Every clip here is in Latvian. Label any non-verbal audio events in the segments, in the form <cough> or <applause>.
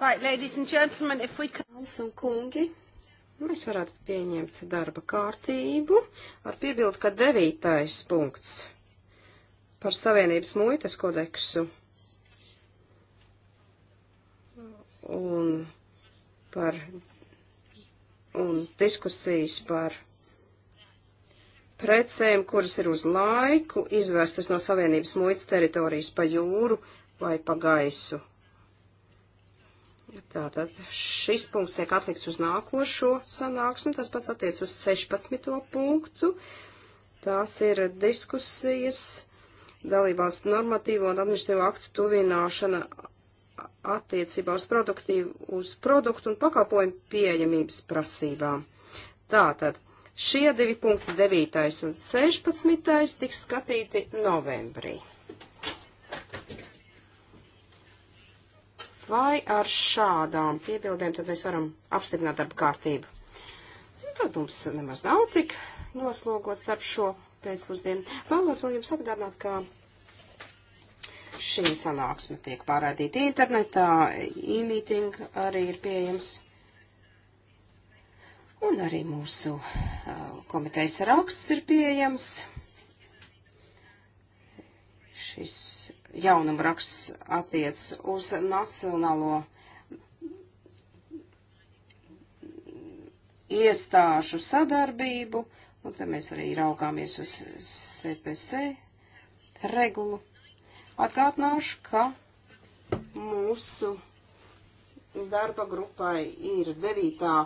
Right, ladies and gentlemen, if we can... Esam kungi. Mēs varētu pieņemt darba kārtību ar piebildu, ka devītais punkts par Savienības muitas kodeksu un par un diskusijas par precēm, kuras ir uz laiku izvērstas no Savienības muitas teritorijas pa jūru, uh, vai pa gaisu. Tātad šis punkts tiek atlikts uz nākošo sanāksmi, tas pats attiec uz 16. punktu. Tās ir diskusijas dalībās normatīvo un administratīvo aktu tuvināšana attiecībā uz, uz produktu un pakalpojumu pieejamības prasībām. Tātad šie divi punkti 9. un 16. tiks skatīti novembrī. Vai ar šādām piebildēm tad mēs varam apstiprināt darba kārtību? Tad mums nemaz nav tik noslogots starp šo pēcpusdienu. Vēlos vēl jums atgādināt, ka šī sanāksme tiek pārādīta internetā, e-meeting arī ir pieejams. Un arī mūsu komitejas raksts ir pieejams. Šis jaunumraksts attiec uz nacionālo iestāžu sadarbību, un te mēs arī raugāmies uz CPC regulu. Atgādināšu, ka mūsu darba grupai ir devītā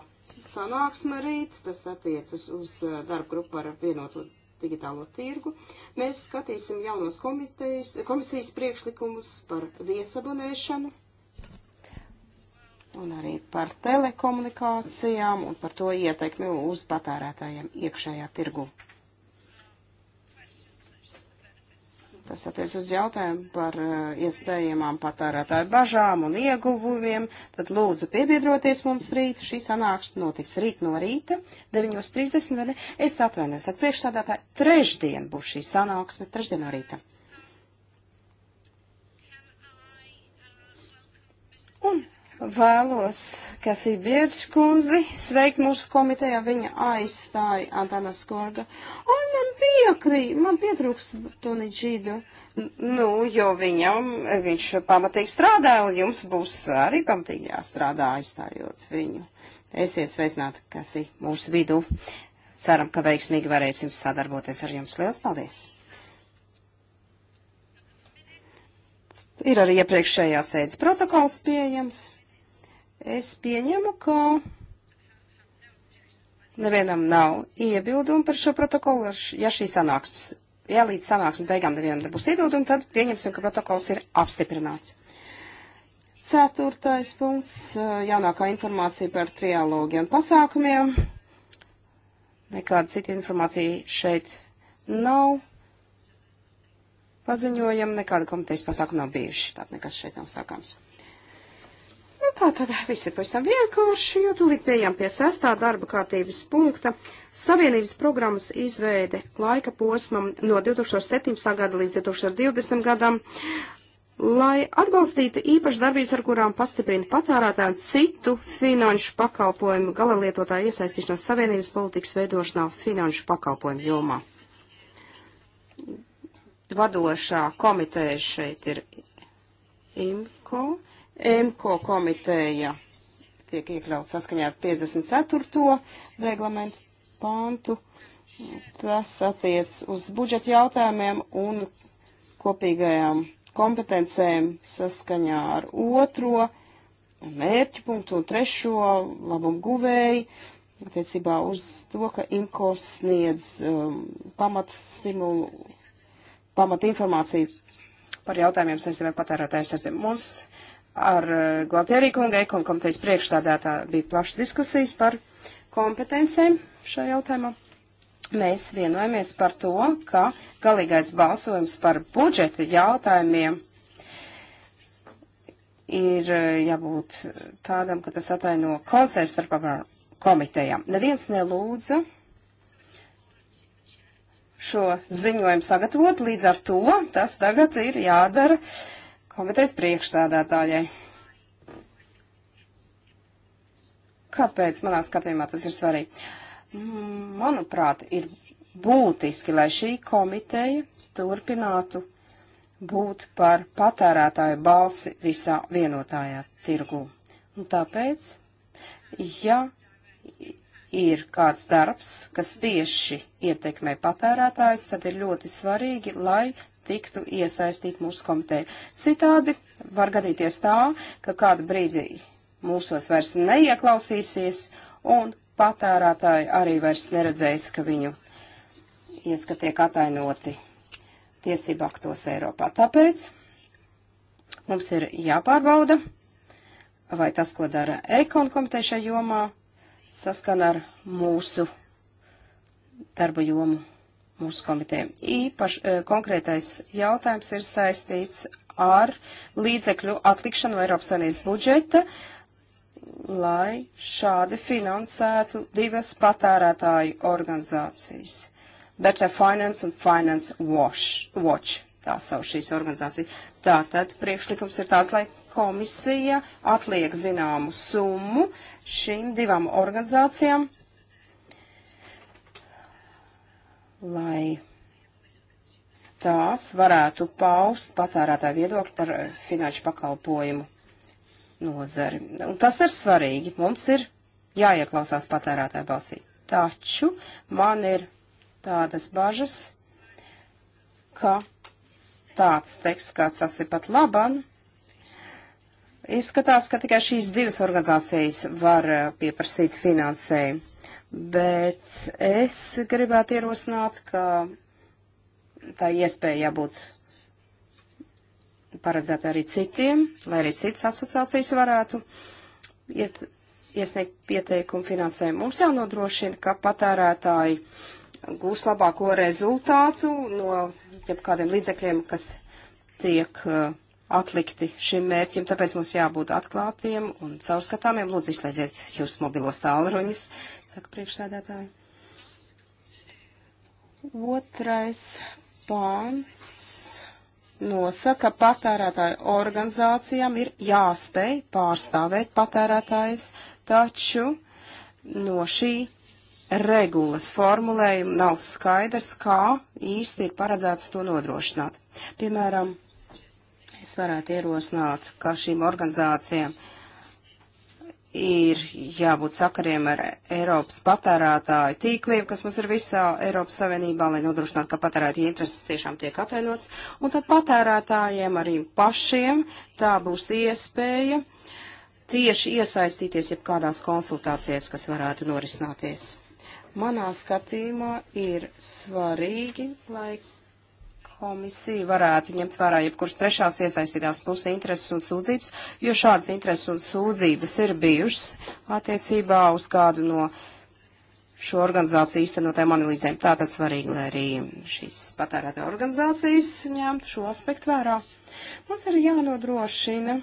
sanāksme rīt, tas attiecas uz eh, darba grupu ar vienotu digitālo tirgu. Mēs skatīsim jaunos komisijas priekšlikumus par viesabonēšanu un arī par telekomunikācijām un par to ietekmi uz patērētājiem iekšējā tirgu. Tas attiec uz jautājumu par eh, iespējamām patērētāju bažām un ieguvumiem. Tad lūdzu piebiedroties mums rīt. Šī sanāksme notiks rīt no rīta, 9.30 vai ne? Es atvainojos, ar priekšstādātāju trešdien būs šī sanāksme, trešdien no rīta. Un Vēlos Kasī Biedrs kundzi sveikt mūsu komitejā, viņa aizstāja Antana Skorga. Ai, man piekrī, man pietrūks Toni Džīdu. Nu, jo viņam, viņš pamatīgi strādāja, un jums būs arī pamatīgi jāstrādā aizstājot viņu. Esiet sveicināti, Kasī, mūsu vidū. Ceram, ka veiksmīgi varēsim sadarboties ar jums. Lielas paldies! Ir arī iepriekšējās sēdes protokols pieejams. Es pieņemu, ka nevienam nav iebildumu par šo protokolu, ja šī sanāksmes, ja līdz sanāksmes beigām nevienam nebūs iebildumi, tad pieņemsim, ka protokols ir apstiprināts. Ceturtais punkts - jaunākā informācija par trialogiem un pasākumiem. Nekāda cita informācija šeit nav paziņojama, nekāda komitejas pasākuma nav bijuši, tātad nekas šeit nav sakāms. Nu, tā tad viss ir pavisam vienkārši, jo tūlīt pieejam pie sestā darba kārtības punkta. Savienības programmas izveide laika posmam no 2017. gada līdz 2020. gadam, lai atbalstītu īpašas darbības, ar kurām pastiprina patērētāju un citu finanšu pakalpojumu galalietotāju iesaistīšanās Savienības politikas veidošanā finanšu pakalpojumu jomā. Vadošā komiteja šeit ir IMCO EMKO komiteja tiek iekļauts saskaņā ar 54. reglamentu pantu. Tas attiec uz budžeta jautājumiem un kopīgajām kompetencēm saskaņā ar otro mērķu punktu un trešo labumu guvēju attiecībā uz to, ka IMCO sniedz um, pamatstimulu, pamatinformāciju par jautājumiem saistībā patērētāju saistību. Mums Ar eh, Gualtierī kunga ekonu komitejas priekšstādātā bija plašas diskusijas par kompetencēm šajā jautājumā. Mēs vienojamies par to, ka galīgais balsojums par budžeta jautājumiem ir eh, jābūt tādam, ka tas ataino konsensu starp komitejām. Neviens nelūdza šo ziņojumu sagatavot, līdz ar to tas tagad ir jādara uh, komitejas priekšsēdētājai. Kāpēc manā skatījumā tas ir svarīgi? Mm, manuprāt, ir būtiski, lai šī komiteja turpinātu būt par patērētāju balsi visā vienotājā tirgū. Un tāpēc, ja ir kāds darbs, kas tieši ietekmē patērētājs, tad ir ļoti svarīgi, lai tiktu iesaistīti mūsu komiteju. Citādi var gadīties tā, ka kādu brīdi mūsos vairs neieklausīsies un patērētāji arī vairs neredzēs, ka viņu ieskatiek atainoti tiesību aktos Eiropā. Tāpēc mums ir jāpārbauda, vai tas, ko dara Eikon komiteja šajā jomā, saskan ar mūsu darba jomu mūsu komitēm. Īpaši e, konkrētais jautājums ir saistīts ar līdzekļu atlikšanu no Eiropas Savienības budžeta, lai šādi finansētu divas patērētāju organizācijas. Better Finance un Finance Watch, Watch tā savu šīs organizācijas. Tātad priekšlikums ir tās, lai komisija atliek zināmu summu šīm divām organizācijām lai tās varētu paust patērētāju viedokli par finanšu pakalpojumu nozari. Un tas ir svarīgi. Mums ir jāieklausās patērētāju balsī. Taču man ir tādas bažas, ka tāds teksts, kāds tas ir pat laban, izskatās, ka tikai šīs divas organizācijas var eh, pieprasīt finansējumu bet es gribētu ierosināt, ka tā iespēja jābūt paredzēta arī citiem, lai arī citas asociācijas varētu iet, iesniegt pieteikumu finansējumu. Mums jānodrošina, ka patērētāji gūs labāko rezultātu no jebkādiem līdzekļiem, kas tiek uh, atlikti šim mērķim, tāpēc mums jābūt atklātiem un caurskatāmiem. Lūdzu, izslēdziet jūs mobilos tālruņus, saka priekšsēdētāji. Otrais pāns nosaka, ka patērētāju organizācijām ir jāspēj pārstāvēt patērētājs, taču no šī regulas formulējuma nav skaidrs, kā īsti ir paredzēts to nodrošināt. Piemēram, es varētu ierosināt, ka šīm organizācijām ir jābūt sakariem ar Eiropas patērētāju tīkliem, kas mums ir visā Eiropas Savienībā, lai nodrošinātu, ka patērētāju intereses tiešām tiek atainots. Un tad patērētājiem arī pašiem tā būs iespēja tieši iesaistīties jebkādās konsultācijās, kas varētu norisināties. Manā skatījumā ir svarīgi, lai komisija varētu ņemt vērā jebkuras trešās iesaistītās puses intereses un sūdzības, jo šādas intereses un sūdzības ir bijušas attiecībā uz kādu no šo organizāciju īstenotēm analīzēm. Tātad svarīgi, lai arī šīs patērētāja organizācijas ņemtu šo aspektu vērā. Mums ir jānodrošina,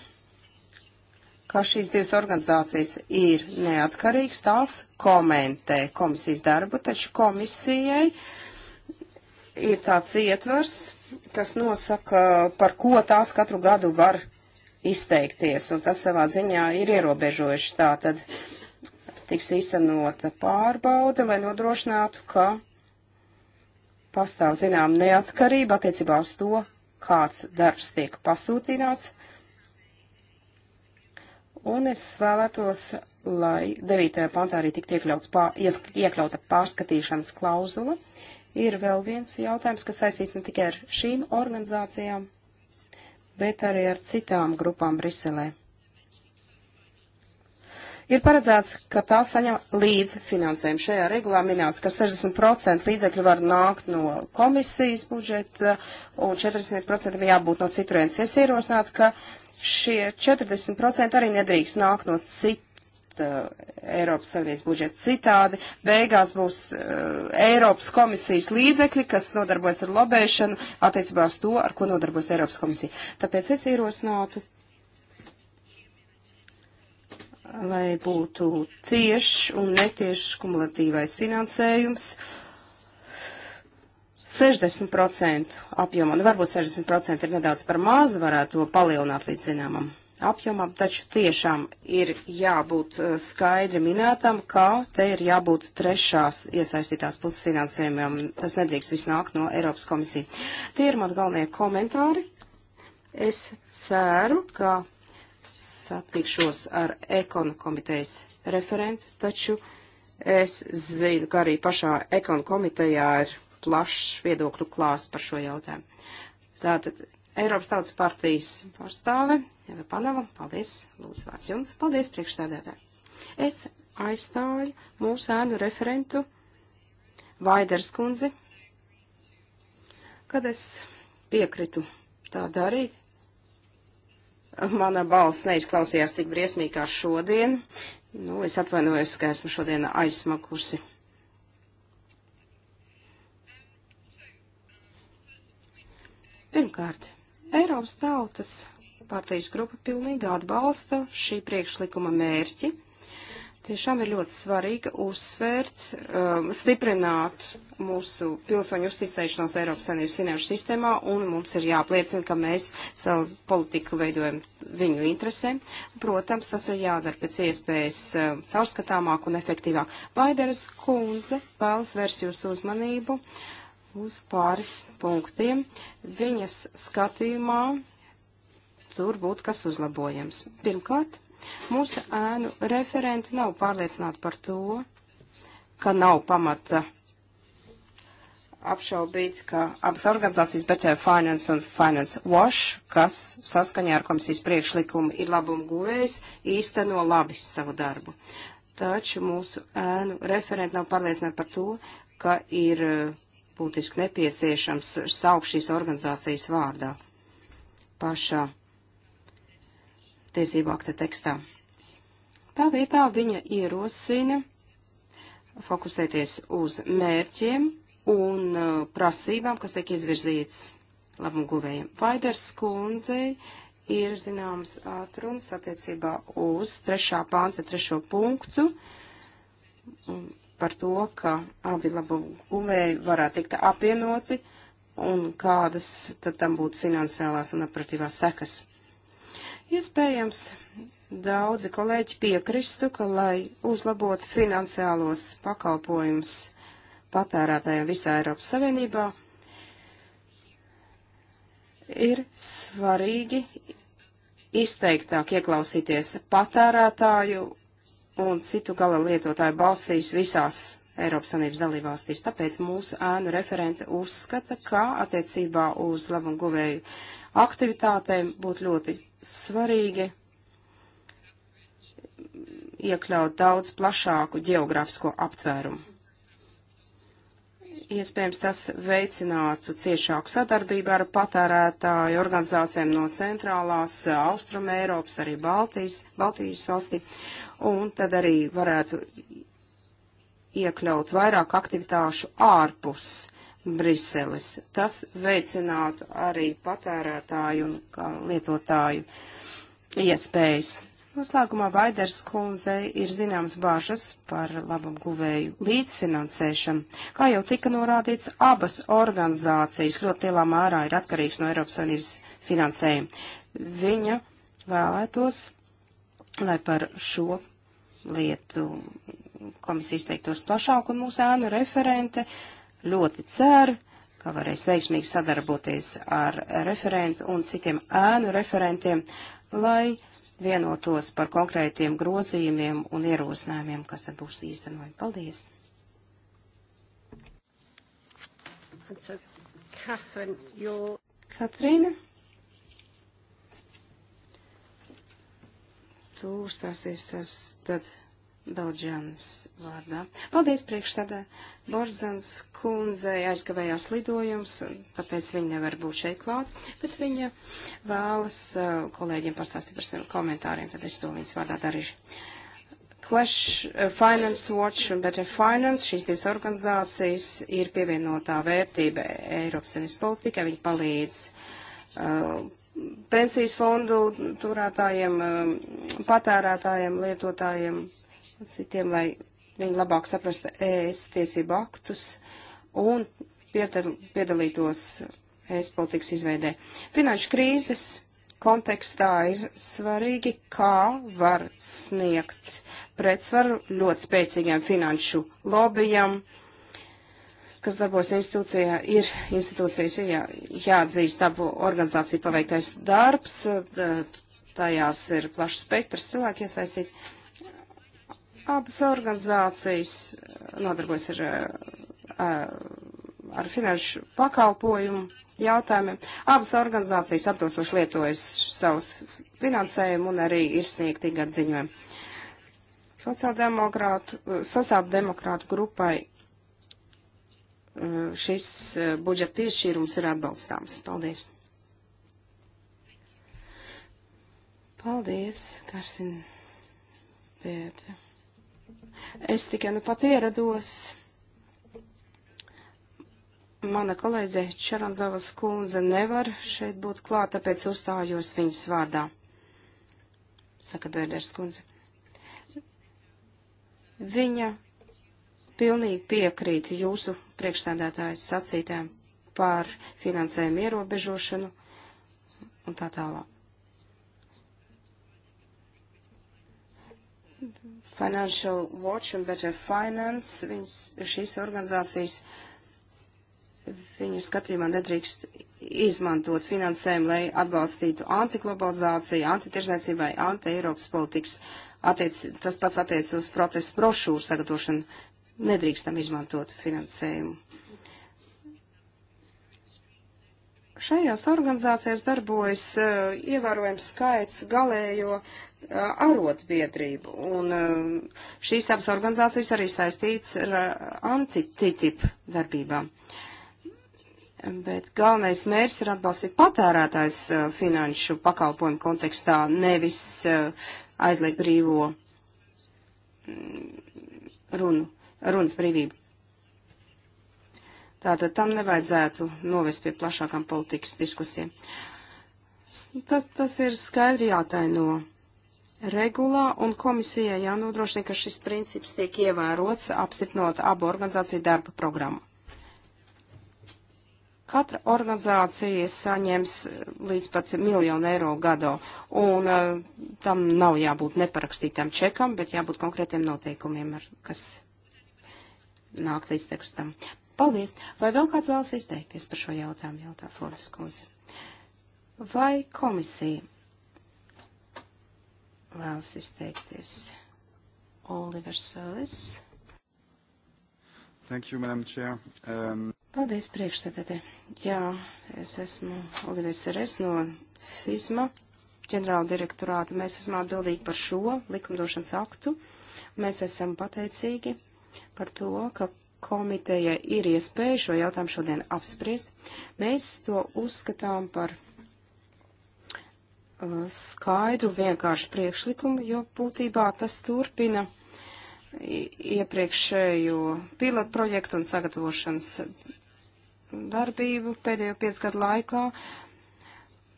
ka šīs divas organizācijas ir neatkarīgas, tās komentē komisijas darbu, taču komisijai uh, ir tāds ietvers, kas nosaka, par ko tās katru gadu var izteikties, un tas savā ziņā ir ierobežojuši. Tā tad tiks īstenota pārbaude, lai nodrošinātu, ka pastāv zinām neatkarība attiecībā uz to, kāds darbs tiek pasūtīts. Un es vēlētos, lai 9. pantā arī tiktu iekļauts, pā, iekļauta pārskatīšanas klauzula, ir vēl viens jautājums, kas saistīts ne tikai ar šīm organizācijām, bet arī ar citām grupām Briselē. Ir paredzēts, ka tā saņem līdz finansējumu. Šajā regulā minēts, ka 60% līdzekļu var nākt no komisijas budžeta un 40% jābūt no citurienes. Es ierosinātu, ka šie 40% arī nedrīkst nākt no citu uh, Eiropas Savienības budžetu citādi. Beigās būs uh, Eiropas komisijas līdzekļi, kas nodarbojas ar lobēšanu attiecībā uz to, ar ko nodarbojas Eiropas komisija. Tāpēc es ierosinātu, lai būtu tieši un netieši kumulatīvais finansējums. 60% apjoma, nu varbūt 60% ir nedaudz par maz, varētu to palielināt līdz zināmam apjomam, taču tiešām ir jābūt eh, skaidri minētam, ka te ir jābūt trešās iesaistītās puses finansējumam. Tas nedrīkst viss nākt no Eiropas komisija. Tie ir man galvenie komentāri. Es ceru, ka satikšos ar ekonu komitejas referentu, taču es zinu, ka arī pašā ekonu komitejā ir plašs viedokļu klāsts par šo jautājumu. Tātad Eiropas Tautas partijas pārstāve Jeva Panova, paldies, lūdzu vārds jums, paldies priekšsēdētāji. Es aizstāju mūsu ēnu referentu Vaiders kundzi, kad es piekritu tā darīt. Mana balss neizklausījās tik briesmīgi kā šodien. Nu, es atvainojos, ka esmu šodien aizsmakusi. Pirmkārt, Eiropas tautas partijas grupa pilnīgi atbalsta šī priekšlikuma mērķi. Tiešām ir ļoti svarīgi uzsvērt, uh, stiprināt mūsu pilsoņu uzticēšanos Eiropas Savienības finanšu sistēmā, un mums ir jāpliecina, ka mēs savu politiku veidojam viņu interesēm. Protams, tas ir jādara pēc iespējas uh, caurskatāmāk un efektīvāk. Vaideras kundze vēlas vērst jūsu uzmanību uz pāris punktiem. Viņas skatījumā tur būtu kas uzlabojams. Pirmkārt, mūsu ēnu referenti nav pārliecināti par to, ka nav pamata apšaubīt, ka abas organizācijas BC Finance un Finance Watch, kas saskaņā ar komisijas priekšlikumu ir labumu guvējs, īsteno labi savu darbu. Taču mūsu ēnu referenti nav pārliecināti par to, ka ir eh, būtiski nepieciešams saukt šīs organizācijas vārdā pašā tiesību akta tekstā. Tā vietā viņa ierosina fokusēties uz mērķiem un uh, prasībām, kas tiek izvirzītas labumguvējiem. Vaiders kundzei ir zināms atrunas attiecībā uz trešā panta trešo punktu par to, ka abi labumguvēji varētu tikt apvienoti un kādas tad tam būtu finansiālās un operatīvās sekas. Iespējams, daudzi kolēģi piekristu, ka, lai uzlabotu finansiālos pakalpojumus patērētājiem visā Eiropas Savienībā, ir svarīgi izteiktāk ieklausīties patērētāju un citu gala lietotāju balsīs visās Eiropas Savienības dalībvalstīs. Tāpēc mūsu ēnu referente uzskata, ka attiecībā uz labumu guvēju aktivitātēm būtu ļoti svarīgi iekļaut daudz plašāku geogrāfisko aptvērumu. Iespējams, tas veicinātu ciešāku sadarbību ar patērētāju organizācijām no centrālās, austruma Eiropas, arī Baltijas, Baltijas valstī, un tad arī varētu iekļaut vairāk aktivitāšu ārpus Briseles. Tas veicinātu arī patērētāju un lietotāju iespējas. Noslēgumā Vaiders kundzei ir zināms bāžas par labam guvēju līdzfinansēšanu. Kā jau tika norādīts, abas organizācijas ļoti lielā mērā ir atkarīgs no Eiropas Savienības finansējuma. Viņa vēlētos, lai par šo lietu komisija izteiktos plašāk un mūsu ēnu referente ļoti ceru, ka varēs veiksmīgi sadarboties ar referentu un citiem ēnu referentiem, lai vienotos par konkrētiem grozījumiem un ierosinājumiem, kas tad būs īstenojami. Paldies! Katrīna, tu uzstāsies tas tad Belģianas vārdā. Paldies priekšstādā. Borzans kundzei aizkavējās lidojums, tāpēc viņa nevar būt šeit klāt, bet viņa vēlas uh, kolēģiem pastāstīt par saviem komentāriem, tad es to viņas vārdā darīšu. Clash uh, Finance Watch un Better Finance, šīs divas organizācijas ir pievienotā vērtība Eiropas Savienības politikai, viņi palīdz uh, pensijas fondu turētājiem, um, patērētājiem, lietotājiem citiem, lai viņi labāk saprastu ES tiesību aktus un piedal, piedalītos ES politikas izveidē. Finanšu krīzes kontekstā ir svarīgi, kā var sniegt pretsvaru ļoti spēcīgiem finanšu lobbyam, kas darbos institūcijā, ir institūcijas ir jā, jāatzīst abu organizāciju paveiktais darbs, tajās ir plašs spektrs cilvēki iesaistīti. Abas organizācijas eh, nodarbojas eh, ar, ar finanšu pakalpojumu jautājumiem. Abas organizācijas atbilstoši lietojas savus finansējumu un arī ir sniegti gadu ziņojumi. Sociāldemokrātu, eh, sociāldemokrātu grupai šis budžeta piešķīrums ir atbalstāms. Paldies! Paldies, Karstin Pētra. Es tikai nu pat ierados. Mana kolēģe Čaranzavas kundze nevar šeit būt klāt, tāpēc uzstājos viņas vārdā. Saka Bērders kundze. Viņa pilnīgi piekrīt jūsu priekšstādātājas sacītēm par finansējumu ierobežošanu un tā tālāk. Financial Watch un Better Finance, viņas, šīs organizācijas, viņa skatījumā nedrīkst izmantot finansējumu, lai atbalstītu antiglobalizāciju, antitirzniecībai, anti-Eiropas politikas. Attiec, tas pats attiec uz protestu brošūru sagatavošanu. Nedrīkstam izmantot finansējumu. Šajās organizācijās darbojas uh, ievērojams skaits galējo uh, arotbiedrību. Un šīs abas organizācijas arī saistīts ar anti-TTIP darbībām. Bet galvenais mērķis ir atbalstīt patērētājs finanšu pakalpojumu kontekstā, nevis aizliegt brīvo mm, runu, runas brīvību. Tātad tam nevajadzētu novest pie plašākām politikas diskusijām. Tas, tas ir skaidri jātaino. No regulā, un komisijai jānodrošina, ka šis princips tiek ievērots, apstiprinot abu organizāciju darba programmu. Katra organizācija saņems eh, līdz pat miljonu eiro gado, un uh, tam nav jābūt neparakstītam čekam, bet jābūt konkrētiem noteikumiem, ar, kas nāk līdz tekstam. Paldies! Vai vēl kāds vēlas izteikties par šo jautājumu, jautā Fordas kundze? Vai komisija vēlas izteikties. Olivers Solis. Thank you, Madam Chair. Um... Paldies, priekšsēdētē. Jā, es esmu Olivers Seres no FISMA ģenerāla direktorāta. Mēs esam atbildīgi par šo likumdošanas aktu. Mēs esam pateicīgi par to, ka komiteja ir iespēja šo jautājumu šodien apspriest. Mēs to uzskatām par skaidru, vienkāršu priekšlikumu, jo būtībā tas turpina iepriekšējo pilotu projektu un sagatavošanas darbību pēdējo piecu gadu laikā.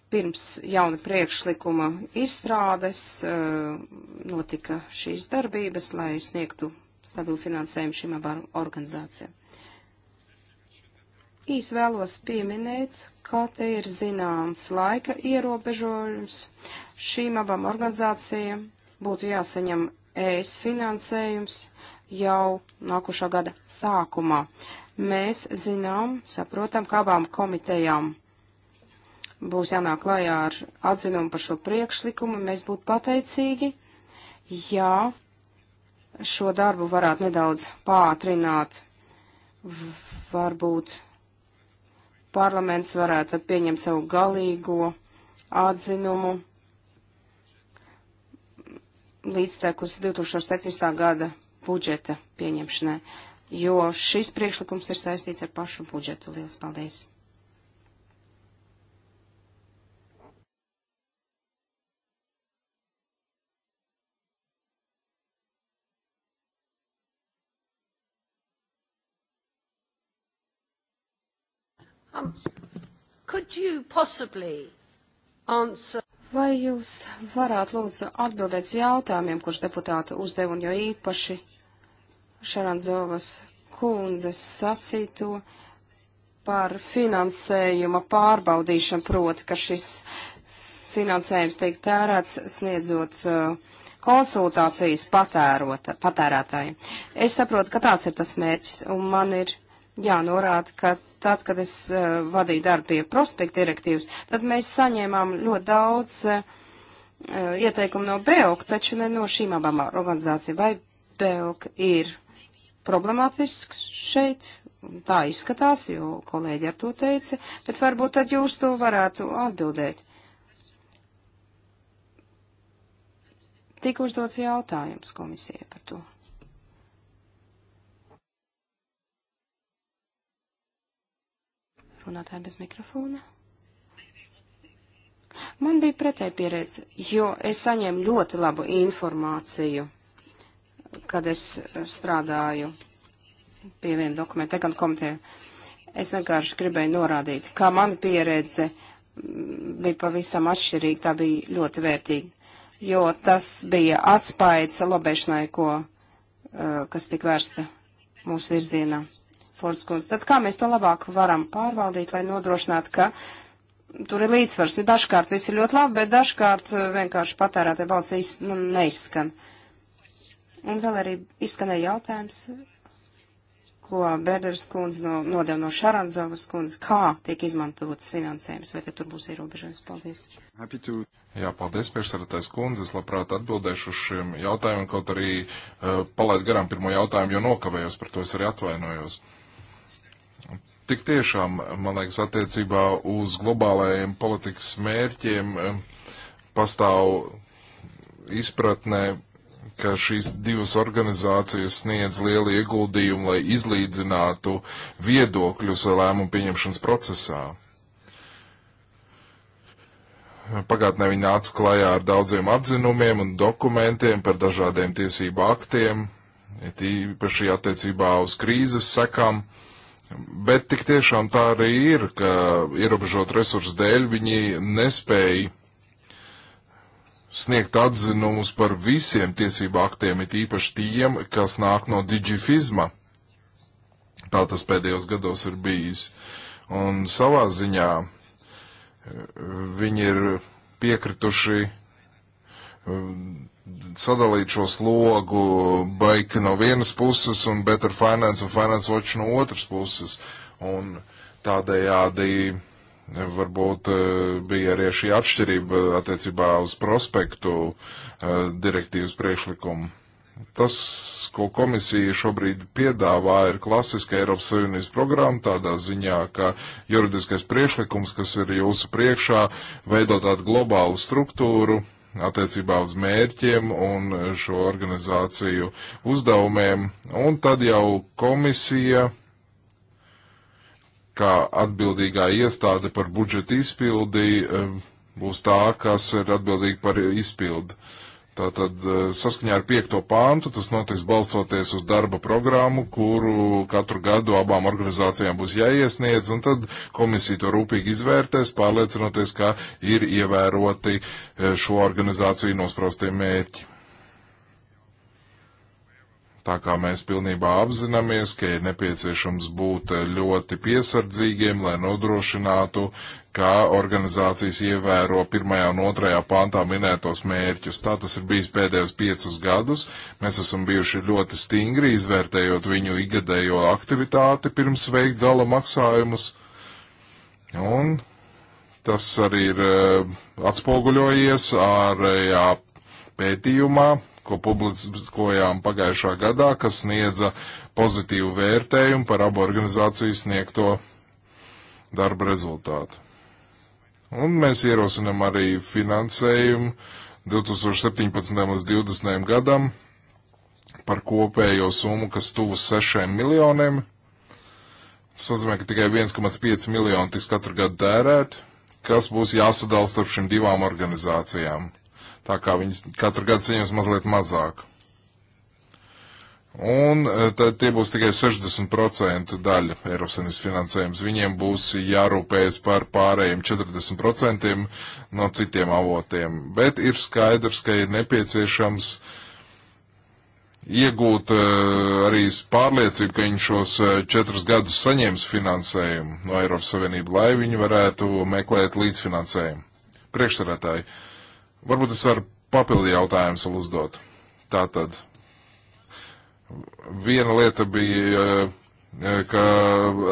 Pirms jauna priekšlikuma izstrādes eh, notika šīs darbības, lai sniegtu stabilu finansējumu šīm abām organizācijām. Īs vēlos pieminēt, ka te ir zināms laika ierobežojums. Šīm abām organizācijām būtu jāsaņem ES finansējums jau nākušā gada sākumā. Mēs zinām, saprotam, ka abām komitejām būs jānāk klajā ar atzinumu par šo priekšlikumu. Mēs būtu pateicīgi, ja šo darbu varētu nedaudz pātrināt. Varbūt parlaments varētu tad pieņemt savu galīgo atzinumu līdztekus 2017. gada budžeta pieņemšanai, jo šis priekšlikums ir saistīts ar pašu budžetu. Lielas paldies! Um, could you possibly answer? Vai jūs varētu lūdzu atbildēt uz jautājumiem, kurus deputāti uzdev un jo īpaši Šaranzovas kundzes sacīto par finansējuma pārbaudīšanu, proti, ka šis finansējums tiek tērēts sniedzot uh, konsultācijas patērota, patērētājiem. Es saprotu, ka tāds ir tas mērķis, un man ir jānorāda, ka tad, kad es uh, vadīju darbu pie prospekta direktīvas, tad mēs saņēmām ļoti daudz uh, ieteikumu no BEOK, taču ne no šīm abām organizācijām. Vai BEOK ir problemātisks šeit? Tā izskatās, jo kolēģi ar to teica, bet varbūt tad jūs to varētu atbildēt. Tik uzdots jautājums komisijai par to. runātāja bez mikrofona. Man bija pretēja pieredze, jo es saņēmu ļoti labu informāciju, kad es eh, strādāju pie viena dokumenta, gan komitē. Es vienkārši gribēju norādīt, kā mana pieredze mm, bija pavisam atšķirīga, tā bija ļoti vērtīga, jo tas bija atspaids lobēšanai, ko, eh, kas tika vērsta mūsu virzienā. Forskots. Tad kā mēs to labāk varam pārvaldīt, lai nodrošinātu, ka tur ir līdzsvars. Dažkārt viss ir ļoti labi, bet dažkārt uh, vienkārši patērētai balss nu, neizskan. Un vēl arī izskanēja jautājums, ko Bērders kundze no, nodev no Šaranzovas kundze, kā tiek izmantotas finansējums, vai tur būs ierobežojums. Paldies. Jā, paldies, priekšsēdētājs kundze. Es labprāt atbildēšu uz šiem jautājumiem, kaut arī uh, palaidu garām pirmo jautājumu, jo nokavējos, par to es arī atvainojos. Uh, tik tiešām, man liekas, attiecībā uz globālajiem politikas mērķiem eh, pastāv izpratnē, ka šīs divas organizācijas sniedz lielu ieguldījumu, lai izlīdzinātu viedokļus lēmumu pieņemšanas procesā. Pagātnē viņi nāca klajā ar daudziem atzinumiem un dokumentiem par dažādiem tiesību aktiem, it īpaši attiecībā uz krīzes sekām. Uh, Bet tik tiešām tā arī ir, ka ierobežot resursu dēļ viņi nespēja sniegt atzinumus par visiem tiesību aktiem, it īpaši tiem, kas nāk no digifizma. Tā tas pēdējos gados ir bijis. Un savā ziņā eh, viņi ir piekrituši eh, sadalīt šo slogu baika no vienas puses un Better Finance un Finance Watch no otras puses. Un tādējādi eh, varbūt eh, bija arī šī atšķirība attiecībā uz prospektu eh, direktīvas priekšlikumu. Tas, ko komisija šobrīd piedāvā, ir klasiska Eiropas Savienības programma tādā ziņā, ka juridiskais priekšlikums, kas ir jūsu priekšā, veidot tādu globālu struktūru, uh, attiecībā uz mērķiem un šo organizāciju uzdevumiem, un tad jau komisija, kā atbildīgā iestāde par budžeta izpildi, eh, būs tā, kas ir atbildīga par izpildi. Uh, Tātad eh, saskaņā ar piekto pāntu tas notiks balstoties uz darba programmu, kuru katru gadu abām organizācijām būs jāiesniedz, un tad komisija to rūpīgi izvērtēs, pārliecinoties, ka ir ievēroti eh, šo organizāciju nosprostie mērķi. Tā kā mēs pilnībā apzināmies, ka ir nepieciešams būt eh, ļoti piesardzīgiem, lai nodrošinātu kā organizācijas ievēro pirmajā un otrajā pantā minētos mērķus. Tā tas ir bijis pēdējos piecus gadus. Mēs esam bijuši ļoti stingri izvērtējot viņu igadējo aktivitāti pirms veikt gala maksājumus. Un tas arī ir eh, atspoguļojies ārējā pētījumā, ko publiskojām pagājušā gadā, kas sniedza pozitīvu vērtējumu par abu organizāciju sniegto darba rezultātu. Un mēs ierosinam arī finansējumu 2017. līdz 2020. gadam par kopējo summu, kas tuvus 6 miljoniem. Tas nozīmē, ka tikai 1,5 miljoni tiks katru gadu tērēt, kas būs jāsadala starp šīm divām organizācijām. Tā kā viņas katru gadu saņems mazliet mazāk. Un e, tad tie būs tikai 60% daļa Eiropas Savienības finansējums. Viņiem būs jārūpējas par pārējiem 40% no citiem avotiem. Bet ir skaidrs, ka ir nepieciešams iegūt e, arī pārliecību, ka viņi šos e, četrus gadus saņems finansējumu no Eiropas Savienību, lai viņi varētu meklēt līdzfinansējumu. Priekšsarētāji, varbūt es varu papildu jautājumus uzdot. Tātad Viena lieta bija, eh, eh, ka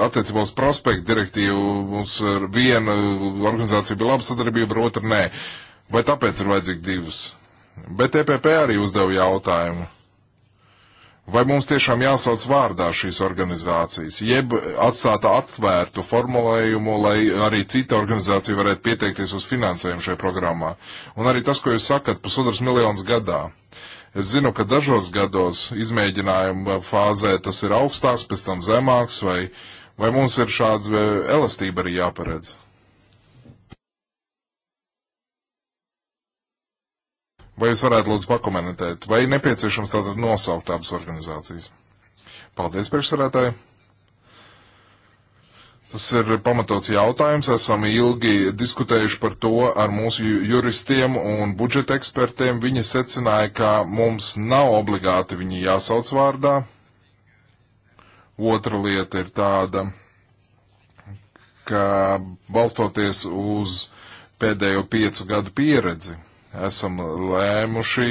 attiecībā uz prospektu direktīvu mums viena organizācija bija laba sadarbība, ar otru nē. Vai tāpēc ir vajadzīgi divas? Bet EPP arī uzdeva jautājumu. Vai mums tiešām jāsauc vārdā šīs organizācijas, jeb atstāt atvērtu formulējumu, lai arī cita organizācija varētu pieteikties uz finansējumu šajā programmā? Un arī tas, ko jūs sakat, pusotras miljonas gadā. Uh, Es zinu, ka dažos gados izmēģinājuma fāzē tas ir augstāks, pēc tam zemāks, vai, vai mums ir šāds elastība arī jāparedz? Vai jūs varētu lūdzu pakomentēt, vai nepieciešams tātad nosaukt abas organizācijas? Paldies, priekšsarētāji! Tas ir pamatots jautājums. Esam ilgi diskutējuši par to ar mūsu juristiem un budžeta ekspertiem. Viņi secināja, ka mums nav obligāti viņi jāsauc vārdā. Otra lieta ir tāda, ka balstoties uz pēdējo piecu gadu pieredzi, esam lēmuši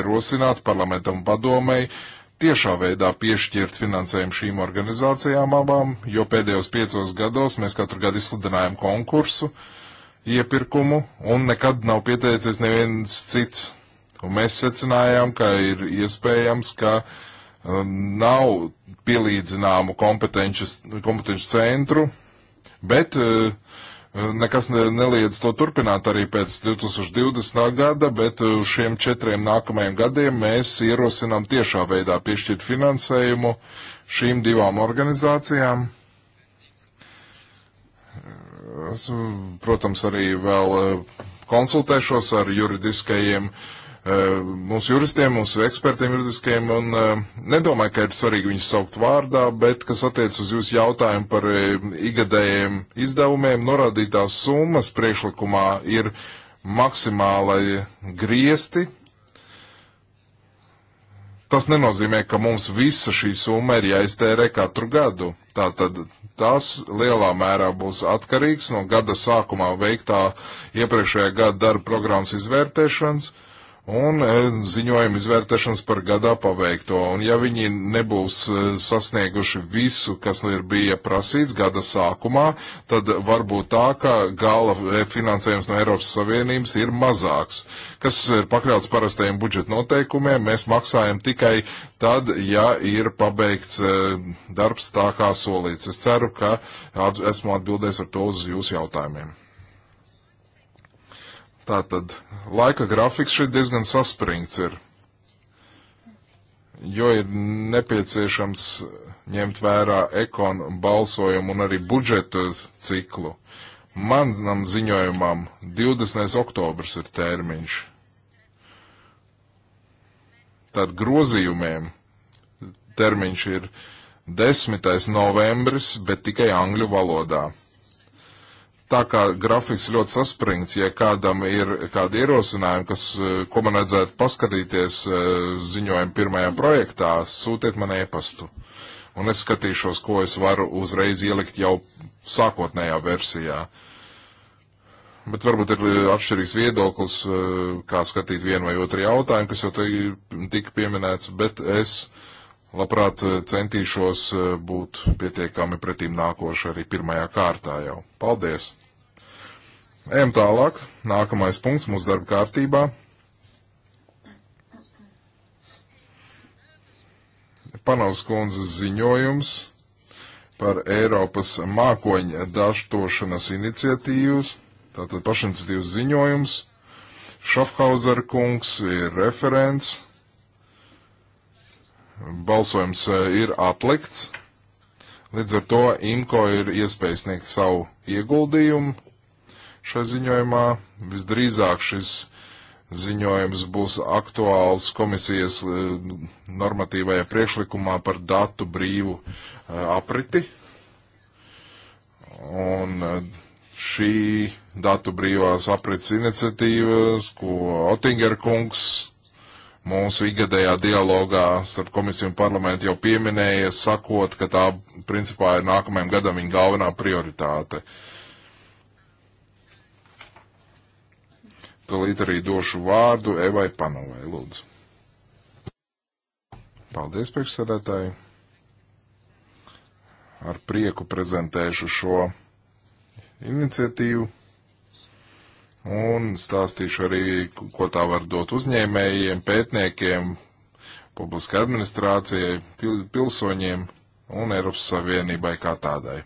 ierosināt parlamentam padomēji tiešā veidā piešķirt finansējumu šīm organizācijām abām, jo pēdējos piecos gados mēs katru gadu izsludinājām konkursu, iepirkumu, un nekad nav pieteicies neviens cits. Un mēs secinājām, ka ir iespējams, ka um, nav pielīdzināmu kompetenci centru, bet uh, nekas neliedz to turpināt arī pēc 2020. gada, bet uz uh, šiem četriem nākamajiem gadiem mēs ierosinām tiešā veidā piešķirt finansējumu šīm divām organizācijām. Protams, arī vēl uh, konsultēšos ar juridiskajiem uh, Eh, mūsu juristiem, mūsu ekspertiem juridiskiem, un eh, nedomāju, ka ir svarīgi viņus saukt vārdā, bet, kas attiec uz jūsu jautājumu par eh, igadējiem izdevumiem, norādītās summas priekšlikumā ir maksimālai griesti. Tas nenozīmē, ka mums visa šī summa ir jāiztērē katru gadu. Tātad tas lielā mērā būs atkarīgs no gada sākumā veiktā iepriekšējā gada darba programmas izvērtēšanas. Uh, un e, ziņojuma izvērtēšanas par gadā paveikto. Un ja viņi nebūs e, sasnieguši visu, kas ir bija prasīts gada sākumā, tad var būt tā, ka gala e, finansējums no Eiropas Savienības ir mazāks, kas ir pakļauts parastajiem budžeta noteikumiem. Mēs maksājam tikai tad, ja ir pabeigts darbs tā kā solīts. Es ceru, ka esmu atbildējis ar to uz jūsu jautājumiem. Tātad laika grafiks šeit diezgan saspringts ir, jo ir nepieciešams ņemt vērā ekonu balsojumu un arī budžeta ciklu. Manam ziņojumam 20. oktobrs ir termiņš. Tad grozījumiem termiņš ir 10. novembris, bet tikai angļu valodā tā kā grafiks ļoti saspringts, ja kādam ir kādi ierosinājumi, kas, eh, ko man vajadzētu paskatīties eh, ziņojumu pirmajā projektā, sūtiet man e-pastu. Un es skatīšos, ko es varu uzreiz ielikt jau sākotnējā versijā. Bet varbūt ir eh, atšķirīgs viedoklis, kā skatīt vienu vai otru jautājumu, kas jau te tika pieminēts, bet es labprāt centīšos būt pietiekami pretīm nākoši arī pirmajā kārtā jau. Paldies! Ejam tālāk. Nākamais punkts mūsu darba kārtībā. Panovs kundzes ziņojums par Eiropas mākoņa dažtošanas iniciatīvas, tātad pašiniciatīvas ziņojums. Šafhauser kungs ir referents. Balsojums eh, ir atlikts. Līdz ar to IMCO ir iespējas sniegt savu ieguldījumu šai ziņojumā. Visdrīzāk šis ziņojums būs aktuāls komisijas eh, normatīvajā priekšlikumā par datu brīvu eh, apriti. Un eh, šī datu brīvās aprits iniciatīvas, ko Otinger kungs mūsu ikgadējā dialogā starp komisiju un parlamentu jau pieminēja, sakot, ka tā principā ir nākamajam gadam viņa galvenā prioritāte. Uh, Tolīt arī došu vārdu Evai Panovai, lūdzu. Paldies, priekšsēdētāji. Ar prieku prezentēšu šo iniciatīvu un stāstīšu arī, ko tā var dot uzņēmējiem, pētniekiem, publiskai administrācijai, pilsoņiem un Eiropas Savienībai kā tādai.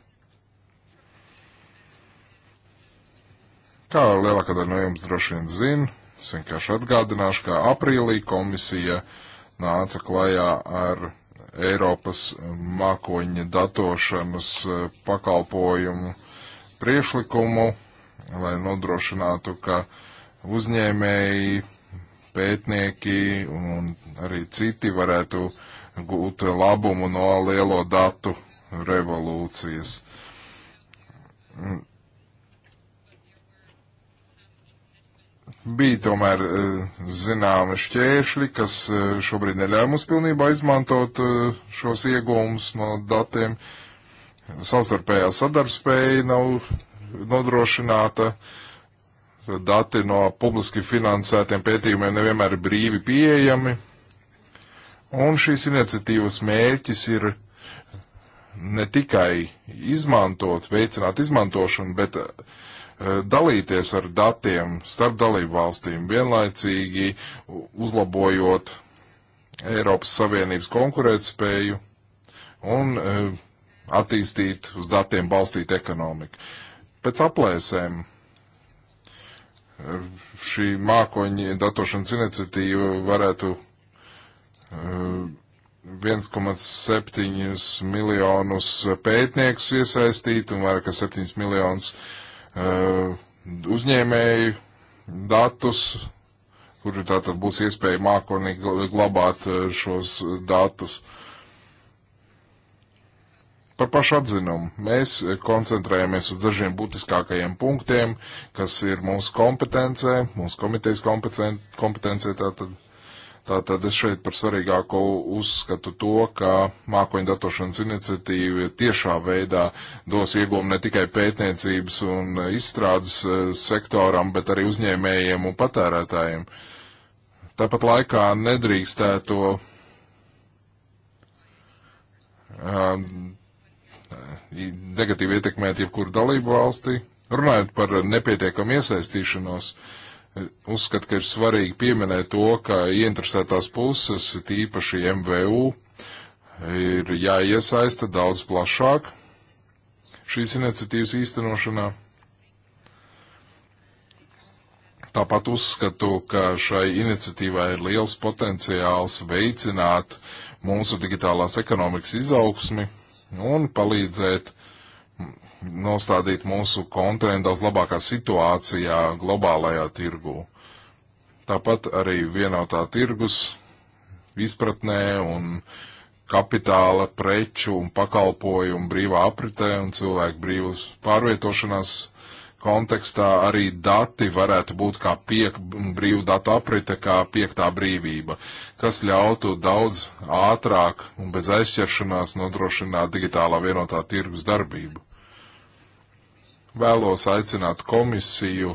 Kā lielākā daļa no jums droši vien zina, es vienkārši atgādināšu, ka aprīlī komisija nāca klajā ar Eiropas mākoņa datošanas e, pakalpojumu priekšlikumu, lai nodrošinātu, ka uzņēmēji, pētnieki un arī citi varētu gūt labumu no lielo datu revolūcijas. bija tomēr eh, zināmi šķēršļi, kas eh, šobrīd neļauj mums pilnībā izmantot eh, šos iegūmus no datiem. Savstarpējā sadarbspēja nav nodrošināta. Dati no publiski finansētiem pētījumiem nevienmēr ir brīvi pieejami. Un šīs iniciatīvas mērķis ir ne tikai izmantot, veicināt izmantošanu, bet uh, Eh, dalīties ar datiem starp dalību valstīm, vienlaicīgi uzlabojot Eiropas Savienības konkurētspēju un eh, attīstīt uz datiem balstītu ekonomiku. Pēc aplēsēm eh, šī mākoņa datošanas iniciatīva varētu 1,7 miljonus pētniekus iesaistīt un vairāk kā 7 miljonus uh, Eh, uzņēmēju datus, kuri tātad būs iespēja mākonīgi glabāt eh, šos datus. Par pašu atzinumu. Mēs koncentrējamies uz dažiem būtiskākajiem punktiem, kas ir mūsu kompetencē, mūsu komitejas kompetencē, kompetencē tātad. Uh, Tātad es šeit par svarīgāko uzskatu to, ka mākoņu datošanas iniciatīva tiešā veidā dos iegūmu ne tikai pētniecības un izstrādes e, sektoram, bet arī uzņēmējiem un patērētājiem. Tāpat laikā nedrīkstēto um, e, negatīvi ietekmēt jebkuru dalību valsti, runājot par nepietiekamu iesaistīšanos. Uh, uzskata, ka ir svarīgi pieminēt to, ka ieinteresētās puses, tīpaši MVU, ir jāiesaista daudz plašāk šīs iniciatīvas īstenošanā. Tāpat uzskatu, ka šai iniciatīvai ir liels potenciāls veicināt mūsu digitālās ekonomikas izaugsmi un palīdzēt nostādīt mūsu kontinentu daudz labākā situācijā globālajā tirgū. Tāpat arī vienotā tirgus izpratnē un kapitāla, preču un pakalpojumu brīvā apritē un cilvēku brīvas pārvietošanās kontekstā arī dati varētu būt kā piek, brīvu datu aprite, kā piektā brīvība, kas ļautu daudz ātrāk un bez aizķeršanās nodrošināt digitālā vienotā tirgus darbību. Vēlos aicināt komisiju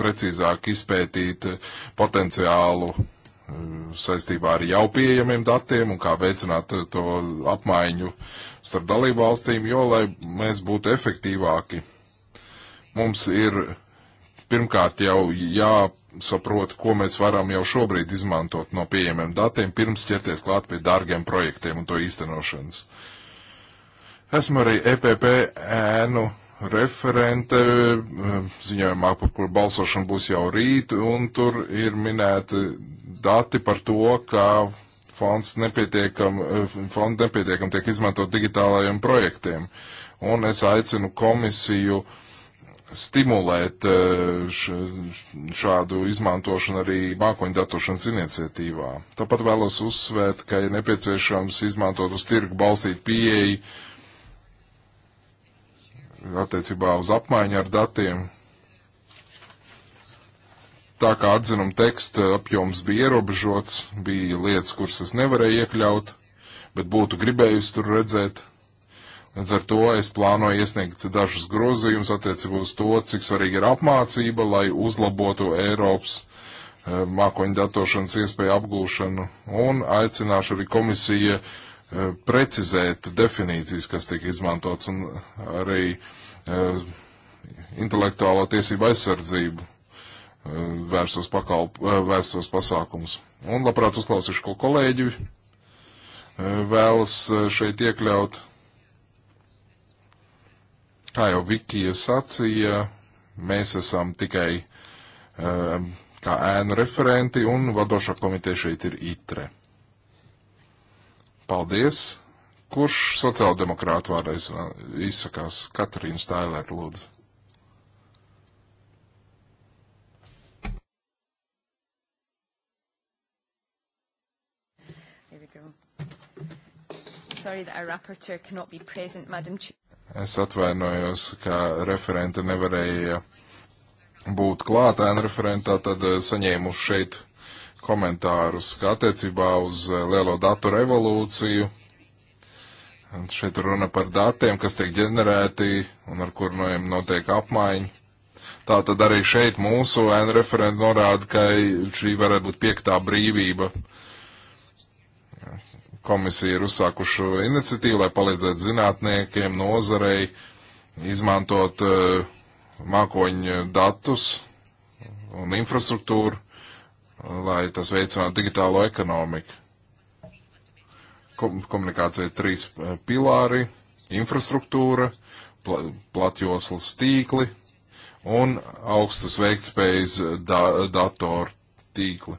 precīzāk izpētīt potenciālu eh, saistībā ar jau pieejamiem datiem un kā veicināt to apmaiņu starp dalību valstīm, jo, lai mēs būtu efektīvāki, mums ir pirmkārt jau jāsaprot, ko mēs varam jau šobrīd izmantot no pieejamiem datiem, pirms ķerties klāt pie dārgiem projektiem un to īstenošanas. Uh, Esmu arī EPP ēnu referente, eh, ziņojumā, par kur balsošana būs jau rīt, un tur ir minēti dati par to, ka fonds nepietiekam, eh, fonds nepietiekam tiek izmantot digitālajiem projektiem. Un es aicinu komisiju stimulēt eh, šādu izmantošanu arī mākoņu datošanas iniciatīvā. Tāpat vēlos uzsvērt, ka ir nepieciešams izmantot uz tirgu balstīt pieeju attiecībā uz apmaiņu ar datiem. Tā kā atzinuma teksta apjoms bija ierobežots, bija lietas, kuras es nevarēju iekļaut, bet būtu gribējusi tur redzēt. Līdz ar to es plānoju iesniegt dažus grozījumus attiecībā uz to, cik svarīgi ir apmācība, lai uzlabotu Eiropas eh, mākoņu datošanas iespēju apgūšanu, un aicināšu arī komisiju uh, Eh, precizēt definīcijas, kas tiek izmantots, un arī eh, intelektuālā tiesība aizsardzību eh, vērstos, pakalp, vērstos pasākums. Un labprāt uzklausīšu, ko kolēģi vēlas šeit iekļaut. Kā jau Vikija sacīja, mēs esam tikai kā ēnu referenti un vadošā komiteja šeit ir ITRE. Paldies. Kurš sociāldemokrāta vārdais izsakās? Katrīna Stailēr, lūdzu. Sorry that our rapporteur cannot be present, Madam Chair. Es atvainojos, ka referente nevarēja būt klātēna referentā, tad eh, saņēmu šeit komentārus, ka attiecībā uz eh, lielo datu revolūciju. Un šeit runa par datiem, kas tiek ģenerēti un ar kuriem notiek apmaiņa. Tā tad arī šeit mūsu N referenti norāda, ka šī varētu būt piektā brīvība. Komisija ir uzsākuši iniciatīvu, lai palīdzētu zinātniekiem, nozarei izmantot uh, mākoņu datus un infrastruktūru lai tas veicinātu digitālo ekonomiku. Kom komunikācija ir trīs eh, pilāri - infrastruktūra, pl platjoslas tīkli un augstas veiktspējas eh, da datoru tīkli,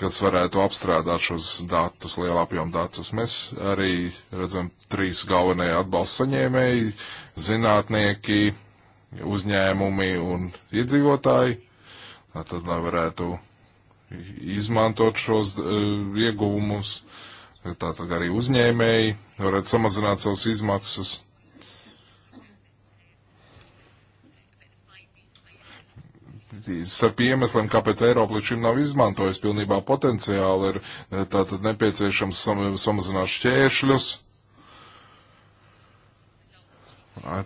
kas varētu apstrādāt šos datus, liela apjoma datus. Mēs arī redzam trīs galvenie atbalsta saņēmēji - zinātnieki, uzņēmumi un iedzīvotāji. Tad, lai varētu izmantot šos uh, ieguvumus, tātad arī uzņēmēji varētu samazināt savas izmaksas. Starp iemesliem, kāpēc Eiropa līdz šim nav izmantojusi pilnībā potenciāli, ir eh, tātad nepieciešams sam samazināt šķēršļus.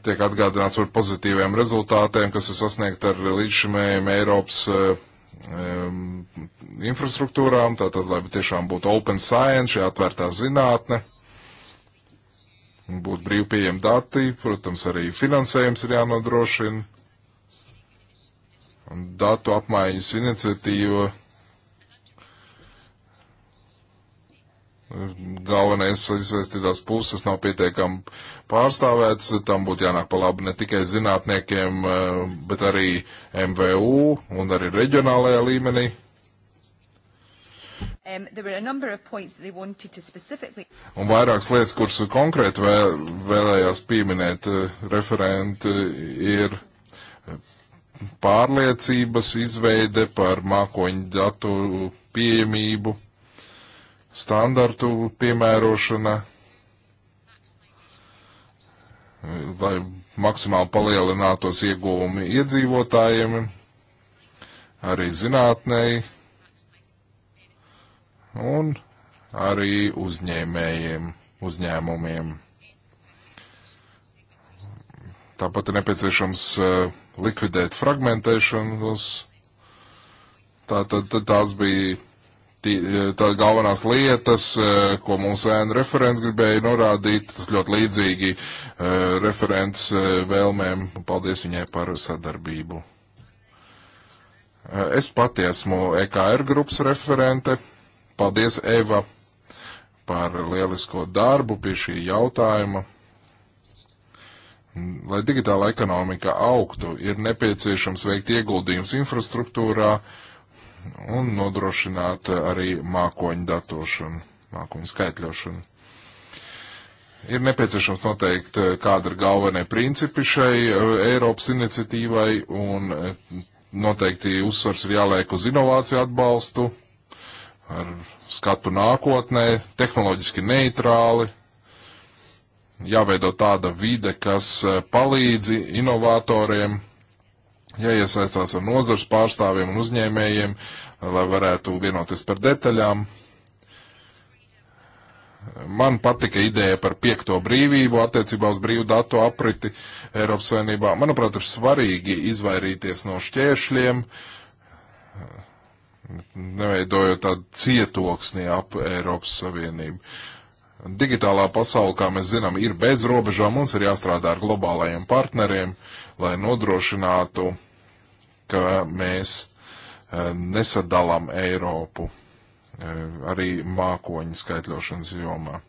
Tiek atgādināts par pozitīviem rezultātiem, kas ir sasniegt ar līdzšimējiem eh, Eiropas uh, um, infrastruktūrām, tātad, lai tiešām būtu open science, šī atvērtā zinātne, būtu brīvi pieejami dati, protams, arī finansējums ir jānodrošina. Un datu apmaiņas iniciatīva galvenais iesaistītās puses nav pietiekami pārstāvēts, tam būtu jānāk pa labu ne tikai zinātniekiem, eh, bet arī MVU un arī reģionālajā līmenī. Um, specifically... Un vairākas lietas, kuras konkrēti vēl, vēlējās pieminēt eh, referenti, ir eh, pārliecības izveide par mākoņu datu pieejamību standartu piemērošana, lai maksimāli palielinātos ieguvumi iedzīvotājiem, arī zinātnēji un arī uzņēmējiem, uzņēmumiem. Tāpat ir nepieciešams uh, likvidēt fragmentēšanos. Tā, tā, tā, tās bija E, tā galvenās lietas, e, ko mūsu ēnu referenti gribēja norādīt, tas ļoti līdzīgi e, referents vēlmēm. Paldies viņai par sadarbību. Es pati esmu EKR grupas referente. Paldies, Eva, par lielisko darbu pie šī jautājuma. Lai digitāla ekonomika augtu, ir nepieciešams veikt ieguldījums infrastruktūrā, uh, un nodrošināt arī mākoņu datošanu, mākoņu skaitļošanu. Ir nepieciešams noteikt, kāda ir galvenie principi šai eh, Eiropas iniciatīvai, un eh, noteikti uzsvars ir jāliek uz inovāciju atbalstu, ar skatu nākotnē, tehnoloģiski neitrāli, jāveido tāda vide, kas eh, palīdzi inovatoriem jāiesaistās ja ar nozars pārstāvjiem un uzņēmējiem, lai varētu vienoties par detaļām. Man patika ideja par piekto brīvību attiecībā uz brīvu datu apriti Eiropas Savienībā. Manuprāt, ir svarīgi izvairīties no šķēršļiem, neveidojot tādu cietoksni ap Eiropas Savienību. Digitālā pasaule, kā mēs zinām, ir bez robežām, mums ir jāstrādā ar globālajiem partneriem, lai nodrošinātu, ka mēs eh, nesadalām Eiropu eh, arī mākoņu skaitļošanas jomā.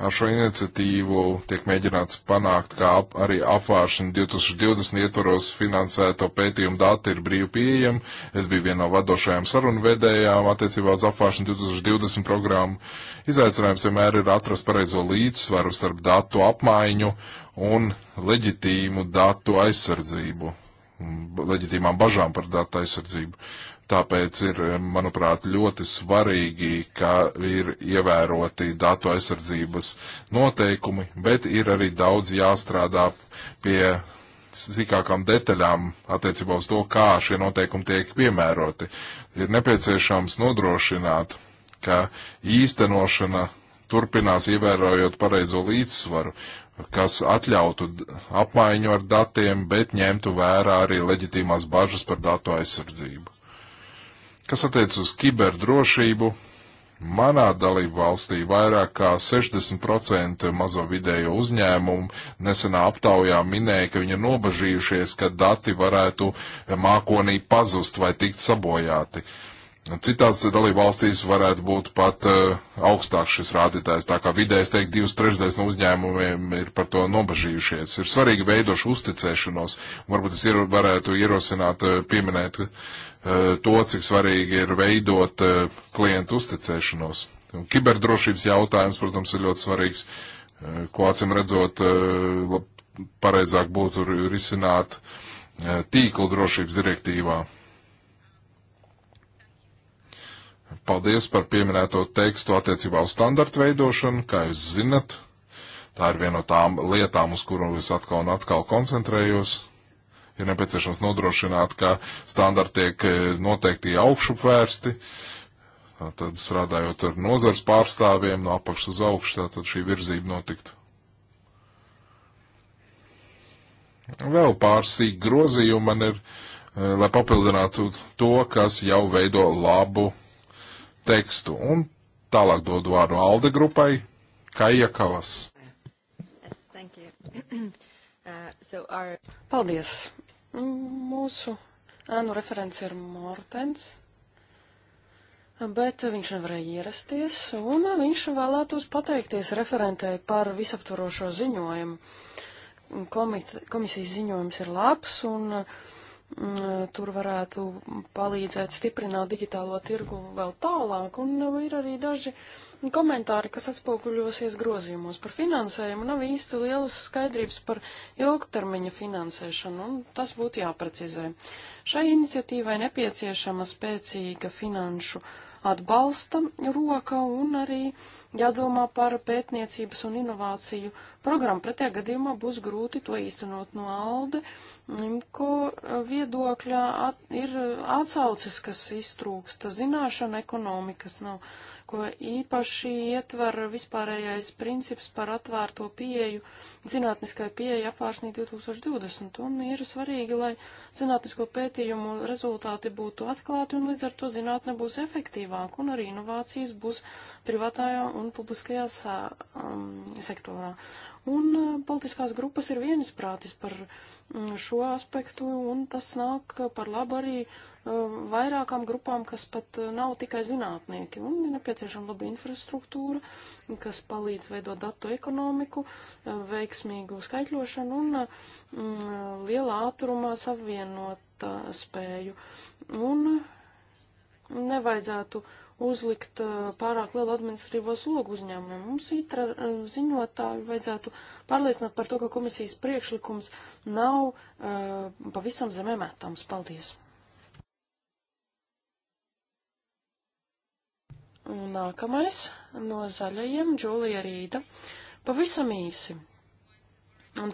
Ar šo iniciatīvu tiek mēģināts panākt, kā ap, arī apvāršana 2020 ietvaros finansēto pētījumu dati ir brīvi pieejami. Es biju viena no vadošajām sarunvedējām attiecībā uz apvāršanu 2020 programmu. Izaicinājums vienmēr ir atrast pareizo līdzsvaru starp datu apmaiņu un leģitīmu datu aizsardzību, leģitīmām bažām par datu aizsardzību. Uh, Tāpēc ir, manuprāt, ļoti svarīgi, ka ir ievēroti datu aizsardzības noteikumi, bet ir arī daudz jāstrādā pie sīkākām detaļām attiecībā uz to, kā šie noteikumi tiek piemēroti. Ir nepieciešams nodrošināt, ka īstenošana turpinās ievērojot pareizo līdzsvaru, kas atļautu apmaiņu ar datiem, bet ņemtu vērā arī leģitīmās bažas par datu aizsardzību. Kas attiec uz kiberdrošību, manā dalību valstī vairāk kā 60% mazo vidējo uzņēmumu nesenā aptaujā minēja, ka viņi ir nobažījušies, ka dati varētu mākonī pazust vai tikt sabojāti. Uh, Citās dalībvalstīs varētu būt pat uh, eh, augstāks šis rādītājs, tā kā vidēji, es teiktu, divas trešdaļas no uzņēmumiem ir par to nobažījušies. Ir svarīgi veidošu uzticēšanos, un varbūt es iero, varētu ierosināt, uh, pieminēt uh, to, cik svarīgi ir veidot klientu uzticēšanos. Un kiberdrošības jautājums, protams, ir ļoti svarīgs, ko acim redzot, lab, pareizāk būtu risināt tīkla drošības direktīvā Paldies par pieminēto tekstu attiecībā uz standartu veidošanu, kā jūs zinat. Tā ir viena no tām lietām, uz kuru es atkal un atkal koncentrējos. Ir nepieciešams nodrošināt, ka standarti tiek e, noteikti augšup vērsti. Tad strādājot ar nozars pārstāvjiem no apakšas uz augšu, tad šī virzība notiktu. Vēl pāris sīk grozījumi man ir, e, lai papildinātu to, kas jau veido labu tekstu. Un tālāk dod vārdu Alde grupai Kaija Kalas. Yes, <clears throat> uh, so our... Paldies. Mūsu ēnu referents ir Mortens, bet viņš nevarēja ierasties, un viņš vēlētos pateikties referentei par visaptvarošo ziņojumu. Komite, komisijas ziņojums ir labs, un uh, Mm, tur varētu palīdzēt stiprināt digitālo tirgu vēl tālāk, un ir arī daži komentāri, kas atspoguļosies grozījumos par finansējumu. Nav īsti lielas skaidrības par ilgtermiņa finansēšanu, un tas būtu jāprecizē. Šai iniciatīvai nepieciešama spēcīga finanšu atbalsta roka un arī jādomā par pētniecības un inovāciju programmu. Pretējā gadījumā būs grūti to īstenot no ALDE ko viedokļā at, ir atsauces, kas iztrūksta, zināšana ekonomikas nav, ko īpaši ietver vispārējais princips par atvērto pieeju, zinātniskai pieeja apvārsnī 2020, un ir svarīgi, lai zinātnisko pētījumu rezultāti būtu atklāti, un līdz ar to zinātne būs efektīvāka, un arī inovācijas būs privātajā un publiskajā um, sektorā. Un uh, politiskās grupas ir vienisprātis par Mm, šo aspektu, un tas nāk par labu arī mm, vairākām grupām, kas pat mm, nav tikai zinātnieki. Un ir nepieciešama laba infrastruktūra, kas palīdz veidot datu ekonomiku, veiksmīgu skaitļošanu un lielā ātrumā savienot spēju. Un nevajadzētu uzlikt uh, pārāk lielu administratīvo slogu uzņēmumiem. Mums itra uh, ziņotāju vajadzētu pārliecināt par to, ka komisijas priekšlikums nav uh, pavisam zemē mētāms. Paldies! Un nākamais no zaļajiem - Džulija Rīda. Pavisam īsi.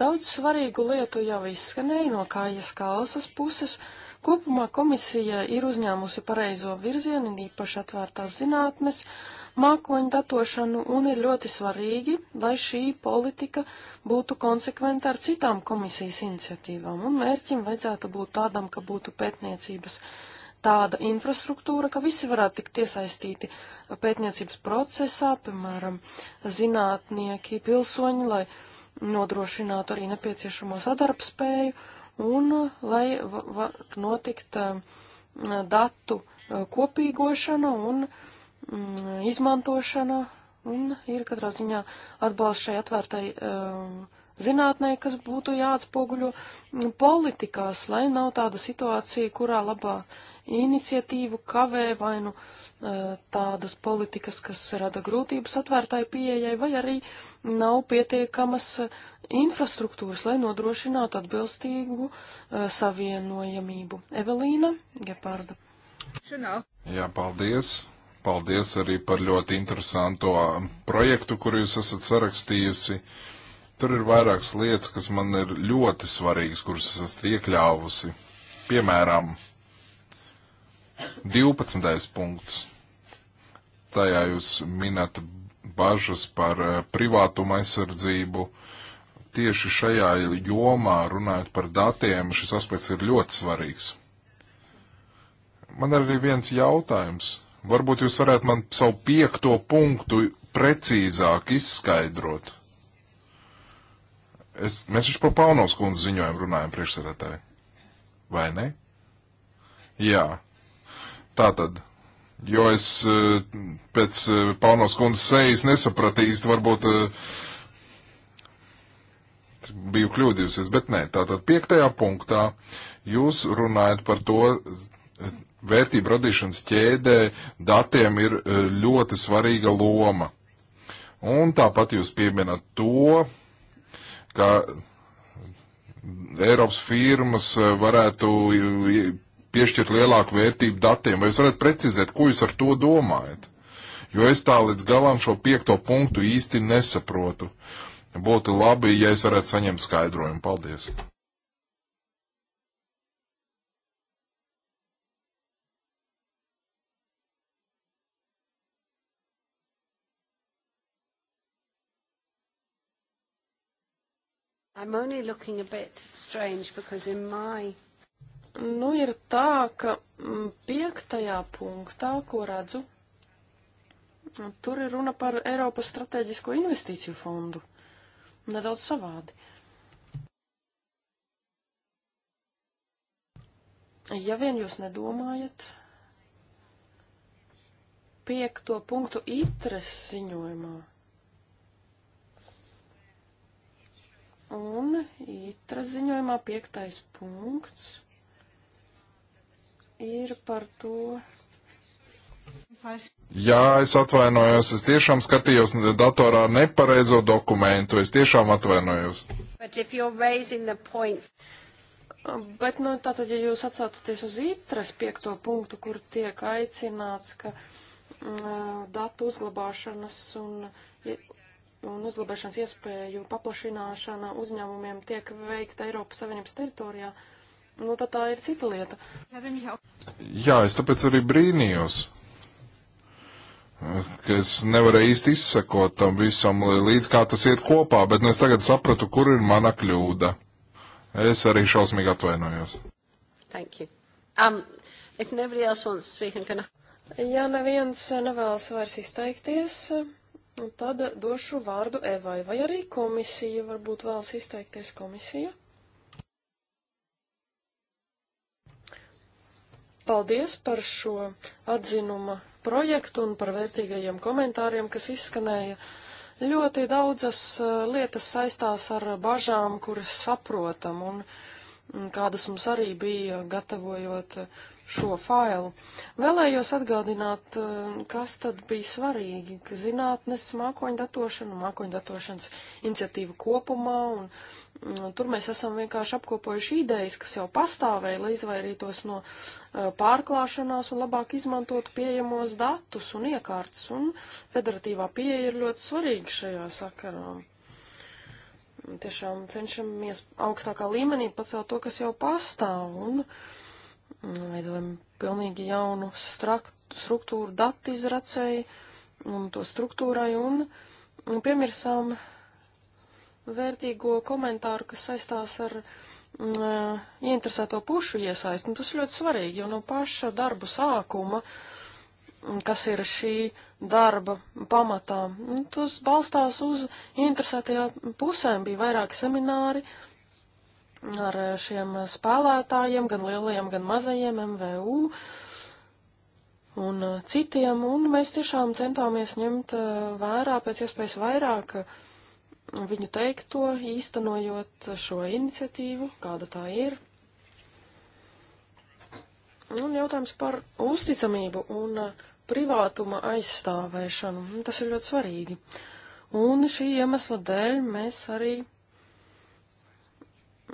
Daudz svarīgu lietu jau izskanēja no kājas kalsas puses. Uh, Kopumā komisija ir uzņēmusi pareizo virzienu, īpaši atvērtās zinātnes, mākoņu datošanu un ir ļoti svarīgi, lai šī politika būtu konsekventa ar citām komisijas iniciatīvām. Un mērķim vajadzētu būt tādam, ka būtu pētniecības tāda infrastruktūra, ka visi varētu tikt iesaistīti pētniecības procesā, piemēram, zinātnieki, pilsoņi, lai nodrošinātu arī nepieciešamo sadarbspēju un uh, lai var notikt uh, datu uh, kopīgošana un mm, izmantošana, un ir katrā ziņā atbalsts šai atvērtai zinātnē, kas būtu jāatspoguļo mm, politikās, lai nav tāda situācija, kurā labā iniciatīvu kavē vai nu tādas politikas, kas rada grūtības atvērtāju pieejai, vai arī nav pietiekamas infrastruktūras, lai nodrošinātu atbilstīgu savienojamību. Evelīna Geparda. Jā, paldies! Paldies arī par ļoti interesanto projektu, kuru jūs esat sarakstījusi. Tur ir vairākas lietas, kas man ir ļoti svarīgas, kuras esat iekļāvusi. Piemēram, 12. punkts. Tajā jūs minat bažas par eh, privātuma aizsardzību. Tieši šajā jomā, runājot par datiem, šis aspekts ir ļoti svarīgs. Man ir arī viens jautājums. Varbūt jūs varētu man savu piekto punktu precīzāk izskaidrot. Es, mēs taču par Paunos kundzes ziņojumu runājam priekšsēdētāji. Vai ne? Jā. Tātad, jo es eh, pēc eh, Paunos kundzes sejas nesapratu īsti, varbūt eh, biju kļūdījusies, bet nē. Tātad piektajā punktā jūs runājat par to, vērtību radīšanas ķēdē datiem ir ļoti svarīga loma. Un tāpat jūs pieminat to, ka Eiropas firmas varētu piešķirt lielāku vērtību datiem. Vai jūs varat precizēt, ko jūs ar to domājat? Jo es tā līdz galam šo piekto punktu īsti nesaprotu. Būtu labi, ja es varētu saņemt skaidrojumu. Paldies! I'm only looking a bit strange because in my nu ir tā, ka mm, piektajā punktā, ko redzu, mm, tur ir runa par Eiropas strateģisko investīciju fondu. Nedaudz savādi. Ja vien jūs nedomājat, piekto punktu itres ziņojumā. Un itra ziņojumā piektais punkts ir par to. Jā, es atvainojos, es tiešām skatījos datorā nepareizo dokumentu, es tiešām atvainojos. Point... Bet, nu, tātad, ja jūs atsaucaties uz itres piekto punktu, kur tiek aicināts, ka m, mm, datu uzglabāšanas un, un uzglabāšanas iespēju paplašināšana uzņēmumiem tiek veikta Eiropas Savienības teritorijā, uh, Nu, tad tā ir cita lieta. Jā, es tāpēc arī brīnījos, ka es nevarēju īsti izsekot tam visam līdz kā tas iet kopā, bet nu, es tagad sapratu, kur ir mana kļūda. Es arī šausmīgi atvainojos. Thank you. Um, if nobody else wants to speak, I'm gonna... Ja neviens nevēlas vairs izteikties, tad došu vārdu Evai. Vai arī komisija varbūt vēlas izteikties komisija? Paldies par šo atzinuma projektu un par vērtīgajiem komentāriem, kas izskanēja. Ļoti daudzas uh, lietas saistās ar bažām, kuras saprotam un mm, kādas mums arī bija gatavojot uh, šo failu. Vēlējos atgādināt, eh, kas tad bija svarīgi, ka zinātnes mākoņdatošana, mākoņdatošanas iniciatīva kopumā, un, un mm, tur mēs esam vienkārši apkopojuši idejas, kas jau pastāvēja, lai izvairītos no uh, pārklāšanās un labāk izmantotu pieejamos datus un iekārtas, un federatīvā pieeja ir ļoti svarīga šajā sakarā tiešām cenšamies augstākā līmenī pacelt to, kas jau pastāv. Un Mm, veidojam pilnīgi jaunu struktūru datu izracēju un to struktūrai un piemirsām vērtīgo komentāru, kas saistās ar m, mm, eh, ieinteresēto pušu iesaistu. Un tas ir ļoti svarīgi, jo no paša darbu sākuma, mm, kas ir šī darba pamatā, un tas balstās uz ieinteresētajām pusēm. Bija vairāki semināri, ar šiem spēlētājiem, gan lielajiem, gan mazajiem MVU un citiem, un mēs tiešām centāmies ņemt eh, vērā pēc iespējas vairāk eh, viņu teikto, īstenojot šo iniciatīvu, kāda tā ir. Un jautājums par uzticamību un eh, privātuma aizstāvēšanu. Tas ir ļoti svarīgi. Un šī iemesla dēļ mēs arī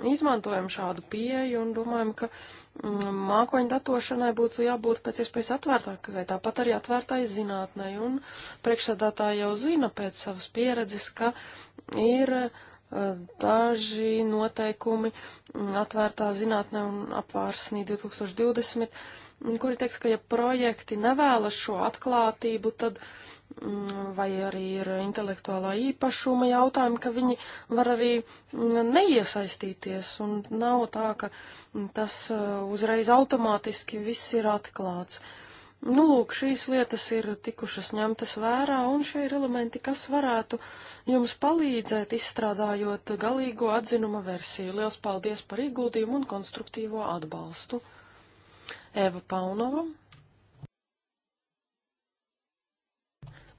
izmantojam šādu pieeju un domājam, ka mm, mākoņu datošanai būtu jābūt pēc iespējas atvērtākai, tāpat arī atvērtai zinātnei. Un priekšsēdētāji jau zina pēc savas pieredzes, ka ir eh, daži noteikumi mm, atvērtā zinātnē un apvārsnī 2020, kuri teiks, ka ja projekti nevēlas šo atklātību, tad uh, Mm, vai arī ir intelektuālā īpašuma jautājumi, ka viņi var arī neiesaistīties un nav tā, ka tas uh, uzreiz automātiski viss ir atklāts. Nu, lūk, šīs lietas ir tikušas ņemtas vērā, un šie ir elementi, kas varētu jums palīdzēt, izstrādājot galīgo atzinuma versiju. Lielas paldies par ieguldījumu un konstruktīvo atbalstu. Eva Paunova.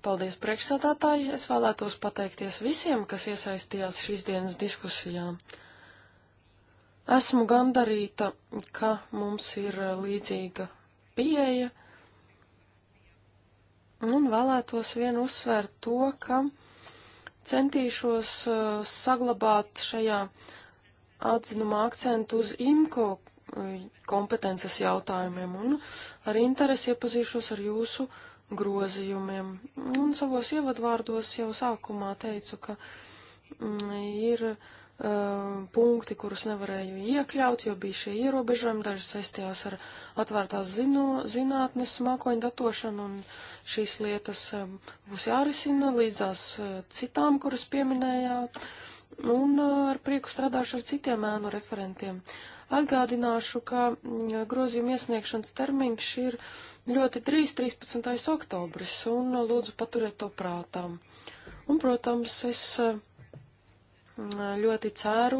Paldies priekšsādātāji. Es vēlētos pateikties visiem, kas iesaistījās šīs dienas diskusijā. Esmu gandarīta, ka mums ir līdzīga pieeja. Un vēlētos vien uzsvērt to, ka centīšos uh, saglabāt šajā atzinumā akcentu uz IMCO uh, kompetences jautājumiem un ar interesi iepazīšos ar jūsu uh, grozījumiem. Un savos ievadvārdos jau sākumā teicu, ka mm, ir uh, punkti, kurus nevarēju iekļaut, jo bija šie ierobežojumi, daži saistījās ar atvērtās zinu, zinātnes mākoņu datošanu, un šīs lietas um, būs jārisina līdzās uh, citām, kuras pieminējāt. Un uh, ar prieku strādāšu ar citiem ēnu referentiem. Uh, Atgādināšu, ka mm, grozījuma iesniegšanas termiņš ir ļoti drīz 13. oktobris, un uh, lūdzu paturiet to prātām. Un, protams, es uh, mm, ļoti ceru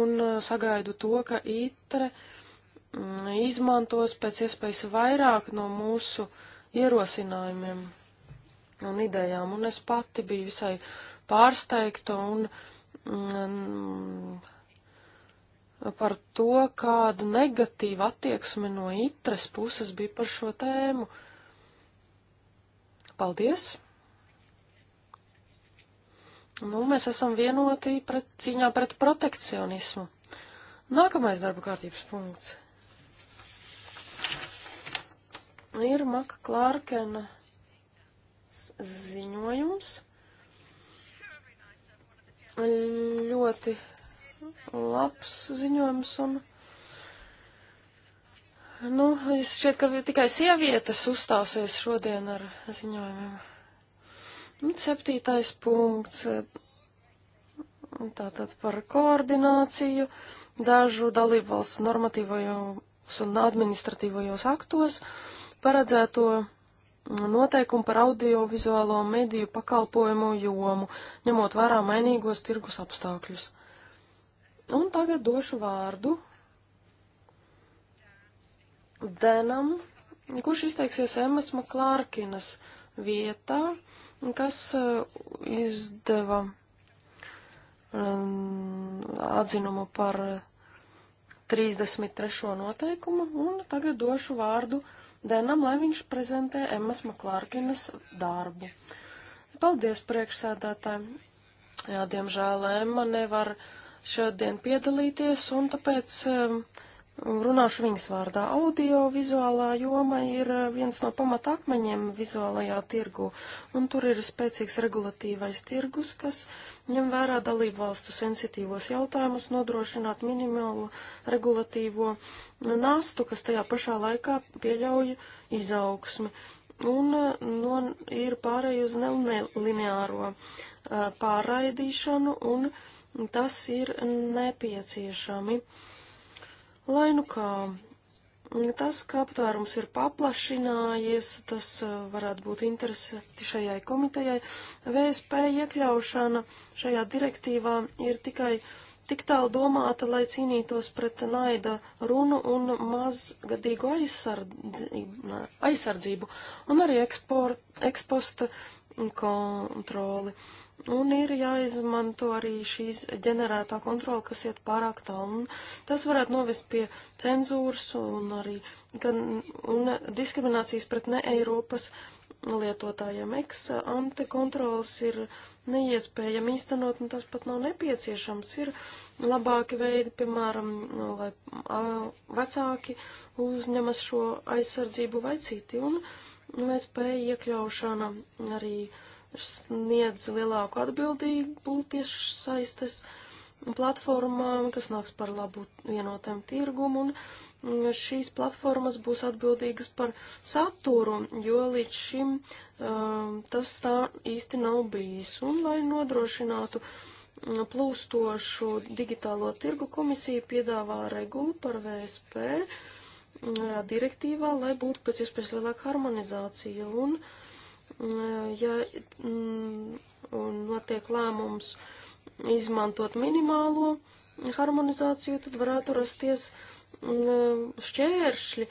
un uh, sagaidu to, ka ITRE mm, izmantos pēc iespējas vairāk no mūsu ierosinājumiem un idejām, un es pati biju visai pārsteigta un mm, par to, kāda negatīva attieksme no itres puses bija par šo tēmu. Paldies! Nu, mēs esam vienoti pret, cīņā pret protekcionismu. Nākamais darba kārtības punkts ir Maka Klārkena ziņojums. Ļoti labs ziņojums un. Nu, es šķiet, ka tikai sievietes uzstāsies šodien ar ziņojumiem. Un septītais punkts. Tātad par koordināciju dažu dalību valstu normatīvajos un administratīvajos aktos paredzēto noteikumu par audiovizuālo mediju pakalpojumu jomu, ņemot vērā mainīgos tirgus apstākļus. Un tagad došu vārdu Denam, kurš izteiksies Emmas Maklārkinas vietā, kas uh, izdeva um, atzinumu par 33. noteikumu, un tagad došu vārdu Denam, lai viņš prezentē Emmas Maklārkinas darbu. Paldies, priekšsēdētāji! Jā, diemžēl Emma nevar uh, šodien piedalīties, un tāpēc um, runāšu viņas vārdā. Audio-vizuālā joma ir uh, viens no pamatakmeņiem vizuālajā tirgu, un tur ir spēcīgs regulatīvais tirgus, kas ņem vērā dalību valstu sensitīvos jautājumus, nodrošināt minimālu regulatīvo nastu, kas tajā pašā laikā pieļauj izaugsmi. Un uh, no, ir pārēj uz nelineāro uh, pārraidīšanu un. Uh, Tas ir nepieciešami. Lai nu kā, tas, ka aptvērums ir paplašinājies, tas uh, varētu būt interesanti šajai komitejai. VSP iekļaušana šajā direktīvā ir tikai tik tālu domāta, lai cīnītos pret naida runu un mazgadīgu aizsardzību, aizsardzību un arī eksport, eksposta kontroli. Uh, Un ir jāizmanto arī šīs ģenerētā kontrola, kas iet pārāk tālu. Un tas varētu novest pie cenzūras un arī gan, un diskriminācijas pret ne Eiropas lietotājiem. Eks ante kontrolas ir neiespējami īstenot, un tas pat nav nepieciešams. Ir labāki veidi, piemēram, lai vecāki uzņemas šo aizsardzību vai citi. Un MSP nu, iekļaušana arī sniedz lielāku atbildību tiešsaistes platformām, kas nāks par labu vienotam tirgumu, un mm, šīs platformas būs atbildīgas par saturu, jo līdz šim um, tas tā īsti nav bijis. Un, lai nodrošinātu mm, plūstošu digitālo tirgu, komisija piedāvā regulu par VSP mm, direktīvā, lai būtu pēc iespējas lielāka harmonizācija un uh, ja mm, un notiek lēmums izmantot minimālo harmonizāciju, tad varētu rasties mm, šķēršļi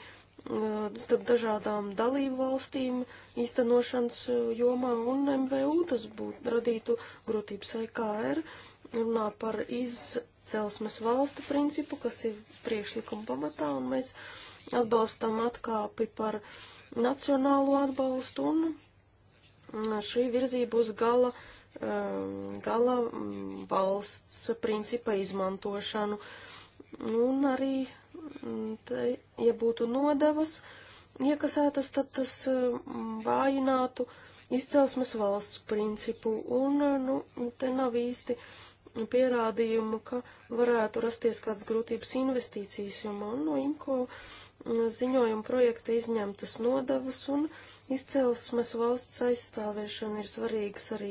starp dažādām dalību valstīm īstenošanas jomā un MVU. Tas būtu radītu grūtības IKR, e runā par izcelsmes valstu principu, kas ir priekšlikuma pamatā, un mēs atbalstam atkāpi par nacionālo atbalstu un šī virzība uz gala, gala valsts principa izmantošanu. Un arī, te, ja būtu nodevas iekasētas, tad tas vājinātu izcelsmes valsts principu. Un, nu, te nav īsti pierādījumu, ka varētu rasties kādas grūtības investīcijas jomā. No IMCO ziņojuma projekta izņemtas nodevas un uh, Izcelsmes valsts aizstāvēšana ir svarīgas arī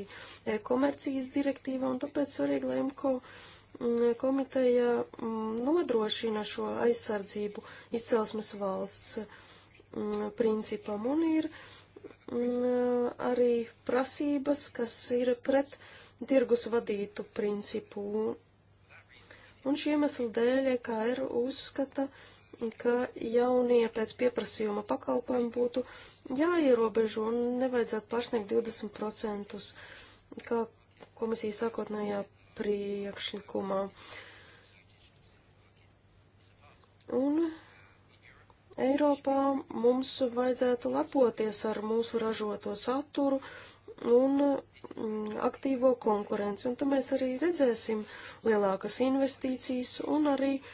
komercijas direktīvā, un tāpēc svarīgi, lai MKO mm, komiteja mm, nodrošina šo aizsardzību izcelsmes valsts mm, principam, un ir arī prasības, kas ir pret tirgus vadītu principu un šī iemesla dēļ EKR uzskata, ka jaunie pēc pieprasījuma pakalpojumi būtu jāierobežo un nevajadzētu pārsniegt 20%, kā komisija sākotnējā priekšlikumā. Un Eiropā mums vajadzētu lepoties ar mūsu ražoto saturu un mm, aktīvo konkurenci. Un tad mēs arī redzēsim lielākas investīcijas un arī uh,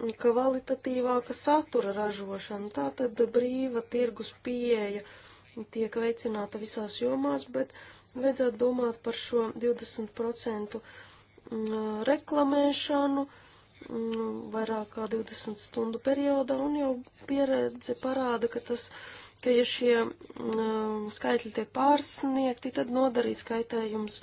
kvalitatīvāka satura ražošana. Tā tad brīva tirgus pieeja tiek veicināta visās jomās, bet vajadzētu domāt par šo 20% mm, reklamēšanu mm, vairāk kā 20 stundu periodā, un jau pieredze parāda, ka tas, ka ja šie mm, skaitļi tiek pārsniegti, tad nodarīt skaitējums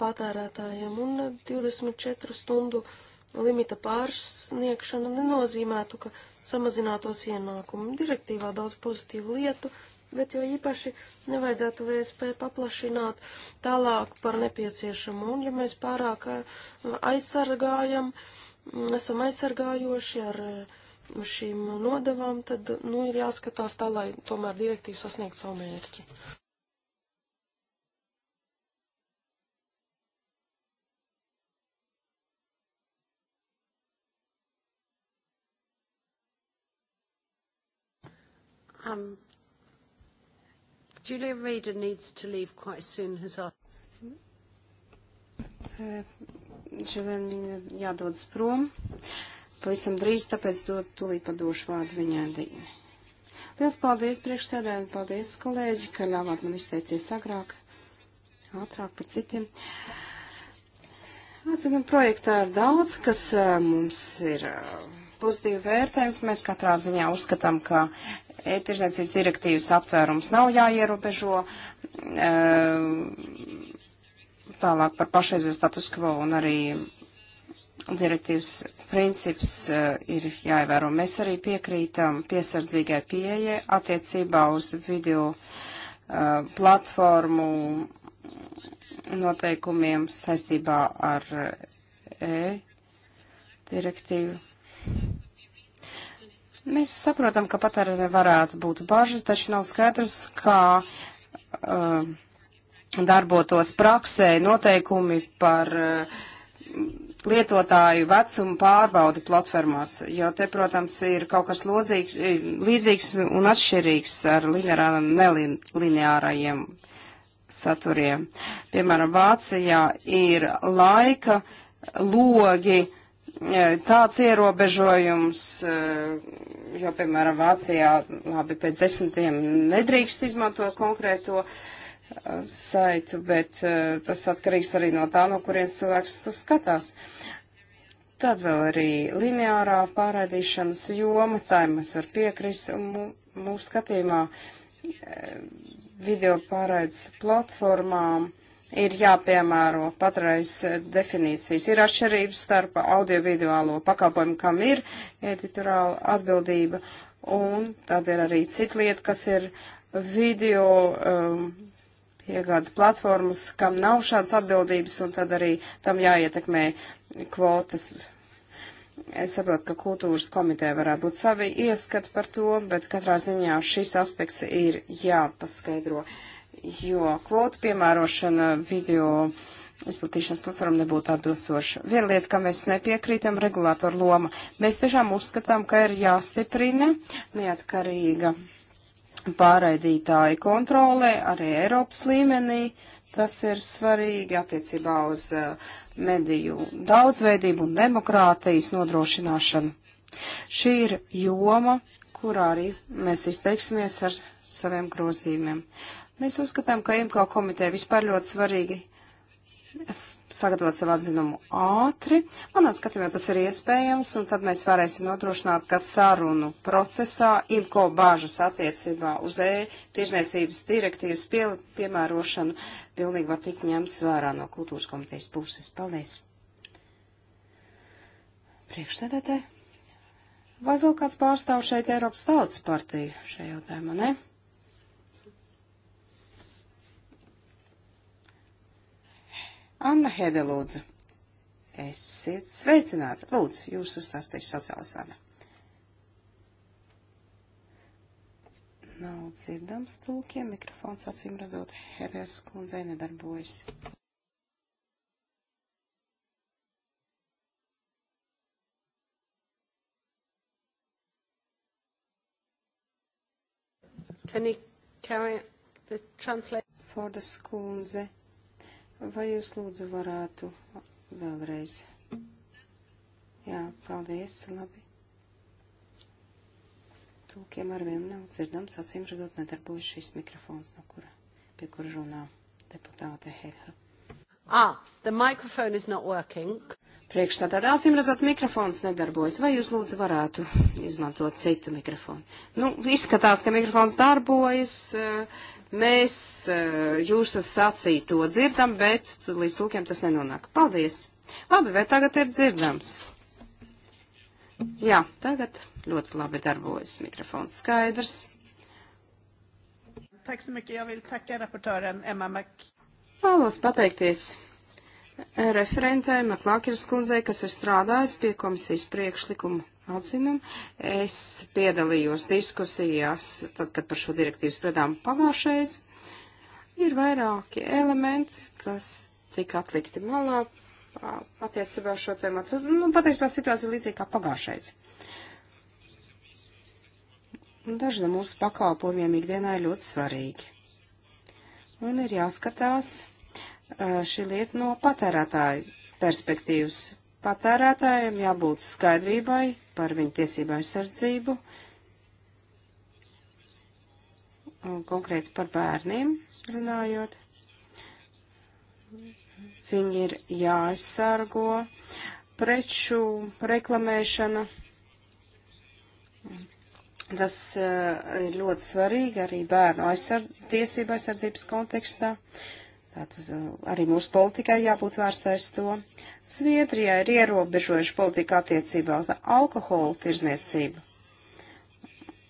patērētājiem, un 24 stundu periodā limita pārsniegšana nenozīmētu, ka samazinātos ienākumi. Direktīvā daudz pozitīvu lietu, bet jo īpaši nevajadzētu VSP paplašināt tālāk par nepieciešamu. Un ja mēs pārāk uh, aizsargājam, mm, esam aizsargājoši ar uh, šīm nodevām, tad nu, ir jāskatās tā, lai tomēr direktīva sasniegtu savu mērķi. Um, Julia Reader needs to leave quite soon, has our... Šodien viņa jādodas prom. Pavisam drīz, tāpēc dod, tūlīt padošu vārdu viņai. Liels paldies priekšsēdēm, paldies kolēģi, ka ļāvāt man izteikties agrāk, ātrāk par citiem. Atzinam, projektā ir daudz, kas eh, mums ir. Uh, pozitīvi vērtējums. Mēs katrā ziņā uzskatām, ka ētirzniecības direktīvas aptvērums nav jāierobežo. Eh, tālāk par pašreizējo status quo un arī direktīvas princips eh, ir jāievēro. Mēs arī piekrītam piesardzīgai pieeja attiecībā uz video eh, platformu noteikumiem saistībā ar e direktīvu. Mēs saprotam, ka patērē varētu būt bažas, taču nav skaidrs, kā uh, darbotos praksē noteikumi par uh, lietotāju vecumu pārbaudi platformās, jo te, protams, ir kaut kas lodzīgs, līdzīgs un atšķirīgs ar lineārām, nelineārajiem saturiem. Piemēram, Vācijā ir laika logi, uh, tāds ierobežojums, e, jo, piemēram, Vācijā labi pēc desmitiem nedrīkst izmantot konkrēto e, saitu, bet e, tas atkarīgs arī no tā, no kurienes cilvēks to skatās. Tad vēl arī lineārā pārādīšanas joma, tā mēs var piekrist mūsu skatījumā video pārādes platformām ir jāpiemēro patreiz definīcijas. Ir atšķirības starp audiovizuālo pakalpojumu, kam ir editoriāla atbildība, un tad ir arī cita lieta, kas ir video um, piegādes platformas, kam nav šādas atbildības, un tad arī tam jāietekmē kvotas. Es saprotu, ka kultūras komiteja varētu būt savi ieskati par to, bet katrā ziņā šis aspekts ir jāpaskaidro. Uh, jo kvotu piemērošana video izplatīšanas platforma nebūtu atbilstoša. Viena lieta, kam mēs nepiekrītam, regulātoru loma. Mēs tiešām uzskatām, ka ir jāstiprina neatkarīga pārraidītāja kontrole arī Eiropas līmenī. Tas ir svarīgi attiecībā uz uh, mediju daudzveidību un demokrātijas nodrošināšanu. Šī ir joma, kurā arī mēs izteiksimies ar saviem grozījumiem. Mēs uzskatām, ka IMKO komiteja vispār ļoti svarīgi sagatavot savu atzinumu ātri. Manā skatījumā tas ir iespējams, un tad mēs varēsim nodrošināt, ka sarunu procesā IMKO bāžas attiecībā uz E tiešniecības direktīvas pie, piemērošanu pilnīgi var tikt ņemts vērā no kultūras komitejas puses. Paldies! Priekšsēdētāji, vai vēl kāds pārstāv šeit Eiropas tautas partiju šajā jautājumā, ne? Anna Hede, lūdzu. Esiet sveicināti. Lūdzu, jūs uzstāstīšu sociālas vārdā. Nav dzirdams tūkiem, mikrofons acīm redzot Hedes kundzei nedarbojas. Can you carry the translate? Fordas kundze Vai jūs lūdzu varētu vēlreiz? Jā, paldies, labi. Tūkiem ar vienu nav dzirdams, acīm redzot, nedarbojas šis mikrofons, no kura, pie kura runā deputāte Helha. Ah, the microphone is not working. Priekšsādātā acīm redzot, mikrofons nedarbojas. Vai jūs lūdzu varētu izmantot citu mikrofonu? Nu, izskatās, ka mikrofons darbojas. Uh, Mēs e, jūsu sacīto dzirdam, bet līdz lūkiem tas nenonāk. Paldies! Labi, vai tagad ir dzirdams? Jā, tagad ļoti labi darbojas mikrofons skaidrs. Vēlos pateikties referentai Maklākiras kundzei, kas ir strādājis pie komisijas priekšlikuma atzinumu. Es piedalījos diskusijās, tad, kad par šo direktīvu spredām pagājušreiz. Ir vairāki elementi, kas tika atlikti malā attiecībā uz šo tēmu. Nu, patiesībā situācija ir līdzīga kā pagājušreiz. Daži no mūsu pakalpojumiem ikdienā ir ļoti svarīgi. Un ir jāskatās šī lieta no patērētāju perspektīvas. Patērētājiem jābūt skaidrībai, par viņu tiesību aizsardzību, konkrēti par bērniem runājot. Viņi ir jāaizsargo preču reklamēšana. Tas uh, ir ļoti svarīgi arī bērnu aizsard, tiesību aizsardzības kontekstā. Uh, Tātad uh, arī mūsu politikai jābūt vērstais to. Sviedrijā ir ierobežojuši politika attiecībā uz alkoholu tirzniecību.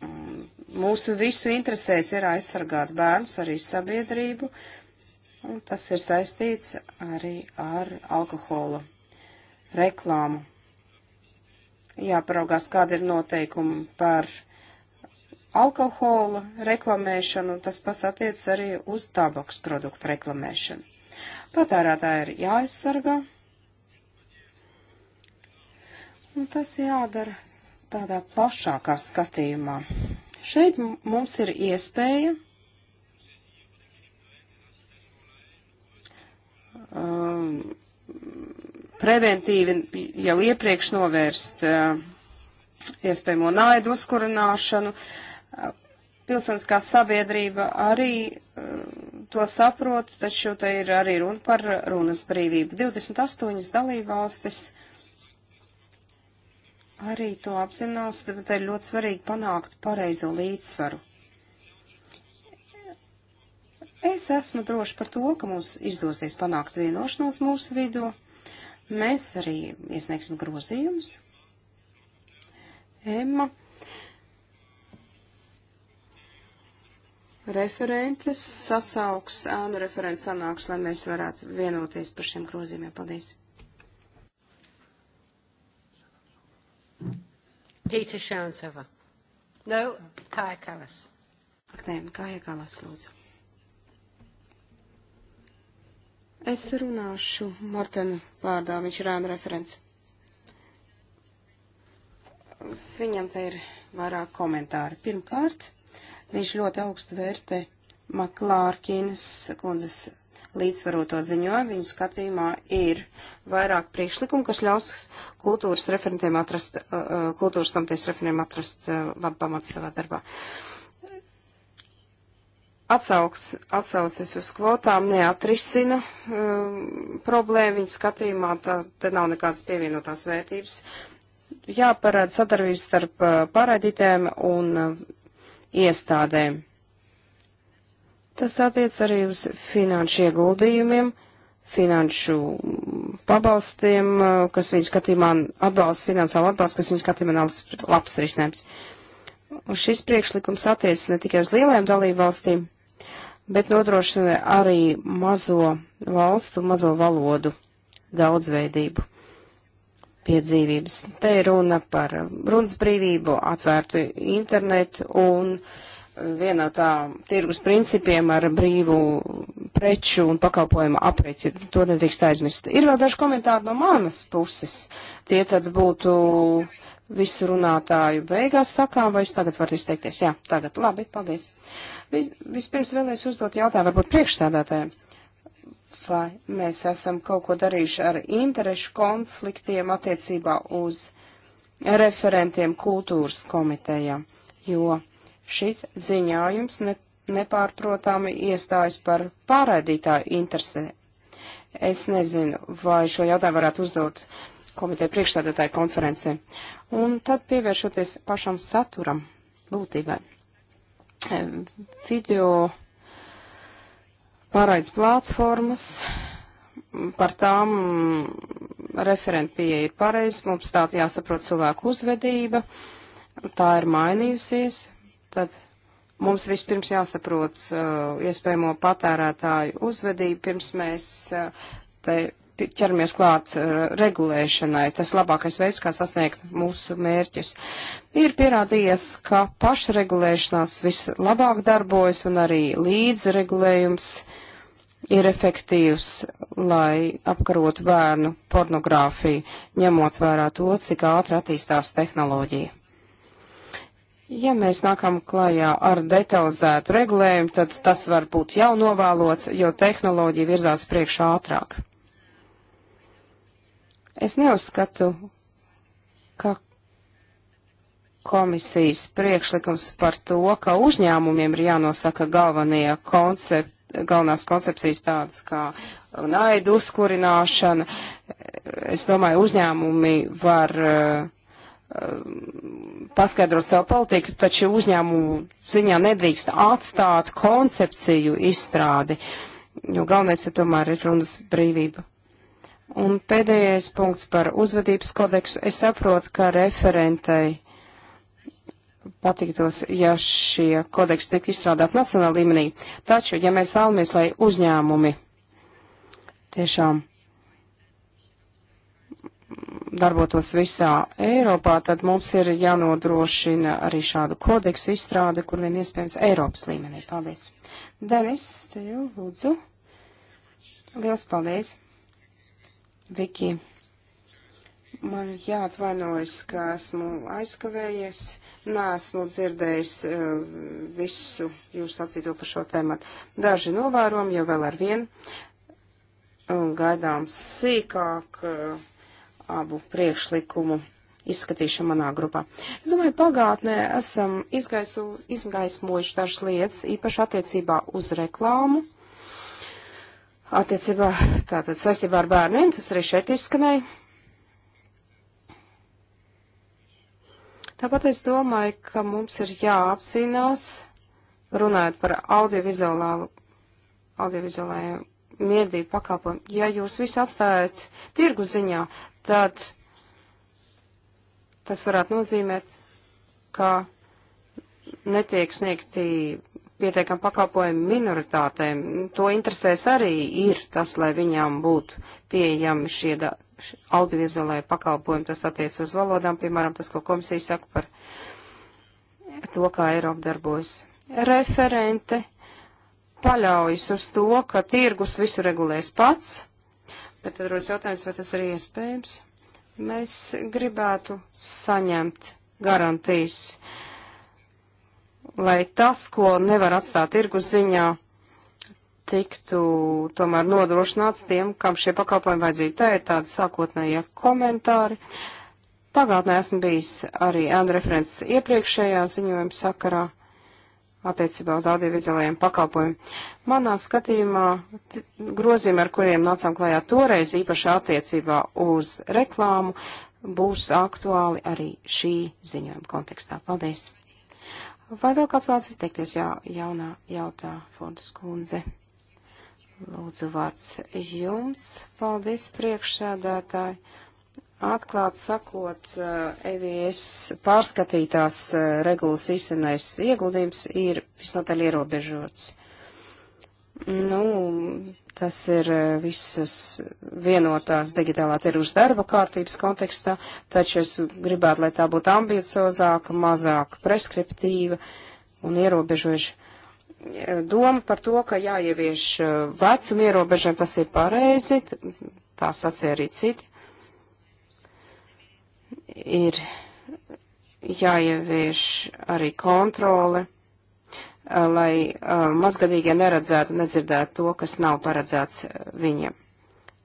Mm, mūsu visu interesēs ir aizsargāt bērnus, arī sabiedrību, un tas ir saistīts arī ar alkohola reklāmu. Jāparaugās, kāda ir noteikuma par alkoholu alkohola reklamēšanu, un tas pats attiec arī uz tabaks produktu reklamēšanu. Patērētāji ir jāaizsargā, un tas jādara tādā plašākā skatījumā. Šeit mums ir iespēja um, preventīvi jau iepriekš novērst uh, iespējamo naidu uzkurināšanu, uh, Pilsoniskā sabiedrība arī eh, to saprot, taču te ir arī runa par runas brīvību. 28 dalībvalstis arī to apzinās, bet ir ļoti svarīgi panākt pareizo līdzsvaru. Es esmu droši par to, ka mums izdosies panākt vienošanos mūsu vidū. Mēs arī iesniegsim grozījumus. Emma referentes sasauks ēnu referents sanāks, lai mēs varētu vienoties par šiem grozījumiem. Paldies. Tīta Šaunsava. No, Kāja Kalas. Ak, nē, Kāja Kalas, lūdzu. Es runāšu Mortenu vārdā, viņš ir ēnu referents. Viņam te ir vairāk komentāri. Pirmkārt, Viņš ļoti augstu vērtē Maklārkinas kundzes līdzvaroto ziņojumu. Viņu skatījumā ir vairāk priekšlikumu, kas ļaus kultūras referentiem atrast, uh, uh, kultūras komitejas referentiem atrast uh, labu pamatu savā darbā. Atsauks, atsaucis uz kvotām neatrisina um, problēmu viņa skatījumā, tā, te nav nekādas pievienotās vērtības. Jāparāda sadarbības starp pārraidītēm un iestādēm. Tas attiec arī uz finanšu ieguldījumiem, finanšu pabalstiem, kas viņu skatījumā atbalsts, finansāli atbalsts, kas viņu skatījumā nav labs risinājums. Un šis priekšlikums attiec ne tikai uz lielajām dalību valstīm, bet nodrošina arī mazo valstu, mazo valodu daudzveidību pie dzīvības. Te ir runa par runas brīvību, atvērtu internetu un uh, vienā tā tirgus principiem ar brīvu preču un pakalpojumu apreci. To nedrīkst aizmirst. Ir vēl daži komentāri no manas puses. Tie tad būtu visu runātāju beigās sakām, vai es tagad varu izteikties? Jā, tagad. Labi, paldies. Vis, vispirms vēlēs uzdot jautājumu varbūt priekšsēdētājiem vai mēs esam kaut ko darījuši ar interešu konfliktiem attiecībā uz referentiem kultūras komitejā, jo šis ziņājums ne, nepārprotami iestājas par pārraidītāju interesē. Es nezinu, vai šo jautājumu varētu uzdot komiteja priekšstādātāja konferencē. Un tad pievēršoties pašam saturam, būtībai. Eh, video pārraides platformas, par tām referenta pieeja ir pareiza, mums tā jāsaprot cilvēku uzvedība, tā ir mainījusies, tad mums vispirms jāsaprot uh, iespējamo patērētāju uzvedību, pirms mēs uh, te ķeramies klāt uh, regulēšanai. Tas labākais veids, kā sasniegt mūsu mērķus. Ir pierādījies, ka pašregulēšanās vislabāk darbojas un arī līdzregulējums uh, ir efektīvs, lai apkarotu bērnu pornogrāfiju, ņemot vērā to, cik ātri attīstās tehnoloģija. Ja mēs nākam klajā ar detalizētu regulējumu, tad tas var būt jau novēlots, jo tehnoloģija virzās priekš ātrāk. Es neuzskatu, ka komisijas priekšlikums par to, ka uzņēmumiem ir jānosaka galvenie koncept, galvenās koncepcijas tādas kā naidu uzkurināšana. Es domāju, uzņēmumi var eh, paskaidrot savu politiku, taču uzņēmumu ziņā nedrīkst atstāt koncepciju izstrādi, jo galvenais ir tomēr ir runas brīvība. Un pēdējais punkts par uzvedības kodeksu. Es saprotu, ka referentei patiktos, ja šie kodeksi tiek izstrādāt nacionāla līmenī. Taču, ja mēs vēlamies, lai uzņēmumi tiešām darbotos visā Eiropā, tad mums ir jānodrošina arī šādu kodeksu izstrāde, kur vien iespējams Eiropas līmenī. Paldies. Denis, tev lūdzu. Liels paldies. Viki. Man jāatvainojas, ka esmu aizkavējies Nesmu dzirdējis eh, visu jūs sacīto par šo tēmatu. Daži novērojumi jau vēl ar vienu gaidāms sīkāk eh, abu priekšlikumu izskatīšana manā grupā. Es domāju, pagātnē esam izgaisu, izgaismojuši dažas lietas, īpaši attiecībā uz reklāmu, attiecībā tātad saistībā ar bērniem, tas arī šeit izskanēja. Tāpat es domāju, ka mums ir jāapzinās, runājot par audiovizuālu, audiovizuālajiem miedību pakalpojumu, ja jūs visu atstājat tirgu ziņā, tad tas varētu nozīmēt, ka netiek sniegti pietiekami pakalpojumi minoritātēm. To interesēs arī ir tas, lai viņām būtu pieejami šie da audiovizuālajai pakalpojumi, tas attiec uz valodām, piemēram, tas, ko komisija saka par to, kā Eiropa darbojas. Referente paļaujas uz to, ka tirgus visu regulēs pats, bet tad rodas jautājums, vai tas ir iespējams. Mēs gribētu saņemt garantijas, lai tas, ko nevar atstāt tirgus ziņā, tiktu tomēr nodrošināts tiem, kam šie pakalpojumi vajadzīgi. Tā ir tāda sākotnējie komentāri. Pagātnē esmu bijis arī Andra referents iepriekšējā ziņojuma sakarā attiecībā uz audiovizuālajiem pakalpojumiem. Manā skatījumā grozījumi, ar kuriem nācām klajā toreiz, īpaši attiecībā uz reklāmu, būs aktuāli arī šī ziņojuma kontekstā. Paldies! Vai vēl kāds vēlas izteikties? Jā, jaunā jautā Fondas kundze. Lūdzu vārds jums. Paldies priekšsēdētāji. Atklāt sakot, eh, EVS pārskatītās eh, regulas izcenais ieguldījums ir visnotaļ ierobežots. Nu, tas ir eh, visas vienotās digitālā tirgus darba kārtības kontekstā, taču es gribētu, lai tā būtu ambiciozāka, mazāk preskriptīva un ierobežoša doma par to, ka jāievieš uh, vecuma ierobežojumi, tas ir pareizi, tā sacīja arī citi. Ir jāievieš arī kontrole, uh, lai uh, mazgadīgie neredzētu, nedzirdētu to, kas nav paredzēts viņiem.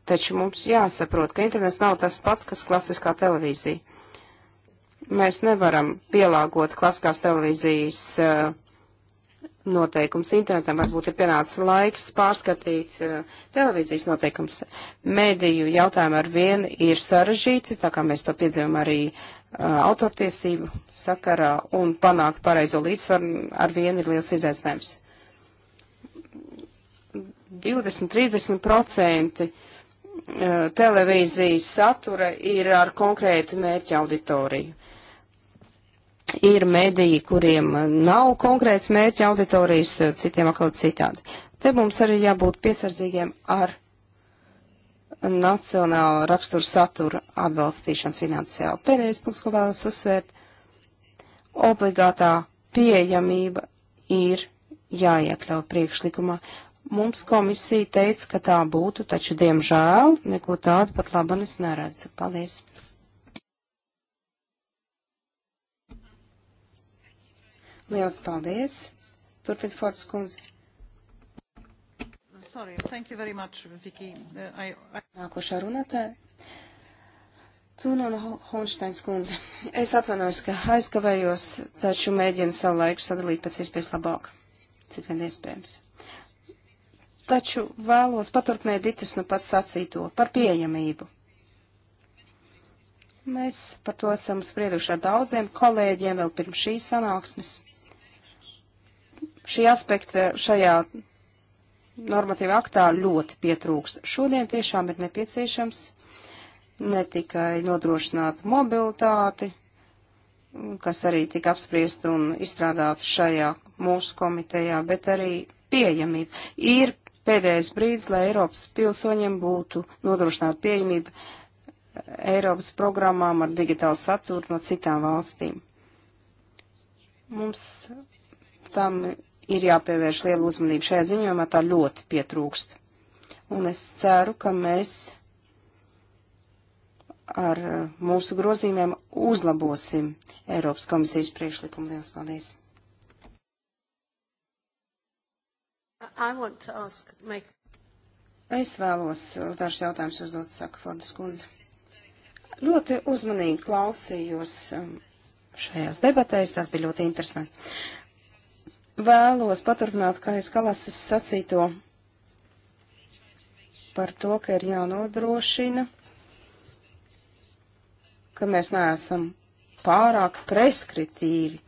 Taču mums jāsaprot, ka internets nav tas pats, kas klasiskā televīzija. Mēs nevaram pielāgot klasiskās televīzijas uh, noteikums internetam. Varbūt ir pienācis laiks pārskatīt uh, televīzijas noteikums. Mēdīju jautājumi ar vienu ir sarežģīti, tā kā mēs to piedzīvam arī uh, autortiesību sakarā, un panākt pareizo līdzsvaru ar vienu ir liels izaicinājums. 20-30% eh, televīzijas satura ir ar konkrētu mērķa auditoriju. Ir mediji, kuriem uh, nav konkrēts mērķa auditorijas, uh, citiem atkal citādi. Te mums arī jābūt piesardzīgiem ar nacionāla rakstura satura atbalstīšanu finansiāli. Pēdējais punkts, ko vēlas uzsvērt, obligātā pieejamība ir jāiekļauj priekšlikumā. Mums komisija teica, ka tā būtu, taču, diemžēl, neko tādu pat labu es neredzu. Paldies! Liels paldies! Turpin Fords kundze. Sorry, thank you very much, Viki. Uh, I, I... Nākošā runātāja. Tūna un Honšteins kundze. Es atvainojos, ka aizkavējos, taču mēģinu savu laiku sadalīt pēc iespējas labāk, cik vien iespējams. Taču vēlos paturpināt Ditas nu pats sacīto par pieejamību. Mēs par to esam sprieduši ar daudziem kolēģiem vēl pirms šīs sanāksmes. Šī aspekta šajā normatīva aktā ļoti pietrūks. Šodien tiešām ir nepieciešams ne tikai nodrošināt mobilitāti, kas arī tika apspriest un izstrādāt šajā mūsu komitejā, bet arī pieejamība. Ir pēdējais brīdis, lai Eiropas pilsoņiem būtu nodrošināta pieejamība Eiropas programmām ar digitālu saturu no citām valstīm. Mums tam ir jāpievērš liela uzmanība šajā ziņojumā, tā ļoti pietrūkst. Un es ceru, ka mēs ar mūsu grozīmēm uzlabosim Eiropas komisijas priekšlikumu. Lielas paldies! Ask, make... Es vēlos dažus jautājumus uzdot, saka Fordas kundze. Ļoti uzmanīgi klausījos um, šajās debatēs, tas bija ļoti interesanti vēlos paturpināt, kā es kalasis sacīto par to, ka ir jānodrošina, ka mēs neesam pārāk preskritīvi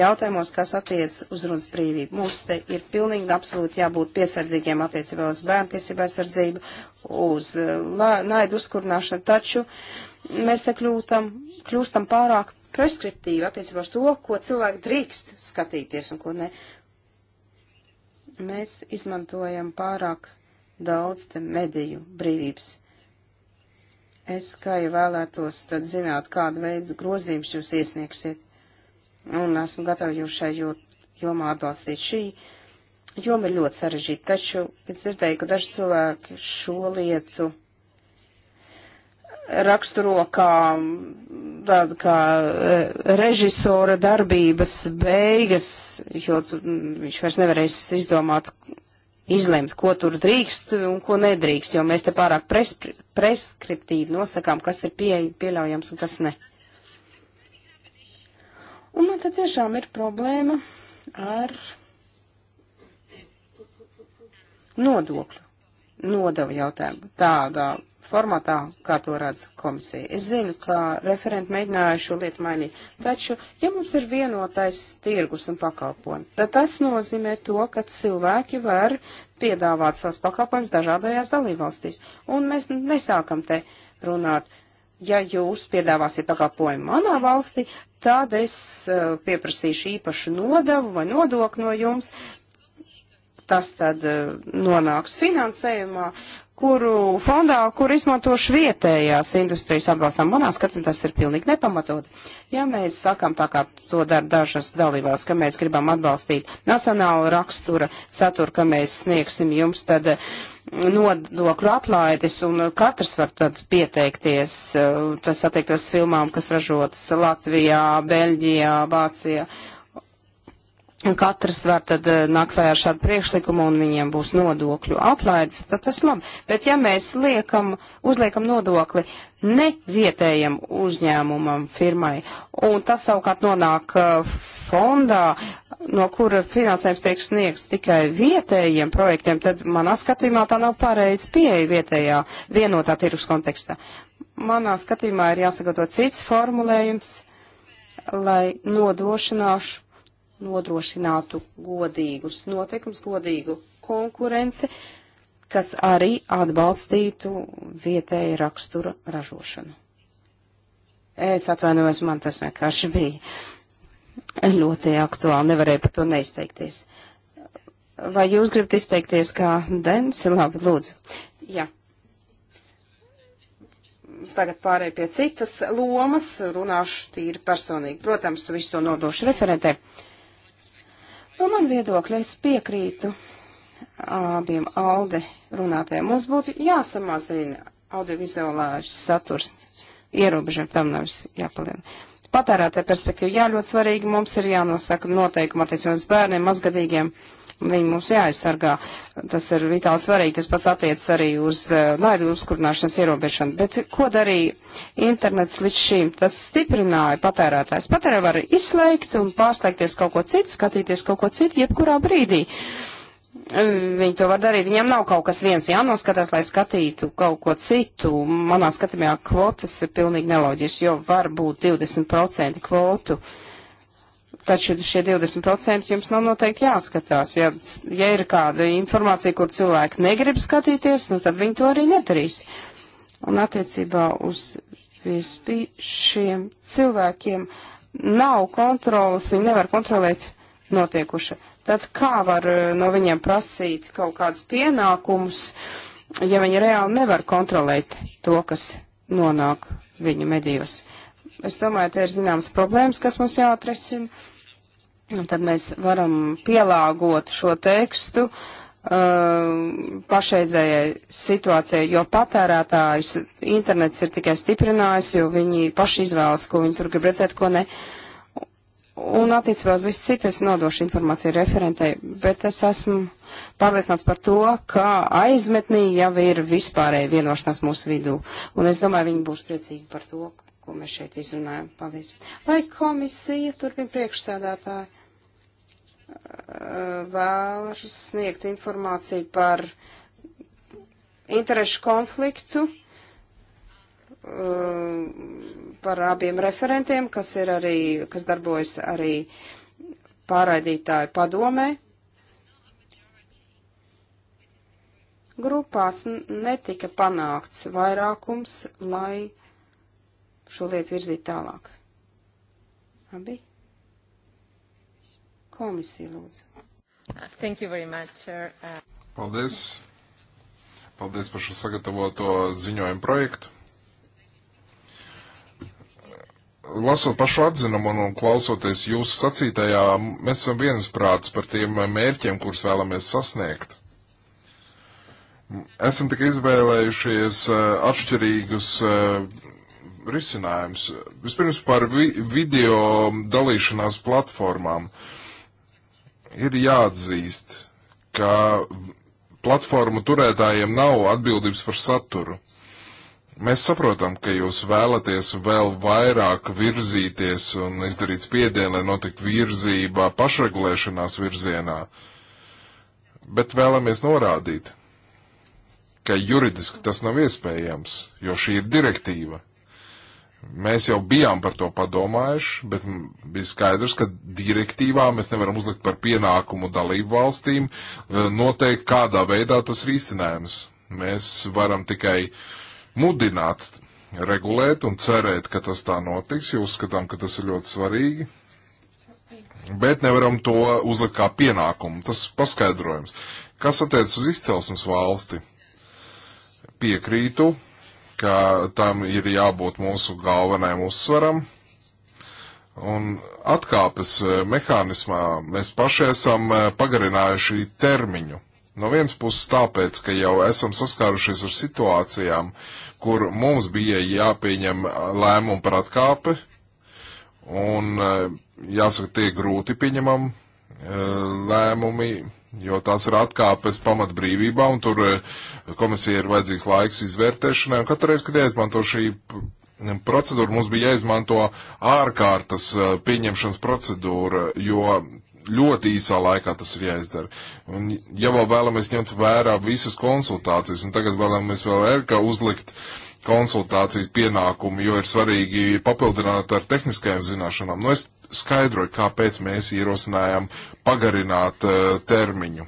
jautājumos, kas attiec uz runas brīvību. Mums te ir pilnīgi absolūti jābūt piesardzīgiem attiecībā uz bērnu tiesību aizsardzību, uz uh, naidu uzkurināšanu, taču mēs te kļūtam, kļūstam pārāk preskriptīvi attiecībā uz to, ko cilvēki drīkst skatīties un ko ne. Mēs izmantojam pārāk daudz te mediju brīvības. Es kā jau vēlētos tad zināt, kādu veidu grozījums jūs iesniegsiet, un esmu gatavi jūs šai jomā atbalstīt šī. Joma ir ļoti sarežģīta, taču es dzirdēju, ka daži cilvēki šo lietu raksturo kā tāda kā e, režisora darbības beigas, jo viņš vairs nevarēs izdomāt, izlemt, ko tur drīkst un ko nedrīkst, jo mēs te pārāk prespri, preskriptīvi nosakām, kas ir pie, pieļaujams un kas ne. Un man te tiešām ir problēma ar nodokļu, nodevu jautājumu tādā formatā, kā to redz komisija. Es zinu, ka referenti mēģināja šo lietu mainīt, taču, ja mums ir vienotais tirgus un pakalpojumi, tad tas nozīmē to, ka cilvēki var piedāvāt savus pakalpojumus dažādajās dalībvalstīs. Un mēs nesākam te runāt, ja jūs piedāvāsiet pakalpojumu manā valstī, tad es uh, pieprasīšu īpašu nodevu vai nodokli no jums. Tas tad uh, nonāks finansējumā, kuru fondā, kur izmantošu vietējās industrijas atbalstām. Manā skatījumā tas ir pilnīgi nepamatot. Ja mēs sakam tā kā to dara dažas dalībās, ka mēs gribam atbalstīt nacionālu rakstura saturu, ka mēs sniegsim jums tad eh, nodokļu atlaides un katrs var tad pieteikties. Eh, tas attiektos filmām, kas ražotas Latvijā, Beļģijā, Vācijā katrs var tad eh, nākt klajā ar šādu priekšlikumu un viņiem būs nodokļu atlaides, tad tas labi. Bet ja mēs liekam, uzliekam nodokli ne vietējiem uzņēmumam, firmai, un tas savukārt nonāk eh, fondā, no kura finansējums tiek sniegts tikai vietējiem projektiem, tad manā skatījumā tā nav pareizi pieeja vietējā vienotā tirgus kontekstā. Manā skatījumā ir jāsagatavot cits formulējums, lai nodrošināšu nodrošinātu godīgus noteikums, godīgu konkurenci, kas arī atbalstītu vietēju raksturu ražošanu. Es atvainojos, man tas vienkārši bija ļoti aktuāli, nevarēju par to neizteikties. Vai jūs gribat izteikties kā Dens? Labi, lūdzu. Jā. Tagad pārēju pie citas lomas, runāšu tīri personīgi. Protams, tu visu to nodošu referentē. Uh, No man viedokļa es piekrītu abiem Alde runātājiem. Mums būtu jāsamazina audiovizuālāšs saturs, ierobežot tam nevis jāpalielina patērētāja perspektīva. Jā, ļoti svarīgi mums ir jānosaka noteikumi attiecībā uz bērniem, mazgadīgiem. Viņi mums jāaizsargā. Tas ir vitāli svarīgi. Tas pats attiecas arī uz uh, naidu uzkurināšanas ierobežošanu. Bet ko darīja internets līdz šim? Tas stiprināja patērētājs. Patērē var izslēgt un pārslēgties kaut ko citu, skatīties kaut ko citu, jebkurā brīdī. Uh, Viņi to var darīt. Viņam nav kaut kas viens jānoskatās, lai skatītu kaut ko citu. Manā skatījumā kvotas ir pilnīgi neloģiski, jo var būt 20% kvotu. Taču šie 20% jums nav noteikti jāskatās. Ja, ja ir kāda informācija, kur cilvēki negrib skatīties, nu tad viņi to arī nedarīs. Un attiecībā uz vispī šiem cilvēkiem nav kontrolas, viņi nevar kontrolēt notiekušo tad kā var eh, no viņiem prasīt kaut kādus pienākumus, ja viņi reāli nevar kontrolēt to, kas nonāk viņu medijos? Es domāju, te ir zināmas problēmas, kas mums jāatrecina. Un tad mēs varam pielāgot šo tekstu uh, pašreizējai situācijai, jo patērētājs internets ir tikai stiprinājis, jo viņi paši izvēlas, ko viņi tur grib redzēt, ko ne. Uh, Un attiecībā uz visu citu es nodošu informāciju referentei, bet es esmu pārliecināts par to, ka aizmetnī jau ir vispārēja vienošanās mūsu vidū. Un es domāju, viņi būs priecīgi par to, ko mēs šeit izrunājam. Paldies. Vai komisija, turpin priekšsēdētāji, vēl sniegt informāciju par interešu konfliktu? par abiem referentiem, kas ir arī, kas darbojas arī pārraidītāju padomē. Grupās netika panākts vairākums, lai šo lietu virzītu tālāk. Abi? Komisija, lūdzu. Thank you very much, sir. Paldies. Paldies par šo sagatavoto ziņojumu projektu. lasot pašu atzinumu un, un klausoties jūsu sacītajā, mēs esam viensprāts par tiem mērķiem, kurus vēlamies sasniegt. Esam tik izvēlējušies eh, atšķirīgus eh, risinājumus. Vispirms par vi video dalīšanās platformām. Ir jāatzīst, ka platformu turētājiem nav atbildības par saturu Mēs saprotam, ka jūs vēlaties vēl vairāk virzīties un izdarīt spiedienu, lai notiktu virzībā, pašregulēšanās virzienā, bet vēlamies norādīt, ka juridiski tas nav iespējams, jo šī ir direktīva. Mēs jau bijām par to padomājuši, bet bija skaidrs, ka direktīvā mēs nevaram uzlikt par pienākumu dalību valstīm eh, noteikt, kādā veidā tas risinājums. Mēs varam tikai uh, mudināt regulēt un cerēt, ka tas tā notiks, jo uzskatām, ka tas ir ļoti svarīgi. Bet nevaram to uzlikt kā pienākumu. Tas paskaidrojums. Kas attiec uz izcelsmes valsti? Piekrītu, ka tam ir jābūt mūsu galvenajam uzsvaram. Un atkāpes eh, mehānismā mēs paši esam eh, pagarinājuši termiņu No vienas puses tāpēc, ka jau esam saskārušies ar situācijām, kur mums bija jāpieņem lēmumu par atkāpi, un eh, jāsaka, tie grūti pieņemam eh, lēmumi, jo tās ir atkāpes pamat brīvībā, un tur eh, komisija ir vajadzīgs laiks izvērtēšanai, un katru reizi, kad jāizmanto šī procedūra, mums bija jāizmanto ārkārtas pieņemšanas procedūra, jo ļoti īsā laikā tas ir jāizdara. Un, ja vēl vēlamies ņemt vērā visas konsultācijas, un tagad vēlamies vēl ērkā uzlikt konsultācijas pienākumu, jo ir svarīgi papildināt ar tehniskajām zināšanām. Nu, es skaidroju, kāpēc mēs ierosinājām pagarināt uh, termiņu.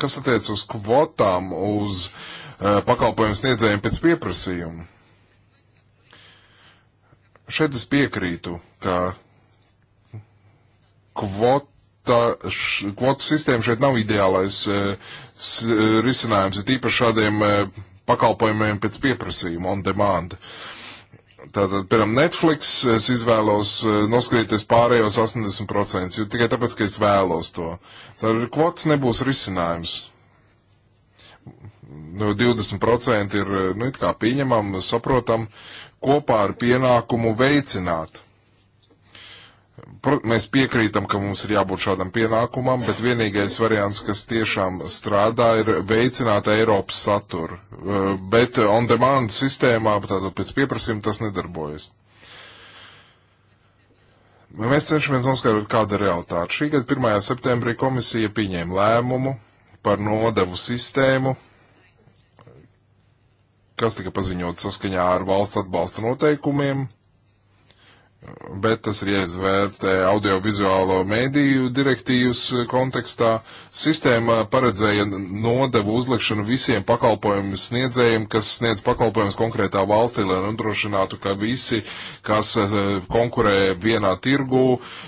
Kas attiec uz kvotām, uz uh, pakalpojumu sniedzējiem pēc pieprasījuma? Šeit es piekrītu, ka kvota, š, kvotu sistēma šeit nav ideālais e, s, e, risinājums, ir īpaši šādiem e, pakalpojumiem pēc pieprasījuma on demand. Tātad, piemēram, Netflix es izvēlos noskrieties pārējos 80%, jo tikai tāpēc, ka es vēlos to. Tātad, kvots nebūs risinājums. Nu, 20% ir, nu, it kā pieņemam, saprotam, kopā ar pienākumu veicināt. Mēs piekrītam, ka mums ir jābūt šādam pienākumam, bet vienīgais variants, kas tiešām strādā, ir veicināt Eiropas saturu. Uh, bet on-demand sistēmā, tātad pēc pieprasījuma, tas nedarbojas. Mēs cenšamies noskaidrot, kāda ir realitāte. Šī gada 1. septembrī komisija pieņēma lēmumu par nodevu sistēmu, kas tika paziņot saskaņā ar valsts atbalsta noteikumiem bet tas ir jāizvērtē audiovizuālo mēdīju direktīvas kontekstā. Sistēma paredzēja nodevu uzlikšanu visiem pakalpojumu sniedzējiem, kas sniedz pakalpojumus konkrētā valstī, lai nodrošinātu, ka visi, kas eh, konkurē vienā tirgū,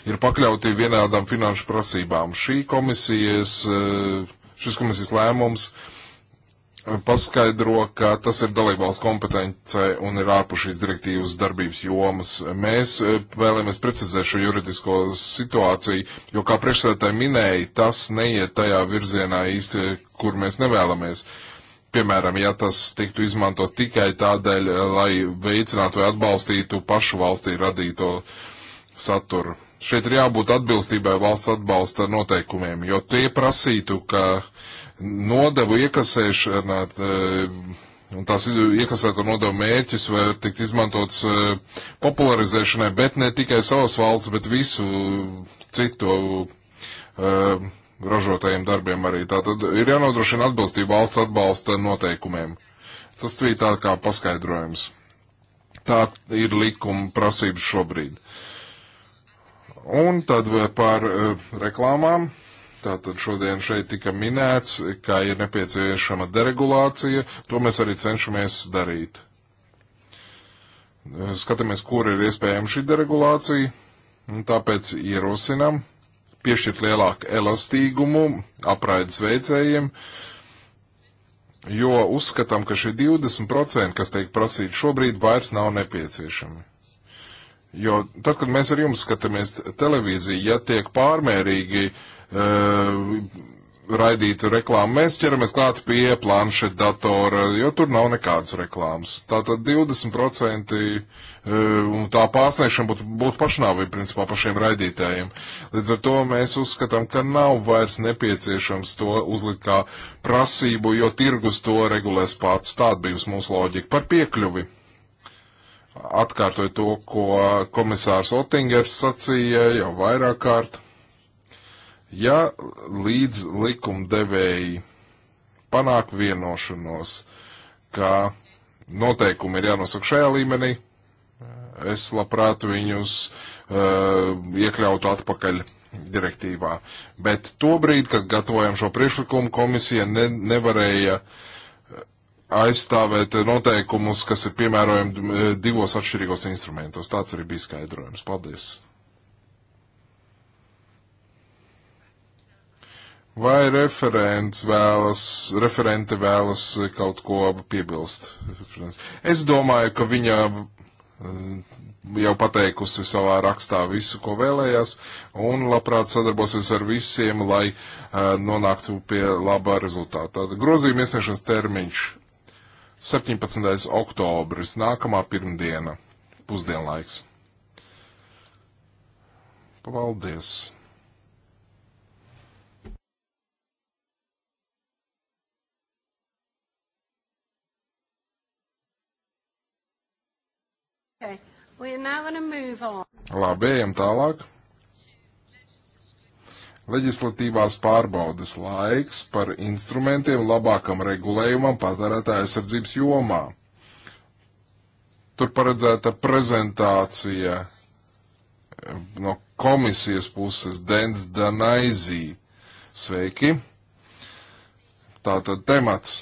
ir pakļauti vienādām finanšu prasībām. Šī komisijas, eh, šis komisijas lēmums paskaidro, ka tas ir dalībvalsts kompetence un ir ārpus šīs direktīvas darbības jomas. Mēs eh, vēlamies precizēt šo juridisko situāciju, jo, kā priekšsēdētāji minēja, tas neiet tajā virzienā īsti, kur mēs nevēlamies. Piemēram, ja tas tiktu izmantots tikai tādēļ, lai veicinātu vai atbalstītu pašu valstī radīto saturu. Šeit ir jābūt atbilstībai valsts atbalsta noteikumiem, jo tie prasītu, ka nodevu iekasēšana eh, un tās iekasēto nodevu mērķis var tikt izmantots eh, popularizēšanai, bet ne tikai savas valsts, bet visu citu uh, ražotajiem darbiem arī. Tātad ir jānodrošina atbilstība valsts atbalsta noteikumiem. Tas bija tā kā paskaidrojums. Tā ir likuma prasības šobrīd. Uh, Un tad par eh, reklāmām. Tātad šodien šeit tika minēts, ka ir nepieciešama deregulācija. To mēs arī cenšamies darīt. Eh, skatāmies, kur ir iespējama šī deregulācija. Un tāpēc ierosinam piešķirt lielāku elastīgumu apraides veicējiem, jo uzskatām, ka šie 20%, kas tiek prasīti šobrīd, vairs nav nepieciešami. Jo tad, kad mēs ar jums skatāmies televīziju, ja tiek pārmērīgi uh, raidīta reklāma, mēs ķeramies klāt pie planšeta datora, jo tur nav nekādas reklāmas. Tātad 20% eh, uh, tā pārsniegšana būtu būt pašnāvība principā pašiem raidītājiem. Līdz ar to mēs uzskatām, ka nav vairs nepieciešams to uzlikt kā prasību, jo tirgus to regulēs pats. Tāda bijusi mūsu loģika par piekļuvi atkārtoju to, ko komisārs Otingers sacīja jau vairāk kārt. Ja līdz likumdevēji panāk vienošanos, ka noteikumi ir jānosaka šajā līmenī, es labprāt viņus uh, iekļautu atpakaļ direktīvā. Bet to brīdi, kad gatavojam šo priekšlikumu, komisija ne, nevarēja uh, aizstāvēt noteikumus, kas ir piemērojami eh, divos atšķirīgos instrumentos. Tāds arī bija skaidrojums. Paldies! Vai referents vēlas, referente vēlas kaut ko piebilst? Es domāju, ka viņa jau pateikusi savā rakstā visu, ko vēlējās, un labprāt sadarbosies ar visiem, lai uh, nonāktu pie labā rezultāta. Grozījuma iesniegšanas termiņš 17. oktobris, nākamā pirmdiena, pusdienlaiks. Paldies! Okay. Labi, ejam tālāk. Leģislatīvās pārbaudes laiks par instrumentiem labākam regulējumam patērētāja aizsardzības jomā. Tur paredzēta prezentācija eh, no komisijas puses Dens Danaizī. Sveiki! Tātad temats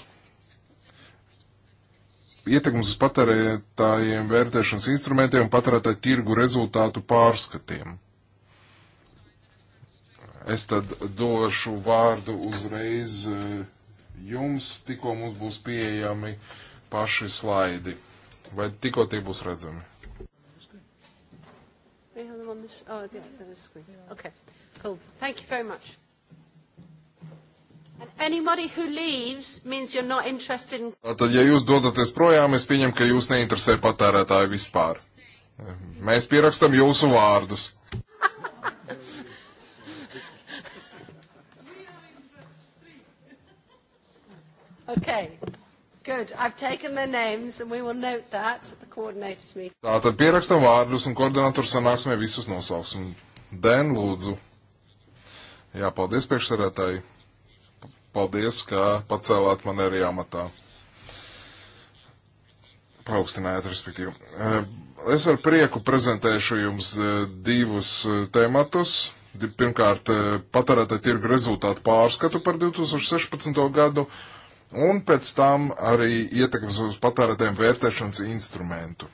ietekmes uz patērētājiem vērtēšanas instrumentiem un patērētāju tirgu rezultātu pārskatiem. Es tad došu vārdu uzreiz e, jums, tikko mums būs pieejami paši slaidi. Vai tikko tie būs redzami? Oh, yeah, okay. Cool. Thank you very much. In... Tad, ja jūs dodaties projām, es pieņemu, ka jūs neinteresē patērētāju vispār. Mēs pierakstam jūsu vārdus. Okay. Good. I've taken their names and we will note that at the coordinators meeting. Tātad pierakstam vārdus un koordinatoru sanāksmē visus nosauksim. Dēn, lūdzu. Jā, paldies priekšsarētāji. Paldies, ka pacēlāt man arī amatā. Paaugstinājāt, respektīvi. Eh, es ar prieku prezentēšu jums eh, divus eh, tematus. Pirmkārt, patērētāju tirgu rezultātu pārskatu par 2016. gadu un pēc tam arī ietekmes uz patērētēm vērtēšanas instrumentu.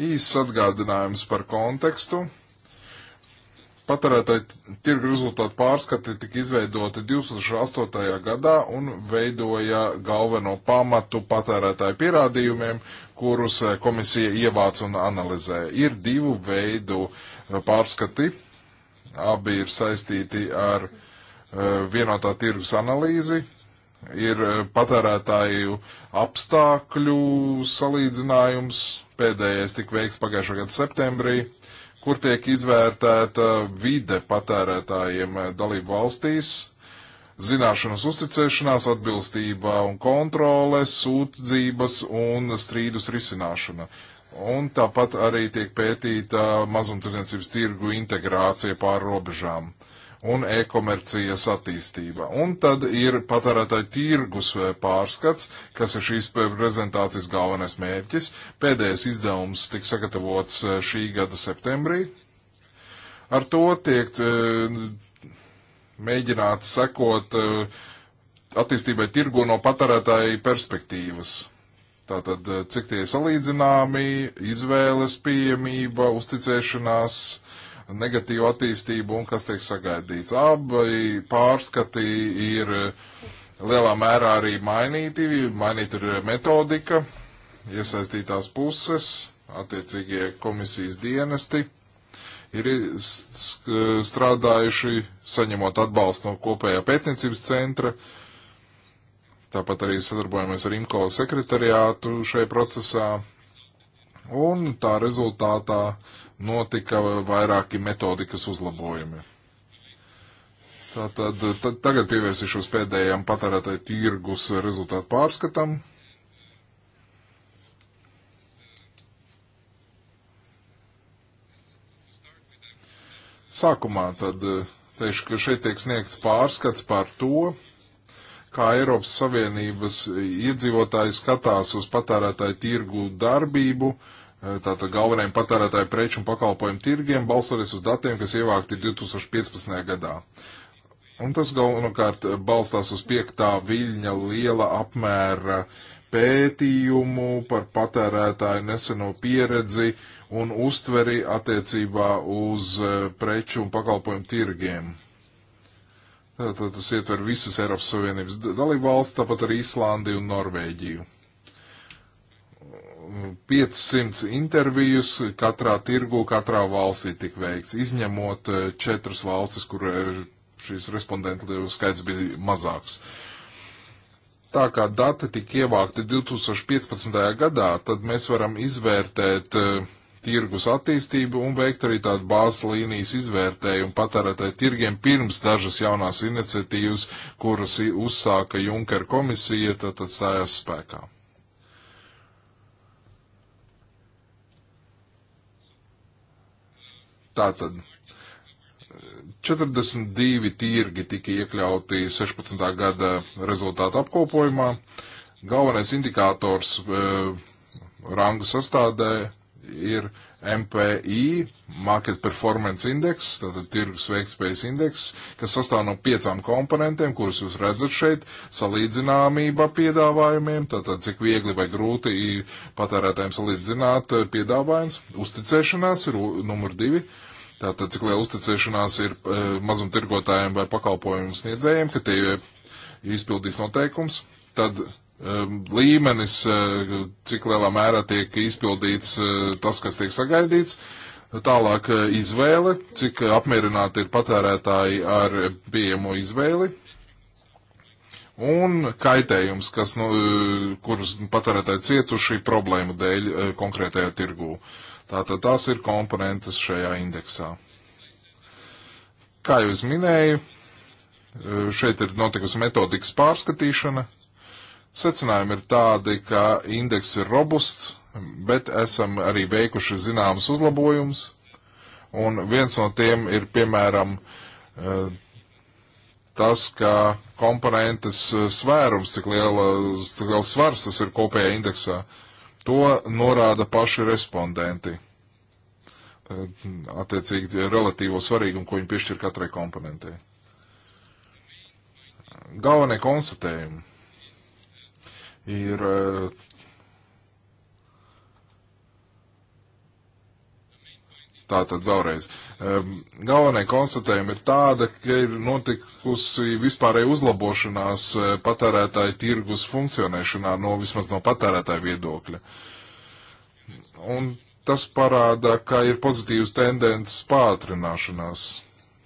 Īsts atgādinājums par kontekstu. Patērētāji tirgu rezultātu pārskati tika izveidoti 2008. gadā un veidoja galveno pamatu patērētāju pierādījumiem, kurus eh, komisija ievāc un analizē. Ir divu veidu eh, pārskati, abi ir saistīti ar eh, vienotā tirgus analīzi, ir patērētāju apstākļu salīdzinājums, pēdējais tika veikts pagājušā gada septembrī kur tiek izvērtēta vide patērētājiem dalību valstīs, zināšanas uzticēšanās, atbilstība un kontrole, sūdzības un strīdus risināšana. Un tāpat arī tiek pētīta mazumtirdzniecības tirgu integrācija pār robežām. Uh, un e-komercijas attīstība. Un tad ir patērētāju tirgus e, pārskats, kas ir šīs prezentācijas galvenais mērķis. Pēdējais izdevums tika sagatavots e, šī gada septembrī. Ar to tiek e, mēģināts sekot attīstībai tirgu no patērētāju perspektīvas. Tātad, cik tie salīdzināmi, izvēles pieejamība, uzticēšanās, uh, negatīvu attīstību un kas tiek sagaidīts. Abi pārskati ir lielā mērā arī mainīti, mainīta ir metodika, iesaistītās puses, attiecīgie komisijas dienesti ir strādājuši, saņemot atbalstu no kopējā pētniecības centra. Tāpat arī sadarbojamies ar IMCO sekretariātu šajā procesā. Un tā rezultātā notika vairāki metodikas uzlabojumi. Tātad tagad pievērsīšos pēdējām patērētāju tirgus rezultātu pārskatam. Sākumā tad eh, teikšu, ka šeit tiek sniegts pārskats par to, kā Eiropas Savienības iedzīvotāji skatās uz patērētāju tirgu darbību uh, tātad galvenajiem patērētāju preču un pakalpojumu tirgiem, balstoties uz datiem, kas ievākti 2015. gadā. Un tas galvenokārt balstās uz piektā viļņa liela apmēra pētījumu par patērētāju neseno pieredzi un uztveri attiecībā uz preču un pakalpojumu tirgiem. Tātad tas ietver visas Eiropas Savienības dalībvalsts, tāpat arī Īslandi un Norvēģiju. 500 intervijas katrā tirgu, katrā valstī tik veikts, izņemot eh, četras valstis, kur eh, šīs respondentu skaits bija mazāks. Tā kā dati tika ievākti 2015. gadā, tad mēs varam izvērtēt eh, tirgus attīstību un veikt arī tādu bāzes līnijas izvērtējumu patērētāju tirgiem pirms dažas jaunās iniciatīvas, kuras uzsāka Junker komisija, tad, tad stājās spēkā. Tātad 42 tirgi tika iekļauti 16. gada rezultātu apkopojumā. Galvenais indikators e, rangu sastādē ir MPI, Market Performance Index, tātad tirgus veiktspējas indeks, kas sastāv no piecām komponentiem, kurus jūs redzat šeit, salīdzināmība piedāvājumiem, tātad cik viegli vai grūti ir patērētājiem salīdzināt e, piedāvājums, uzticēšanās ir numur divi, uh, Tātad, cik liela uzticēšanās ir eh, mazumtirgotājiem vai pakalpojumu sniedzējiem, ka tie eh, izpildīs noteikums, tad ehm, līmenis, eh, cik lielā mērā tiek izpildīts tas, kas tiek sagaidīts. Tālāk izvēle, cik apmierināti ir patērētāji ar pieejamo izvēli. Un kaitējums, kas, nu, kurus patērētāji cietuši problēmu dēļ konkrētajā tirgū. Uh, Tātad tās ir komponentes šajā indeksā. Kā jau es minēju, eh, šeit ir notikusi metodikas pārskatīšana. Secinājumi ir tādi, ka indeks ir robusts, bet esam arī veikuši zināmas uzlabojumus. Un viens no tiem ir, piemēram, eh, tas, ka komponentes eh, svērums, cik, liela, cik liels svars tas ir kopējā indeksā. Uh, To norāda paši respondenti. Eh, attiecīgi relatīvo svarīgumu, ko viņi piešķir katrai komponentei. Galvenie konstatējumi ir eh, Tātad vēlreiz. Galvenai konstatējumi ir tāda, ka ir notikusi vispārēja uzlabošanās e, patērētāju tirgus funkcionēšanā no vismaz no patērētāju viedokļa. Un tas parāda, ka ir pozitīvas tendences pātrināšanās.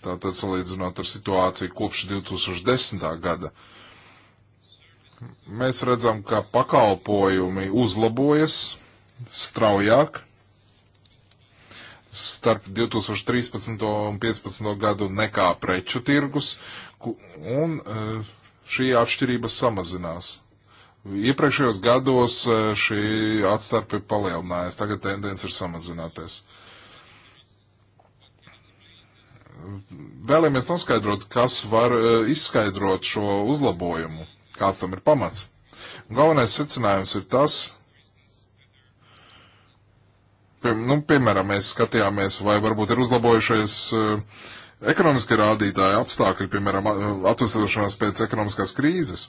Tātad salīdzinot ar situāciju kopš 2010. gada. Mēs redzam, ka pakalpojumi uzlabojas straujāk, starp 2013. un 2015. gadu nekā preču tirgus, un e, šī atšķirība samazinās. Iepriekšējos gados e, šī atstarpe palielinājās, tagad tendence ir samazināties. Vēlamies noskaidrot, kas var e, izskaidrot šo uzlabojumu, kāds tam ir pamats. Galvenais secinājums ir tas, Nu, piemēram, mēs skatījāmies, vai varbūt ir uzlabojušies uh, ekonomiskie rādītāji, apstākļi, piemēram, atvesaļošanās pēc ekonomiskās krīzes.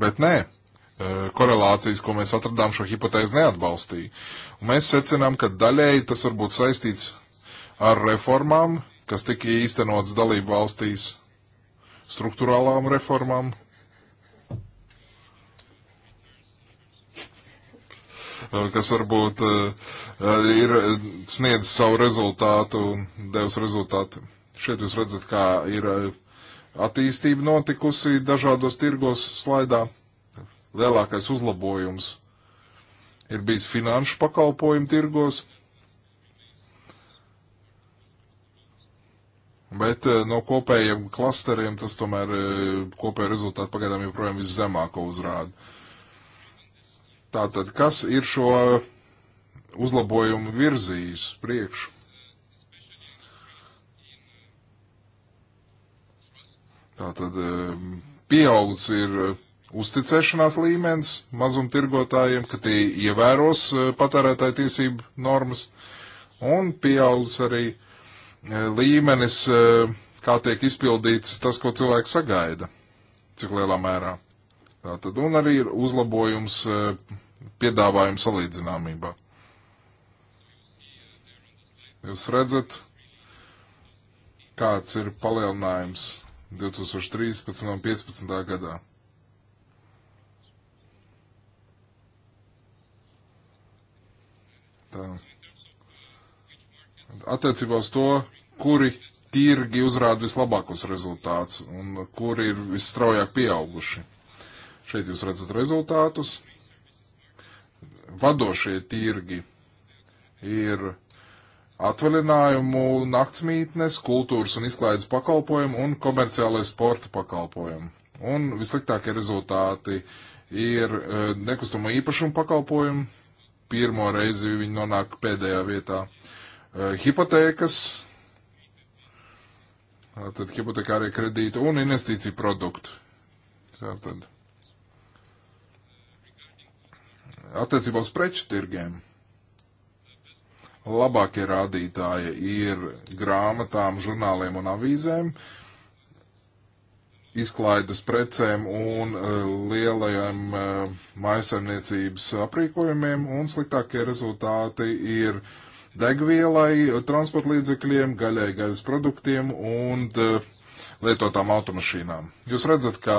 Bet nē, eh, korelācijas, ko mēs atradām, šo hipotēzi neatbalstīja. Un mēs secinām, ka daļēji tas var būt saistīts ar reformām, kas tika īstenotas dalību valstīs, struktūrālām reformām, Eh, kas varbūt eh, ir sniedz savu rezultātu, devis rezultātu. Šeit jūs redzat, kā ir eh, attīstība notikusi dažādos tirgos slaidā. Lielākais uzlabojums ir bijis finanšu pakalpojumu tirgos, bet no kopējiem klasteriem tas tomēr kopēja rezultātu pagaidām joprojām viszemāko uzrādu. Tātad, kas ir šo uzlabojumu virzījis priekšu? Tātad pieaugts ir uzticēšanās līmenis mazumtirgotājiem, ka tie ievēros e, patērētāju tiesību normas, un pieaugts arī e, līmenis, e, kā tiek izpildīts tas, ko cilvēks sagaida, cik lielā mērā. Tātad, un arī ir uzlabojums piedāvājumu salīdzināmībā. Jūs redzat, kāds ir palielinājums 2013. un 2015. gadā. Tā. Attiecībā uz to, kuri tirgi uzrāda vislabākos rezultātus un kuri ir visstraujāk pieauguši. Šeit jūs redzat rezultātus vadošie tirgi ir atvaļinājumu naktsmītnes, kultūras un izklaides pakalpojumu un komerciālais sporta pakalpojumu. Un vissliktākie rezultāti ir e, nekustamo īpašumu pakalpojumu. Pirmo reizi viņi nonāk pēdējā vietā. E, Hipotēkas, tad hipotekārie kredīti un investīciju produktu. Tātad. Attiecībā uz preču tirgiem labākie rādītāji ir grāmatām, žurnāliem un avīzēm, izklaides precēm un e, lielajiem e, maisaimniecības aprīkojumiem, un sliktākie rezultāti ir degvielai, transporta līdzekļiem, gaļai, gaļas produktiem un e, lietotām automašīnām. Jūs redzat, ka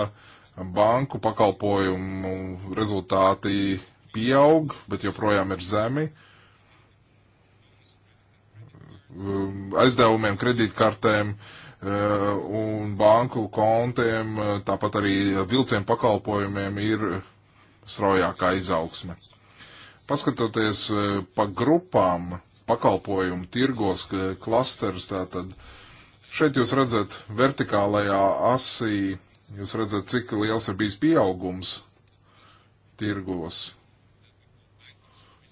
banku pakalpojumu rezultāti pieaug, bet joprojām ir zemi. Um, aizdevumiem, kredītkartēm uh, un banku kontiem, uh, tāpat arī vilciem pakalpojumiem ir straujākā izaugsme. Paskatoties uh, pa grupām pakalpojumu tirgos, klasterus, tātad šeit jūs redzat vertikālajā asī, jūs redzat, cik liels ir bijis pieaugums tirgos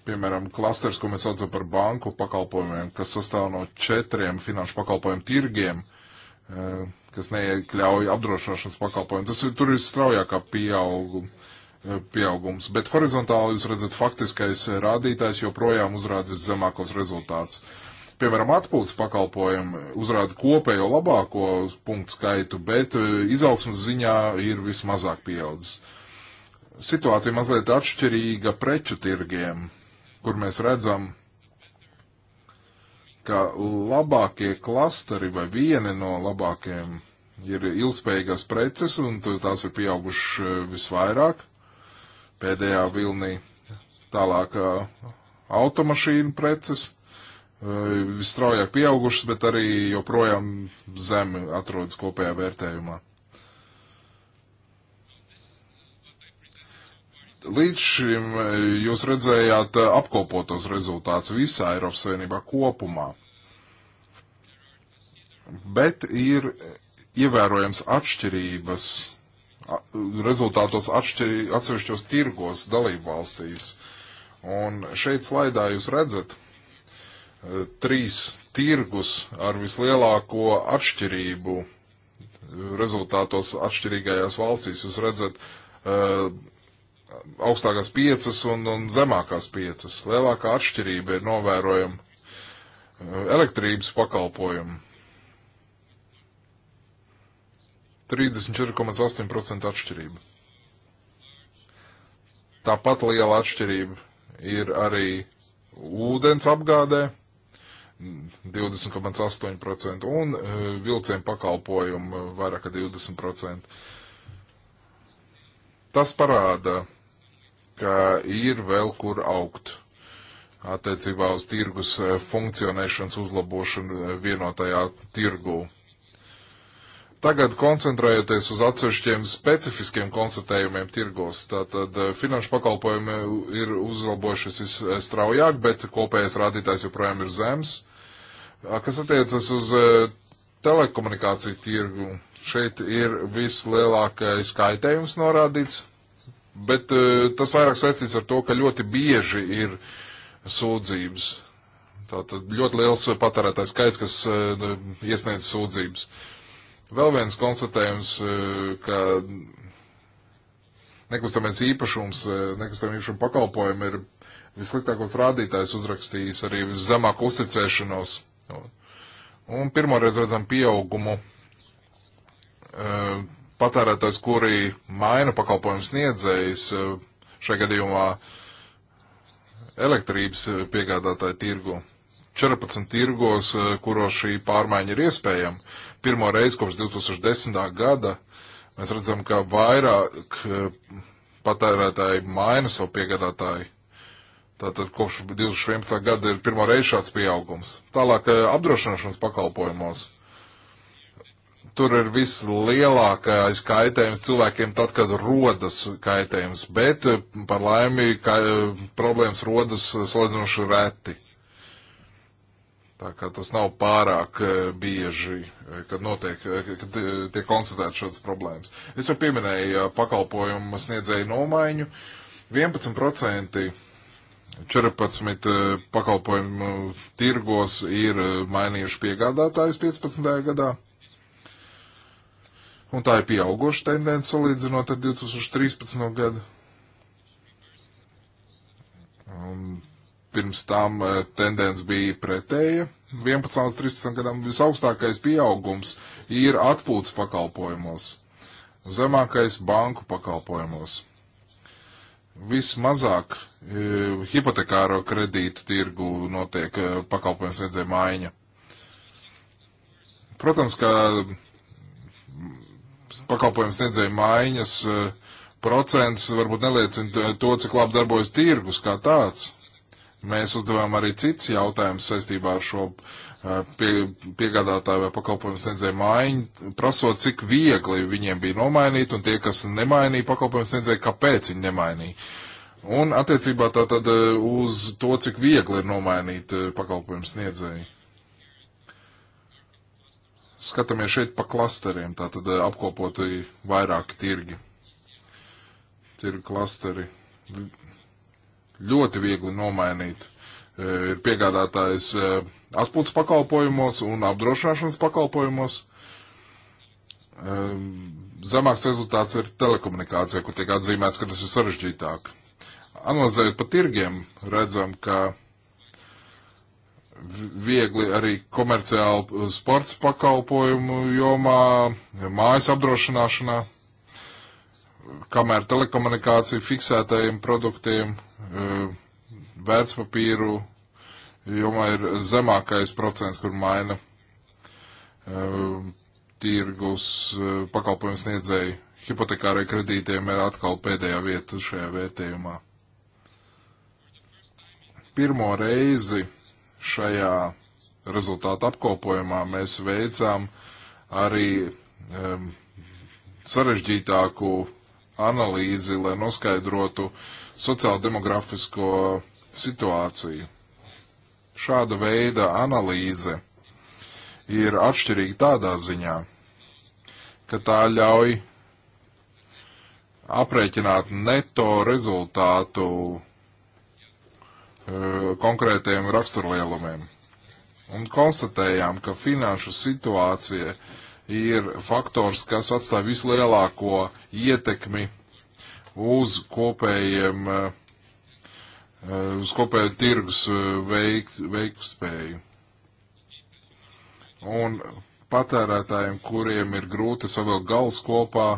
piemēram, klasters, ko mēs saucam par banku pakalpojumiem, kas sastāv no četriem finanšu pakalpojumu tirgiem, eh, kas neiekļauj apdrošināšanas pakalpojumu. Tas ir, tur ir straujākā pieauguma. Eh, pieaugums, bet horizontāli jūs redzat, faktiskais eh, rādītājs joprojām uzrāda viszemākos rezultātus. Piemēram, atpūtas pakalpojumi uzrāda kopējo labāko punktu skaitu, bet izaugsmas ziņā ir vismazāk pieaudzis. Situācija mazliet atšķirīga preču tirgiem kur mēs redzam, ka labākie klasteri vai viena no labākajiem ir ilgspējīgās preces, un tās ir pieaugušas eh, visvairāk pēdējā vilnī. Tālāk eh, automašīnu preces eh, visstraujāk pieaugušas, bet arī joprojām zemi atrodas kopējā vērtējumā. Līdz šim eh, jūs redzējāt eh, apkopotos rezultātus visā Eiropas Savienībā kopumā, bet ir eh, ievērojams atšķirības rezultātos atšķir, atsevišķos tirgos dalību valstīs. Un šeit slaidā jūs redzat trīs tirgus ar vislielāko atšķirību rezultātos atšķirīgajās valstīs. Jūs redzat augstākās piecas un, un zemākās piecas. Lielākā atšķirība ir novērojama eh, elektrības pakalpojumu. 34,8% atšķirība. Tāpat liela atšķirība ir arī ūdens apgādē 20,8% un eh, vilcienu pakalpojumu vairāk kā 20%. Tas parāda ka ir vēl kur augt attiecībā uz tirgus eh, funkcionēšanas uzlabošanu eh, vienotajā tirgū. Tagad koncentrējoties uz atsevišķiem specifiskiem konstatējumiem tirgos, tātad eh, finanšu pakalpojumi ir uzlabojušies visstraujāk, bet kopējais rādītājs joprojām ir zems. Kas attiecas uz telekomunikāciju tirgu, šeit ir vislielākais kaitējums norādīts bet e, tas vairāk saistīts ar to, ka ļoti bieži ir sūdzības. Tātad ļoti liels patērētājs skaits, kas e, nu, iesniedz sūdzības. Vēl viens konstatējums, e, ka nekustamies īpašums, nekustamies īpašuma pakalpojumi ir vissliktākos rādītājs uzrakstījis arī zemāku uzticēšanos. Un pirmoreiz redzam pieaugumu patērētājs, kuri maina pakalpojumu sniedzējs, eh, šajā gadījumā elektrības eh, piegādātāju tirgu. 14 tirgos, eh, kuros šī pārmaiņa ir iespējama. Pirmo reizi kopš 2010. gada mēs redzam, ka vairāk patērētāji maina savu piegādātāju. Tātad kopš 2011. gada ir pirmo reizi šāds pieaugums. Tālāk apdrošināšanas pakalpojumos tur ir vislielākais kaitējums cilvēkiem tad, kad rodas kaitējums, bet eh, par laimi ka, eh, problēmas rodas salīdzinoši reti. Tā kā tas nav pārāk eh, bieži, kad notiek, kad tiek konstatēts šādas problēmas. Es jau pieminēju pakalpojumu sniedzēju nomaiņu. 11% 14 pakalpojumu tirgos ir mainījuši piegādātājus 15. gadā un tā ir pieaugoša tendence salīdzinot ar 2013. gadu. Un pirms tam e, tendence bija pretēja. 11 līdz 13 gadam visaugstākais pieaugums ir atpūtas pakalpojumos, zemākais banku pakalpojumos. Vismazāk e, hipotekāro kredītu tirgu notiek e, pakalpojums sniedzēja maiņa. Protams, ka pakalpojumu sniedzēju maiņas eh, procents varbūt neliecina to, cik labi darbojas tirgus kā tāds. Mēs uzdevām arī cits jautājums saistībā ar šo eh, pie, piegādātāju vai pakalpojumu sniedzēju maiņu, prasot, cik viegli viņiem bija nomainīt, un tie, kas nemainīja pakalpojumu sniedzēju, kāpēc viņi nemainīja. Un attiecībā tā tad eh, uz to, cik viegli ir nomainīt pakalpojumu sniedzēju skatāmies šeit pa klasteriem, tātad eh, apkopoti vairāki tirgi. Tirgi klasteri ļoti viegli nomainīt. Eh, ir piegādātājs eh, atpūtas pakalpojumos un apdrošināšanas pakalpojumos. Zemāks rezultāts ir telekomunikācija, kur tiek atzīmēts, ka tas ir sarežģītāk. Analizējot pa tirgiem, redzam, ka viegli arī komerciāli uh, sports pakalpojumu jomā, mājas apdrošināšanā, kamēr telekomunikācija fiksētajiem produktiem, uh, vērtspapīru jomā ir zemākais procents, kur maina uh, tirgus pakalpojumu sniedzēji. Hipotekārai kredītiem ir atkal pēdējā vieta šajā vērtējumā. Pirmo reizi šajā rezultātu apkopojumā mēs veicām arī um, sarežģītāku analīzi, lai noskaidrotu sociāldemografisko situāciju. Šāda veida analīze ir atšķirīga tādā ziņā, ka tā ļauj aprēķināt neto rezultātu Eh, konkrētiem raksturlielumiem. Un konstatējām, ka finanšu situācija ir faktors, kas atstāja vislielāko ietekmi uz kopējiem, eh, uz kopēju tirgus veik, eh, veikspēju. Un patērētājiem, kuriem ir grūti savilkt galus kopā,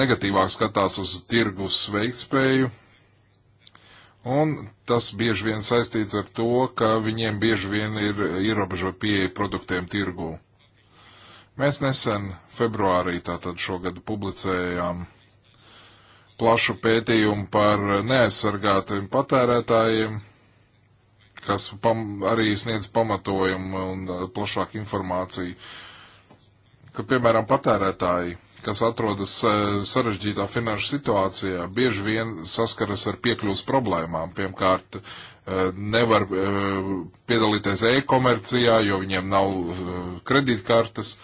negatīvāk skatās uz tirgus veiktspēju Un tas bieži vien saistīts ar to, ka viņiem bieži vien ir ierobežota pieeja produktiem tirgū. Mēs nesen februārī tātad šogad publicējām plašu pētījumu par neaizsargātiem patērētājiem, kas pam, arī sniedz pamatojumu un uh, plašāku informāciju, ka, piemēram, patērētāji kas atrodas e, sarežģītā finanšu situācijā, bieži vien saskaras ar piekļuvas problēmām. Pirmkārt, e, nevar e, piedalīties e-komercijā, jo viņiem nav kredītkartes.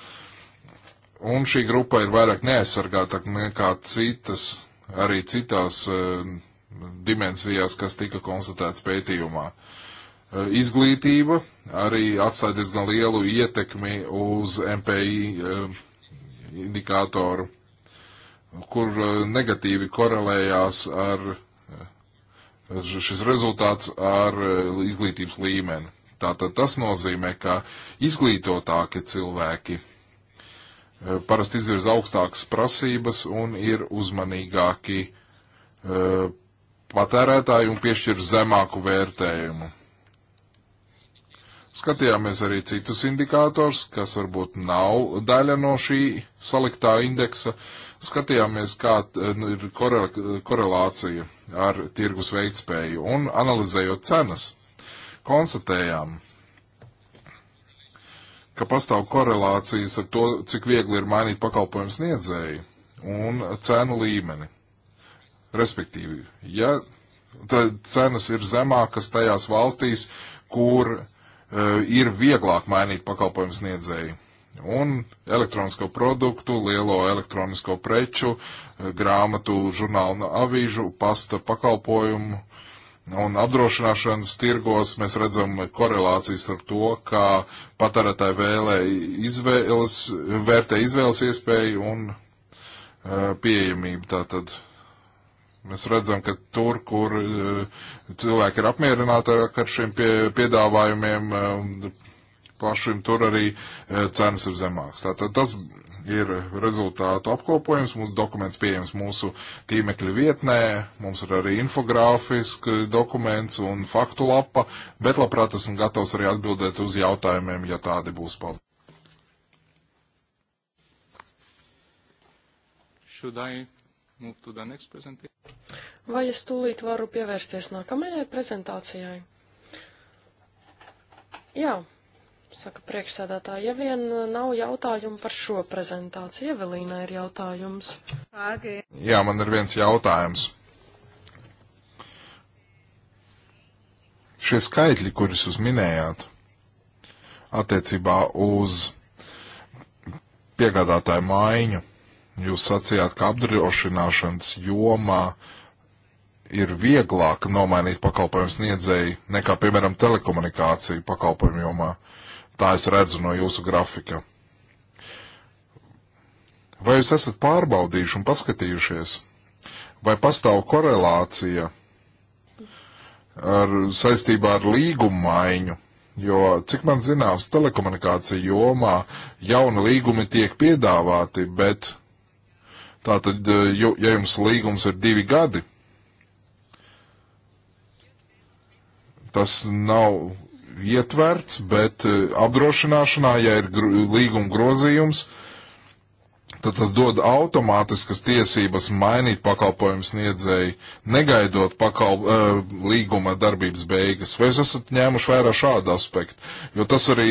Un šī grupa ir vairāk neaizsargāta nekā citas, arī citās dimensijās, kas tika konstatēts pētījumā. Izglītība arī atstāja diezgan lielu ietekmi uz MPI indikātoru, kur eh, negatīvi korelējās eh, ar šis rezultāts ar eh, izglītības līmeni. Tātad tas nozīmē, ka izglītotāki cilvēki parasti izvirza augstākas prasības un ir uzmanīgāki patērētāji un piešķir zemāku vērtējumu. Skatījāmies arī citus indikātors, kas varbūt nav daļa no šī saliktā indeksa. Skatījāmies, kā e, nu, ir kore, korelācija ar tirgus veiktspēju un analizējot cenas. Konstatējām, ka pastāv korelācijas ar to, cik viegli ir mainīt pakalpojumu sniedzēju un cenu līmeni. Respektīvi, ja cenas ir zemākas tajās valstīs, kur Eh, ir vieglāk mainīt pakalpojumu sniedzēju. Un elektronisko produktu, lielo elektronisko preču, eh, grāmatu, žurnālu un avīžu, pasta pakalpojumu un apdrošināšanas tirgos mēs redzam korelācijas ar to, kā patērētāji vēlē izvēles, vērtē izvēles iespēju un eh, pieejamību. Tātad Mēs redzam, ka tur, kur eh, cilvēki ir apmierināti ar šiem pie, piedāvājumiem, eh, plašiem, tur arī eh, cenas ir zemākas. Tātad tas ir rezultātu apkopojums, mūsu dokuments pieejams mūsu tīmekļa vietnē, mums ir arī infogrāfiski dokuments un faktu lapa, bet labprāt esmu gatavs arī atbildēt uz jautājumiem, ja tādi būs. Paldies! Should I Vai es tūlīt varu pievērsties nākamajai prezentācijai? Jā, saka priekšsēdētāji, ja vien nav jautājumu par šo prezentāciju, Evelīna ir jautājums. Jā, man ir viens jautājums. Šie skaitļi, kurus jūs minējāt, attiecībā uz piegādātāju maiņu Jūs sacījāt, ka apdrošināšanas jomā ir vieglāk nomainīt pakalpojumu sniedzēju nekā, piemēram, telekomunikāciju pakalpojumu jomā. Tā es redzu no jūsu grafika. Vai jūs esat pārbaudījuši un paskatījušies, vai pastāv korelācija ar, saistībā ar līgumu maiņu? Jo, cik man zināms, telekomunikācija jomā jauni līgumi tiek piedāvāti, bet Tātad, eh, ja jums līgums ir divi gadi, tas nav ietverts, bet eh, apdrošināšanā, ja ir gr līguma grozījums, tad tas dod automātiskas tiesības mainīt pakalpojumu sniedzēju, negaidot pakalp, uh, eh, līguma darbības beigas. Vai es esat ņēmuši vērā šādu aspektu? Jo tas arī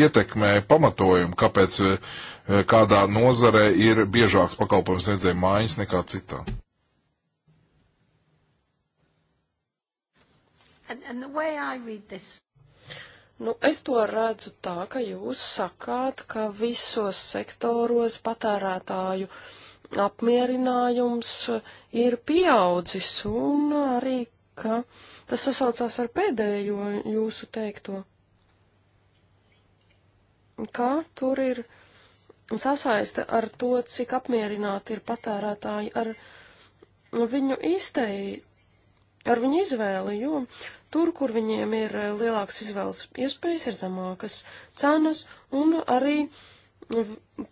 ietekmē pamatojumu, kāpēc Eh, kādā nozarē ir biežāks pakalpojums sniedzēja mājas nekā citā. And, and this... Nu, es to redzu tā, ka jūs sakāt, ka visos sektoros patērētāju apmierinājums ir pieaudzis un arī, ka tas sasaucās ar pēdējo jūsu teikto. Kā tur ir sasaiste ar to, cik apmierināti ir patērētāji ar viņu iztei, ar viņu izvēli, jo tur, kur viņiem ir lielākas izvēles iespējas, ir zemākas cenas, un arī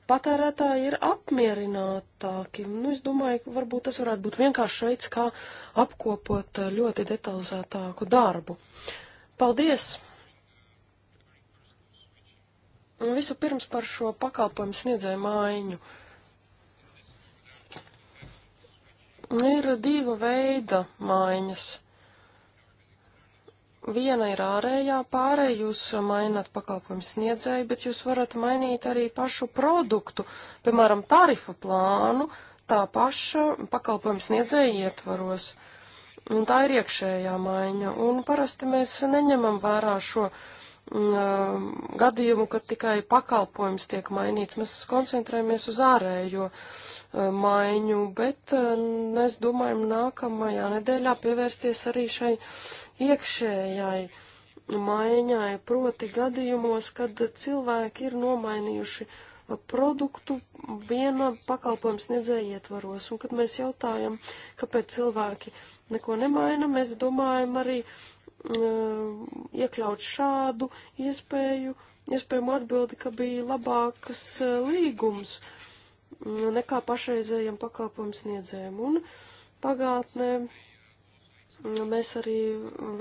patērētāji ir apmierinātāki. Nu, es domāju, ka varbūt tas varētu būt vienkāršs veids, kā apkopot ļoti detalizētāku darbu. Paldies! Visu pirms par šo pakalpojumu sniedzēju maiņu. Ir diva veida maiņas. Viena ir ārējā pārē, jūs mainat pakalpojumu sniedzēju, bet jūs varat mainīt arī pašu produktu, piemēram, tarifu plānu, tā paša pakalpojumu sniedzēja ietvaros. Un tā ir iekšējā maiņa, un parasti mēs neņemam vērā šo uh, Um, gadījumu, kad tikai pakalpojums tiek mainīts. Mēs koncentrējamies uz ārējo uh, maiņu, bet uh, mēs domājam nākamajā nedēļā pievērsties arī šai iekšējai maiņai, proti gadījumos, kad cilvēki ir nomainījuši uh, produktu viena pakalpojuma sniedzēja ietvaros. Un kad mēs jautājam, kāpēc cilvēki neko nemaina, mēs domājam arī Eh, iekļaut šādu iespēju, iespējamo atbildi, ka bija labākas eh, līgums nekā pašreizējiem pakalpojumu sniedzējiem. Un pagātnē mēs arī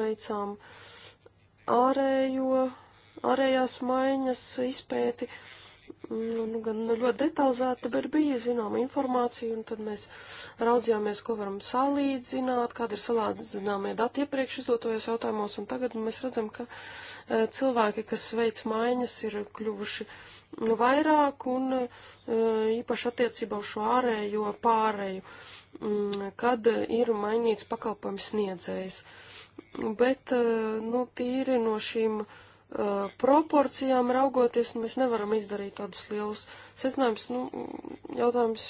veicām ārējo, ārējās maiņas izpēti, uh, nu, nu, gan nu, ļoti detalizēta, bet bija zināma informācija, un tad mēs raudzījāmies, ko varam salīdzināt, kāda ir salīdzināmie dati iepriekš izdotojas jautājumos, un tagad mēs redzam, ka e, cilvēki, kas veic maiņas, ir kļuvuši nu, vairāk, un e, īpaši attiecībā uz šo ārējo pārēju, m, mm, kad ir mainīts pakalpojums sniedzējs. Bet, e, nu, tīri no šīm. E, uh, proporcijām raugoties, nu, mēs nevaram izdarīt tādus lielus secinājumus. Nu, jautājums,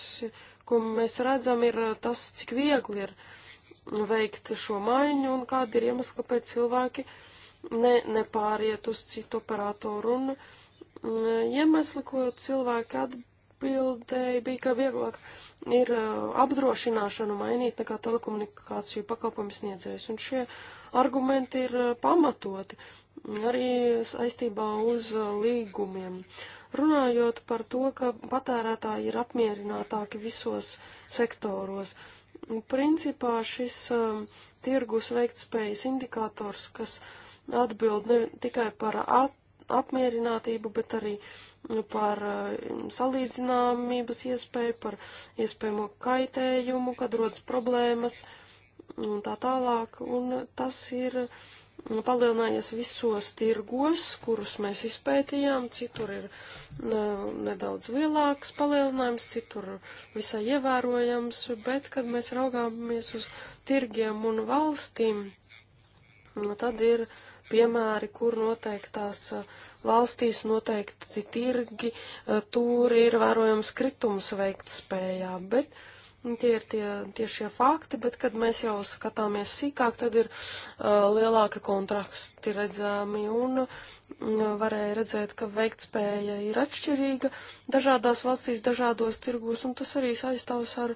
ko mēs redzam, ir uh, tas, cik viegli ir veikt šo maiņu un kādi ir iemesli, kāpēc cilvēki ne, nepāriet uz citu operatoru. Un uh, iemesli, ko cilvēki atbildēja, bija, ka vieglāk ir uh, apdrošināšanu mainīt nekā telekomunikāciju pakalpojumu sniedzējus, un šie argumenti ir uh, pamatoti arī saistībā uz uh, līgumiem. Runājot par to, ka patērētāji ir apmierinātāki visos sektoros. Principā šis um, tirgus veiktspējas indikators, kas atbild ne tikai par at, apmierinātību, bet arī nu, par uh, salīdzināmības iespēju, par iespējamo kaitējumu, kad rodas problēmas un tā tālāk. Un tas ir uh, Nu, palielinājies visos tirgos, kurus mēs izpētījām. Citur ir nu, nedaudz lielāks palielinājums, citur visai ievērojams, bet, kad mēs raugāmies uz tirgiem un valstīm, nu, tad ir piemēri, kur noteiktās uh, valstīs noteikti tirgi, uh, tur ir vērojams kritums veikt spējā, bet Tie ir tie, tie šie fakti, bet, kad mēs jau skatāmies sīkāk, tad ir uh, lielāka kontraksti redzami un uh, varēja redzēt, ka veiktspēja ir atšķirīga dažādās valstīs, dažādos tirgūs, un tas arī saistās ar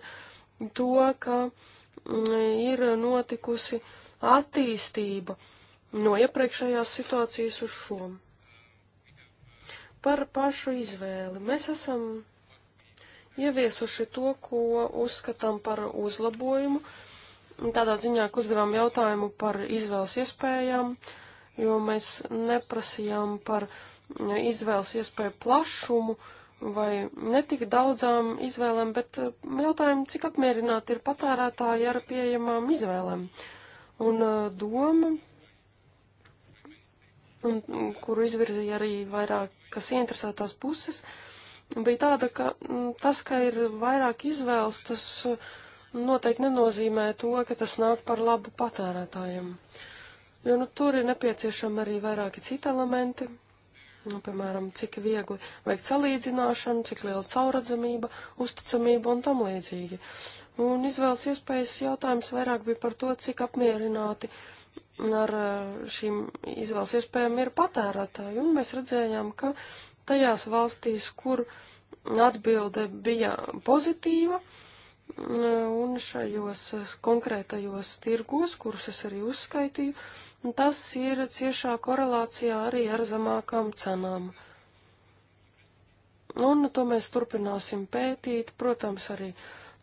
to, ka mm, ir notikusi attīstība no iepriekšējās situācijas uz šo. Par pašu izvēli. Mēs esam ieviesuši to, ko uzskatām par uzlabojumu. Tādā ziņā, ka uzdevām jautājumu par izvēles iespējām, jo mēs neprasījām par mm, izvēles iespēju plašumu vai netik daudzām izvēlēm, bet mm, jautājumu, cik apmierināti ir patērētāji ar pieejamām izvēlēm. Un mm, doma, un, kuru izvirzīja arī vairākas ieinteresētās puses, uh, bija tāda, ka mm, tas, ka ir vairāk izvēles, tas mm, noteikti nenozīmē to, ka tas nāk par labu patērētājiem. Jo nu, tur ir nepieciešami arī vairāki citi elementi, nu, piemēram, cik viegli veikt salīdzināšanu, cik liela caurredzamība, uzticamība un tam līdzīgi. Un izvēles iespējas jautājums vairāk bija par to, cik apmierināti ar eh, šīm izvēles iespējām ir patērētāji. Un mēs redzējām, ka uh, tajās valstīs, kur atbilde bija pozitīva, un šajos konkrētajos tirgos, kurus es arī uzskaitīju, tas ir ciešā korelācijā arī ar zemākām cenām. Un to mēs turpināsim pētīt, protams, arī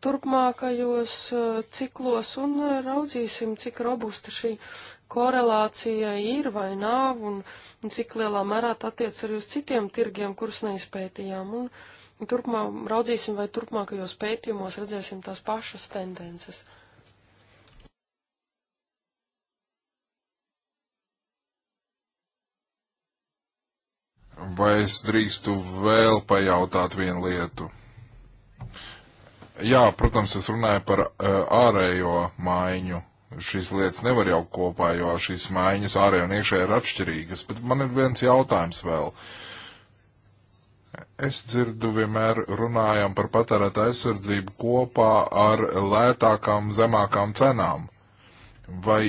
turpmākajos ciklos un raudzīsim, cik robusta šī korelācija ir vai nav, un cik lielā mērā tā attiec arī uz citiem tirgiem, kurus neizpētījām. Un turpmāk raudzīsim, vai turpmākajos pētījumos redzēsim tās pašas tendences. Vai es drīkstu vēl pajautāt vienu lietu? Jā, protams, es runāju par uh, ārējo maiņu šīs lietas nevar jau kopā, jo šīs maiņas ārējā un iekšējā ir atšķirīgas. Bet man ir viens jautājums vēl. Es dzirdu vienmēr runājam par patērēt aizsardzību kopā ar lētākām, zemākām cenām. Vai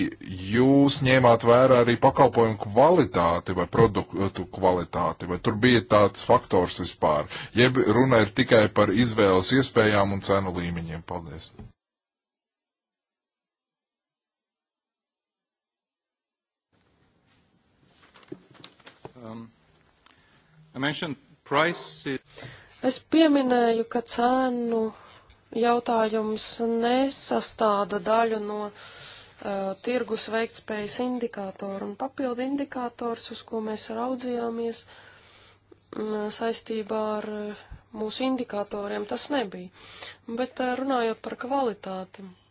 jūs ņēmāt vērā arī pakalpojumu kvalitāti vai produktu kvalitāti, vai tur bija tāds faktors vispār? Jeb runa ir tikai par izvēles iespējām un cenu līmeņiem. Paldies! Es pieminēju, ka cēnu jautājums nesastāda daļu no uh, tirgus veiktspējas indikātoru un papildu indikātors, uz ko mēs raudzījāmies m, saistībā ar uh, mūsu indikatoriem, tas nebija. Bet uh, runājot par kvalitāti. Uh,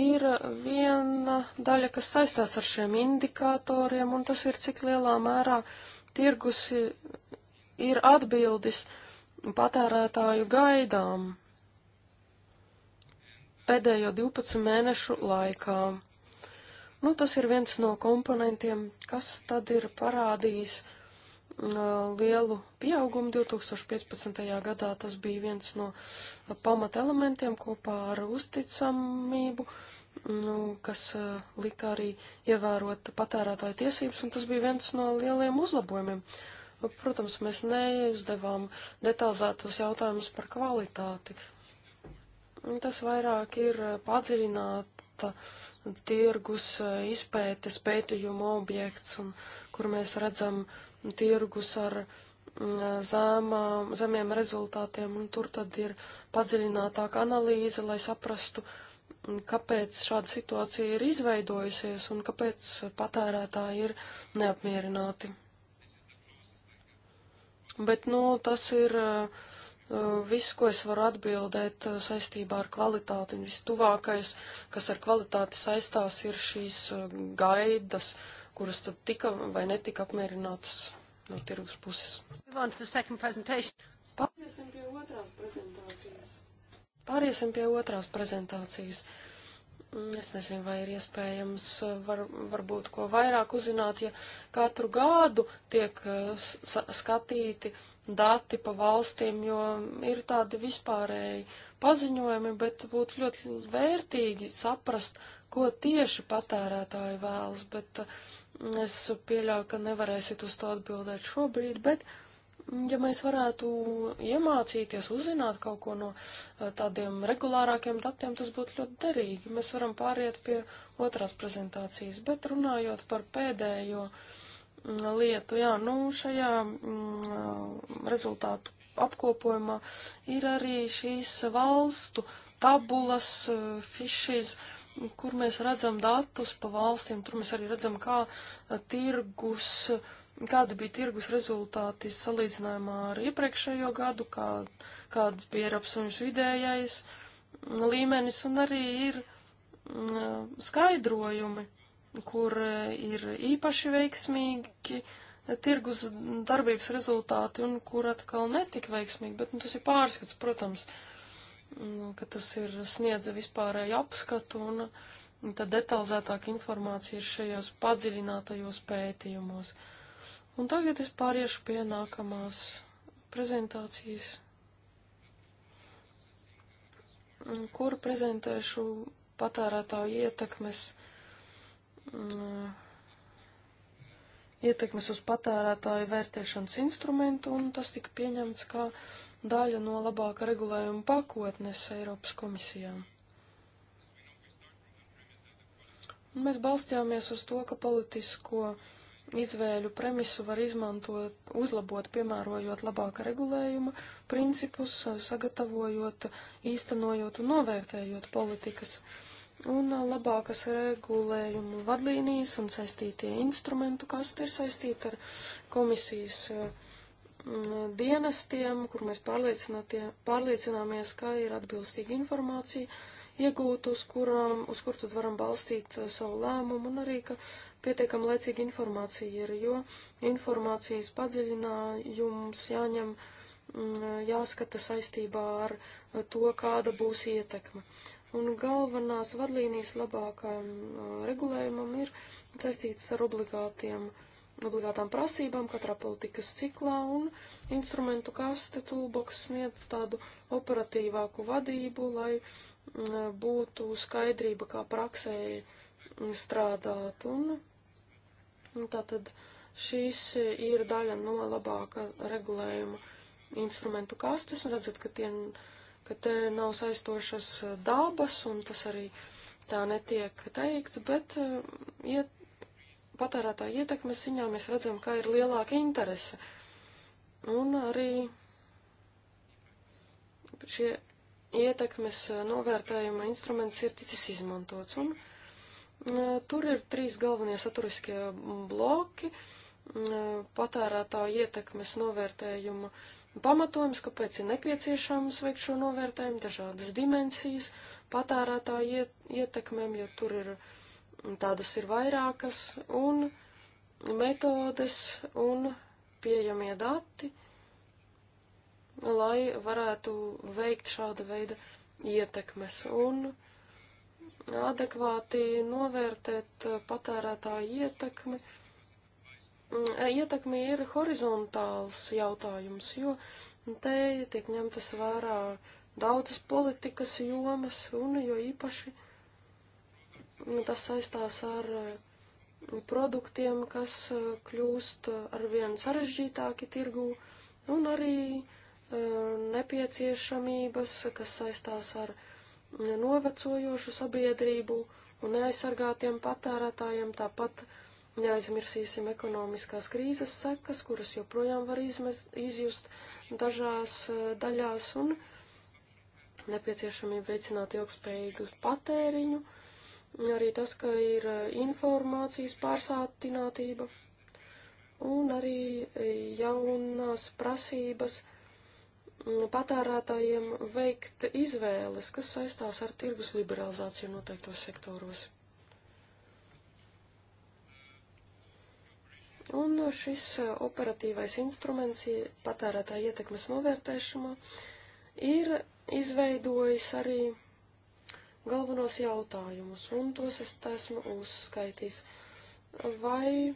ir viena daļa, kas saistās ar šiem indikatoriem, un tas ir, cik lielā mērā tirgus ir atbildis patērētāju gaidām pēdējo 12 mēnešu laikā. Nu, tas ir viens no komponentiem, kas tad ir parādījis lielu pieaugumu 2015. gadā. Tas bija viens no pamata elementiem kopā ar uzticamību, nu, kas lika arī ievērot patērētāju tiesības, un tas bija viens no lieliem uzlabojumiem. Protams, mēs neuzdevām detalizētos jautājumus par kvalitāti. Tas vairāk ir padziļināt data tirgus izpētes pētījumu objekts, un kur mēs redzam tirgus ar mm, zemā, zemiem rezultātiem, un tur tad ir padziļinātāka analīze, lai saprastu, mm, kāpēc šāda situācija ir izveidojusies un kāpēc patērētāji ir neapmierināti. Bet, nu, tas ir uh, Eh, viss, ko es varu atbildēt eh, saistībā ar kvalitāti, un vistuvākais, kas ar kvalitāti saistās, ir šīs eh, gaidas, kuras tad tika vai netika apmierinātas no tirgus puses. Pāriesim pie otrās prezentācijas. Pāriesim pie otrās prezentācijas. Mm, es nezinu, vai ir iespējams var, varbūt ko vairāk uzzināt, ja katru gadu tiek skatīti dati pa valstīm, jo ir tādi vispārēji paziņojumi, bet būtu ļoti vērtīgi saprast, ko tieši patērētāji vēlas, bet mm, es pieļauju, ka nevarēsit uz to atbildēt šobrīd, bet mm, ja mēs varētu iemācīties, uzzināt kaut ko no eh, tādiem regulārākiem datiem, tas būtu ļoti derīgi. Mēs varam pāriet pie otrās prezentācijas, bet runājot par pēdējo. Uh, lietu. Jā, nu šajā mm, rezultātu apkopojumā ir arī šīs valstu tabulas, eh, fišīs, kur mēs redzam datus pa valstīm, tur mēs arī redzam, kā eh, tirgus, kādi bija tirgus rezultāti salīdzinājumā ar iepriekšējo gadu, kā, kāds bija Eiropas Savienības vidējais mm, līmenis un arī ir mm, skaidrojumi kur eh, ir īpaši veiksmīgi tirgus darbības rezultāti un kur atkal netika veiksmīgi, bet nu, tas ir pārskats, protams, nu, ka tas ir sniedz vispārēju apskatu un tad detalizētāk informācija ir šajos padziļinātajos pētījumos. Un tagad es pāriešu pie nākamās prezentācijas, kur prezentēšu patērētāju ietekmes ietekmes uz patērētāju vērtēšanas instrumentu, un tas tika pieņemts kā daļa no labāka regulējuma pakotnes Eiropas komisijā. Un mēs balstījāmies uz to, ka politisko izvēļu premisu var izmantot, uzlabot, piemērojot labāka regulējuma principus, sagatavojot, īstenojot un novērtējot politikas uh, un labākas regulējumu vadlīnijas un saistītie instrumentu kaste ir saistīta ar komisijas mm, dienestiem, kur mēs pārliecināmies, ka ir atbilstīga informācija iegūta, uz, kuram, uz kur tad varam balstīt uh, savu lēmumu, un arī, ka pietiekam laicīga informācija ir, jo informācijas padziļinājums jāņem, mm, jāskata saistībā ar to, kāda būs ietekme. Uh, Un galvenās vadlīnijas labākajam regulējumam ir saistītas ar obligātiem, obligātām prasībām katrā politikas ciklā, un instrumentu kaste toolbox sniedz tādu operatīvāku vadību, lai būtu skaidrība, kā praksē strādāt. Un tātad šīs ir daļa no labāka regulējuma instrumentu kastes, un redzat, ka tie ka te nav saistošas eh, dabas, un tas arī tā netiek teikts, bet eh, iet, patērētāja ietekmes ziņā mēs redzam, ka ir lielāka interese. Un arī šie ietekmes eh, novērtējuma instruments ir ticis izmantots. Un, Tur ir trīs galvenie saturiskie bloki mm, - patērētāju ietekmes novērtējuma pamatojums, kāpēc ir nepieciešams veikt šo novērtējumu, dažādas dimensijas, patērētāju ietekmēm, jo tur ir tādas ir vairākas, un metodes un pieejamie dati, lai varētu veikt šāda veida ietekmes un adekvāti novērtēt patērētāju ietekmi Mm, ietekme ir horizontāls jautājums, jo te tiek ņemtas vērā daudzas politikas jomas, un jo īpaši tas saistās ar mm, produktiem, kas eh, kļūst eh, arvien sarežģītāki tirgū, un arī eh, nepieciešamības, kas saistās ar mm, novecojošu sabiedrību un neaizsargātiem patērētājiem, tāpat uh, Neaizmirsīsim ekonomiskās krīzes sekas, kuras joprojām var izmez, izjust dažās eh, daļās un nepieciešamība veicināt ilgspējīgu patēriņu. Arī tas, ka ir eh, informācijas pārsātinātība un arī eh, jaunās prasības mm, patērētājiem veikt izvēles, kas saistās ar tirgus liberalizāciju noteiktos sektoros. Un šis uh, operatīvais instruments patērētā ietekmes novērtēšanā ir izveidojis arī galvenos jautājumus, un tos es esmu uzskaitījis. Vai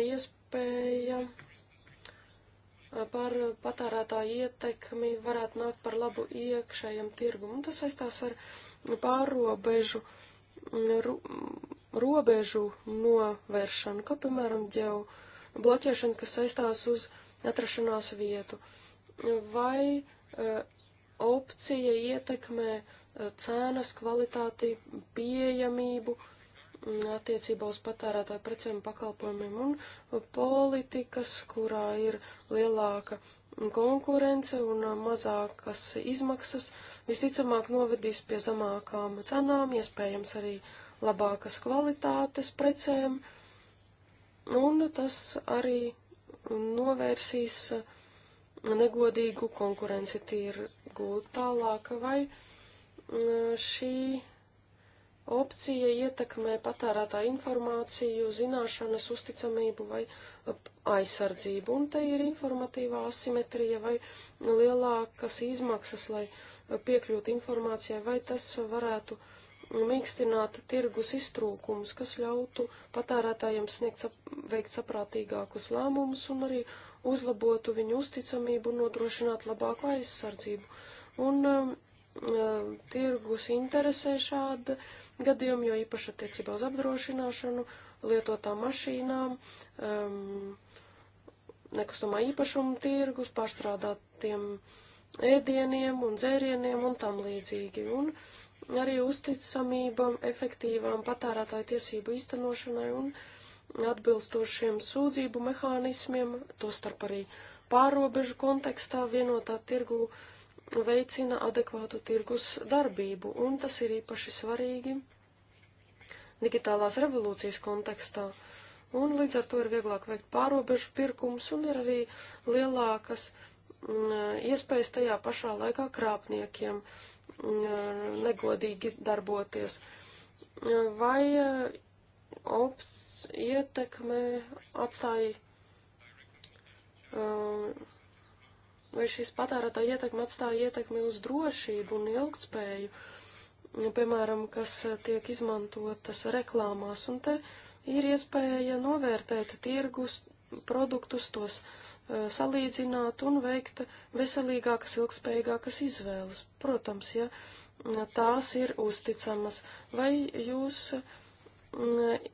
iespēja uh, par patērētāju ietekmi varētu nākt par labu iekšējam tirgumam? Tas saistās ar pārobežu mm, robežu novēršanu, kā piemēram ģeu bloķēšana, kas saistās uz atrašanās vietu, vai uh, opcija ietekmē uh, cēnas kvalitāti, pieejamību attiecībā uz patērētāju precēm pakalpojumiem un politikas, kurā ir lielāka konkurence un mazākas izmaksas, visticamāk novedīs pie zamākām cenām, iespējams arī uh, labākas kvalitātes precēm, un tas arī novērsīs negodīgu konkurenci tirgu tālāk, vai mm, šī opcija ietekmē patērētā informāciju, zināšanas, uzticamību vai aizsardzību. Un te ir informatīvā asimetrija vai lielākas izmaksas, lai piekļūtu informācijai, vai tas varētu uh, mīkstināt tirgus iztrūkumus, kas ļautu patērētājiem sniegt, sap, veikt saprātīgākus lēmumus un arī uzlabotu viņu uzticamību un nodrošināt labāku aizsardzību. Un um, um tirgus interesē šāda gadījuma, jo īpaši attiecībā uz apdrošināšanu, lietotām mašīnām, um, nekustamā īpašuma tirgus, pārstrādātiem ēdieniem un dzērieniem un tam līdzīgi. Un, uh, arī uzticamībam, efektīvām patērētāju tiesību īstenošanai un atbilstošiem sūdzību mehānismiem, tostarp arī pārobežu kontekstā vienotā tirgu veicina adekvātu tirgus darbību, un tas ir īpaši svarīgi digitālās revolūcijas kontekstā. Un līdz ar to ir vieglāk veikt pārobežu pirkums un ir arī lielākas mm, iespējas tajā pašā laikā krāpniekiem. Uh, negodīgi darboties. Vai eh, ops ietekme atstāja, eh, vai šis patērētāja ietekme atstāja ietekmi uz drošību un ilgtspēju, piemēram, kas eh, tiek izmantotas reklāmās, un te ir iespēja novērtēt tirgus, produktus, tos uh, Eh, salīdzināt un veikt veselīgākas, ilgspējīgākas izvēles. Protams, ja mm, tās ir uzticamas, vai jūs mm,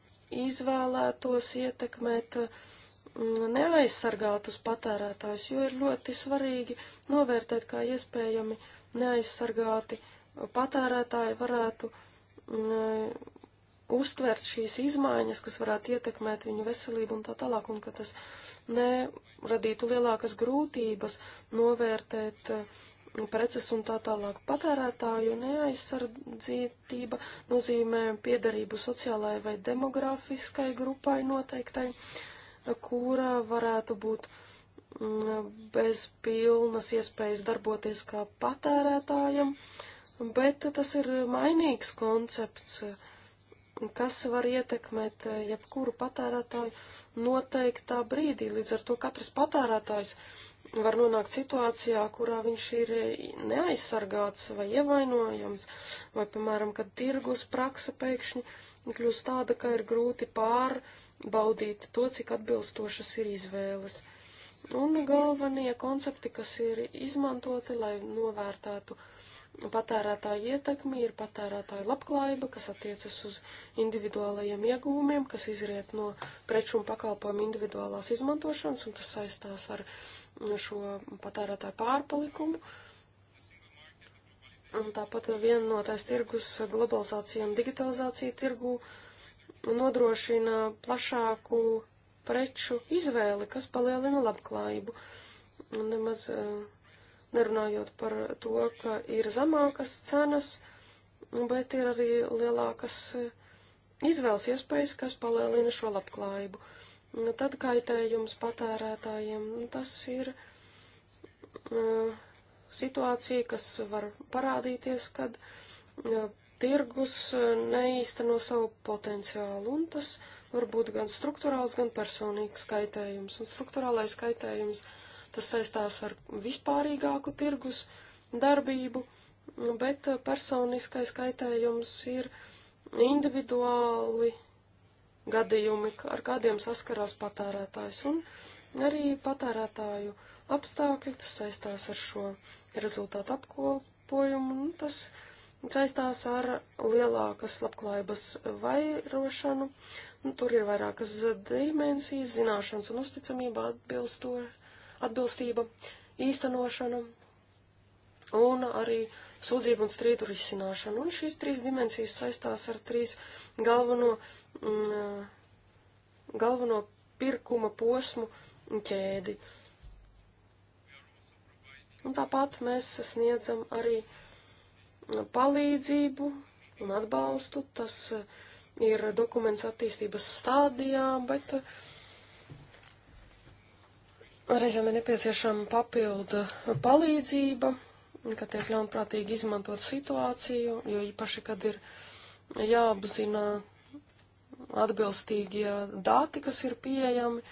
izvēlētos ietekmēt mm, neaizsargātus patērētājus, jo ir ļoti svarīgi novērtēt, kā iespējami neaizsargāti patērētāji varētu uztvert šīs izmaiņas, kas varētu ietekmēt viņu veselību un tā tālāk, un ka tas ne radītu lielākas grūtības novērtēt eh, preces un tā tālāk. Patērētāju neaizsardzītība nozīmē piedarību sociālai vai demografiskai grupai noteiktai, kura varētu būt mm, bez pilnas iespējas darboties kā patērētājam, bet tas ir mainīgs koncepts kas var ietekmēt eh, jebkuru patērētāju noteiktā brīdī. Līdz ar to katrs patērētājs var nonākt situācijā, kurā viņš ir neaizsargāts vai ievainojams, vai, piemēram, kad tirgus praksa pēkšņi kļūst tāda, ka ir grūti pārbaudīt to, cik atbilstošas ir izvēles. Un galvenie koncepti, kas ir izmantoti, lai novērtētu uh, patērētāju ietekmi, ir patērētāju labklājība, kas attiecas uz individuālajiem iegūmiem, kas izriet no preču un pakalpojumu individuālās izmantošanas, un tas saistās ar šo patērētāju pārpalikumu. Un tāpat vienotais tirgus globalizācija un digitalizācija tirgu nodrošina plašāku preču izvēli, kas palielina labklājību. Un nemaz uh, nerunājot par to, ka ir zemākas cenas, bet ir arī lielākas eh, izvēles iespējas, kas palielina šo labklājību. Nu, tad kaitējums patērētājiem nu, tas ir uh, situācija, kas var parādīties, kad uh, tirgus neīsteno savu potenciālu, un tas var būt gan struktūrāls, gan personīgs kaitējums. Un struktūrālais kaitējums uh, Tas saistās ar vispārīgāku tirgus darbību, bet personiskais kaitējums ir individuāli gadījumi, ar kādiem saskarās patērētājs un arī patērētāju apstākļi, tas saistās ar šo rezultātu apkopojumu, un tas saistās ar lielākas labklājības vairošanu. Nu, tur ir vairākas dimensijas, zināšanas un uzticamība atbilstoši atbilstība, īstenošana un arī sūdzību un strīdu risināšana. Un šīs trīs dimensijas saistās ar trīs galveno, mm, galveno pirkuma posmu ķēdi. Un tāpat mēs sniedzam arī palīdzību un atbalstu. Tas ir dokuments attīstības stādijā, bet uh, Reizēm ir nepieciešama papildu palīdzība, kad tiek ļaunprātīgi izmantot situāciju, jo īpaši, kad ir jāapzina atbilstīgie dati, kas ir pieejami,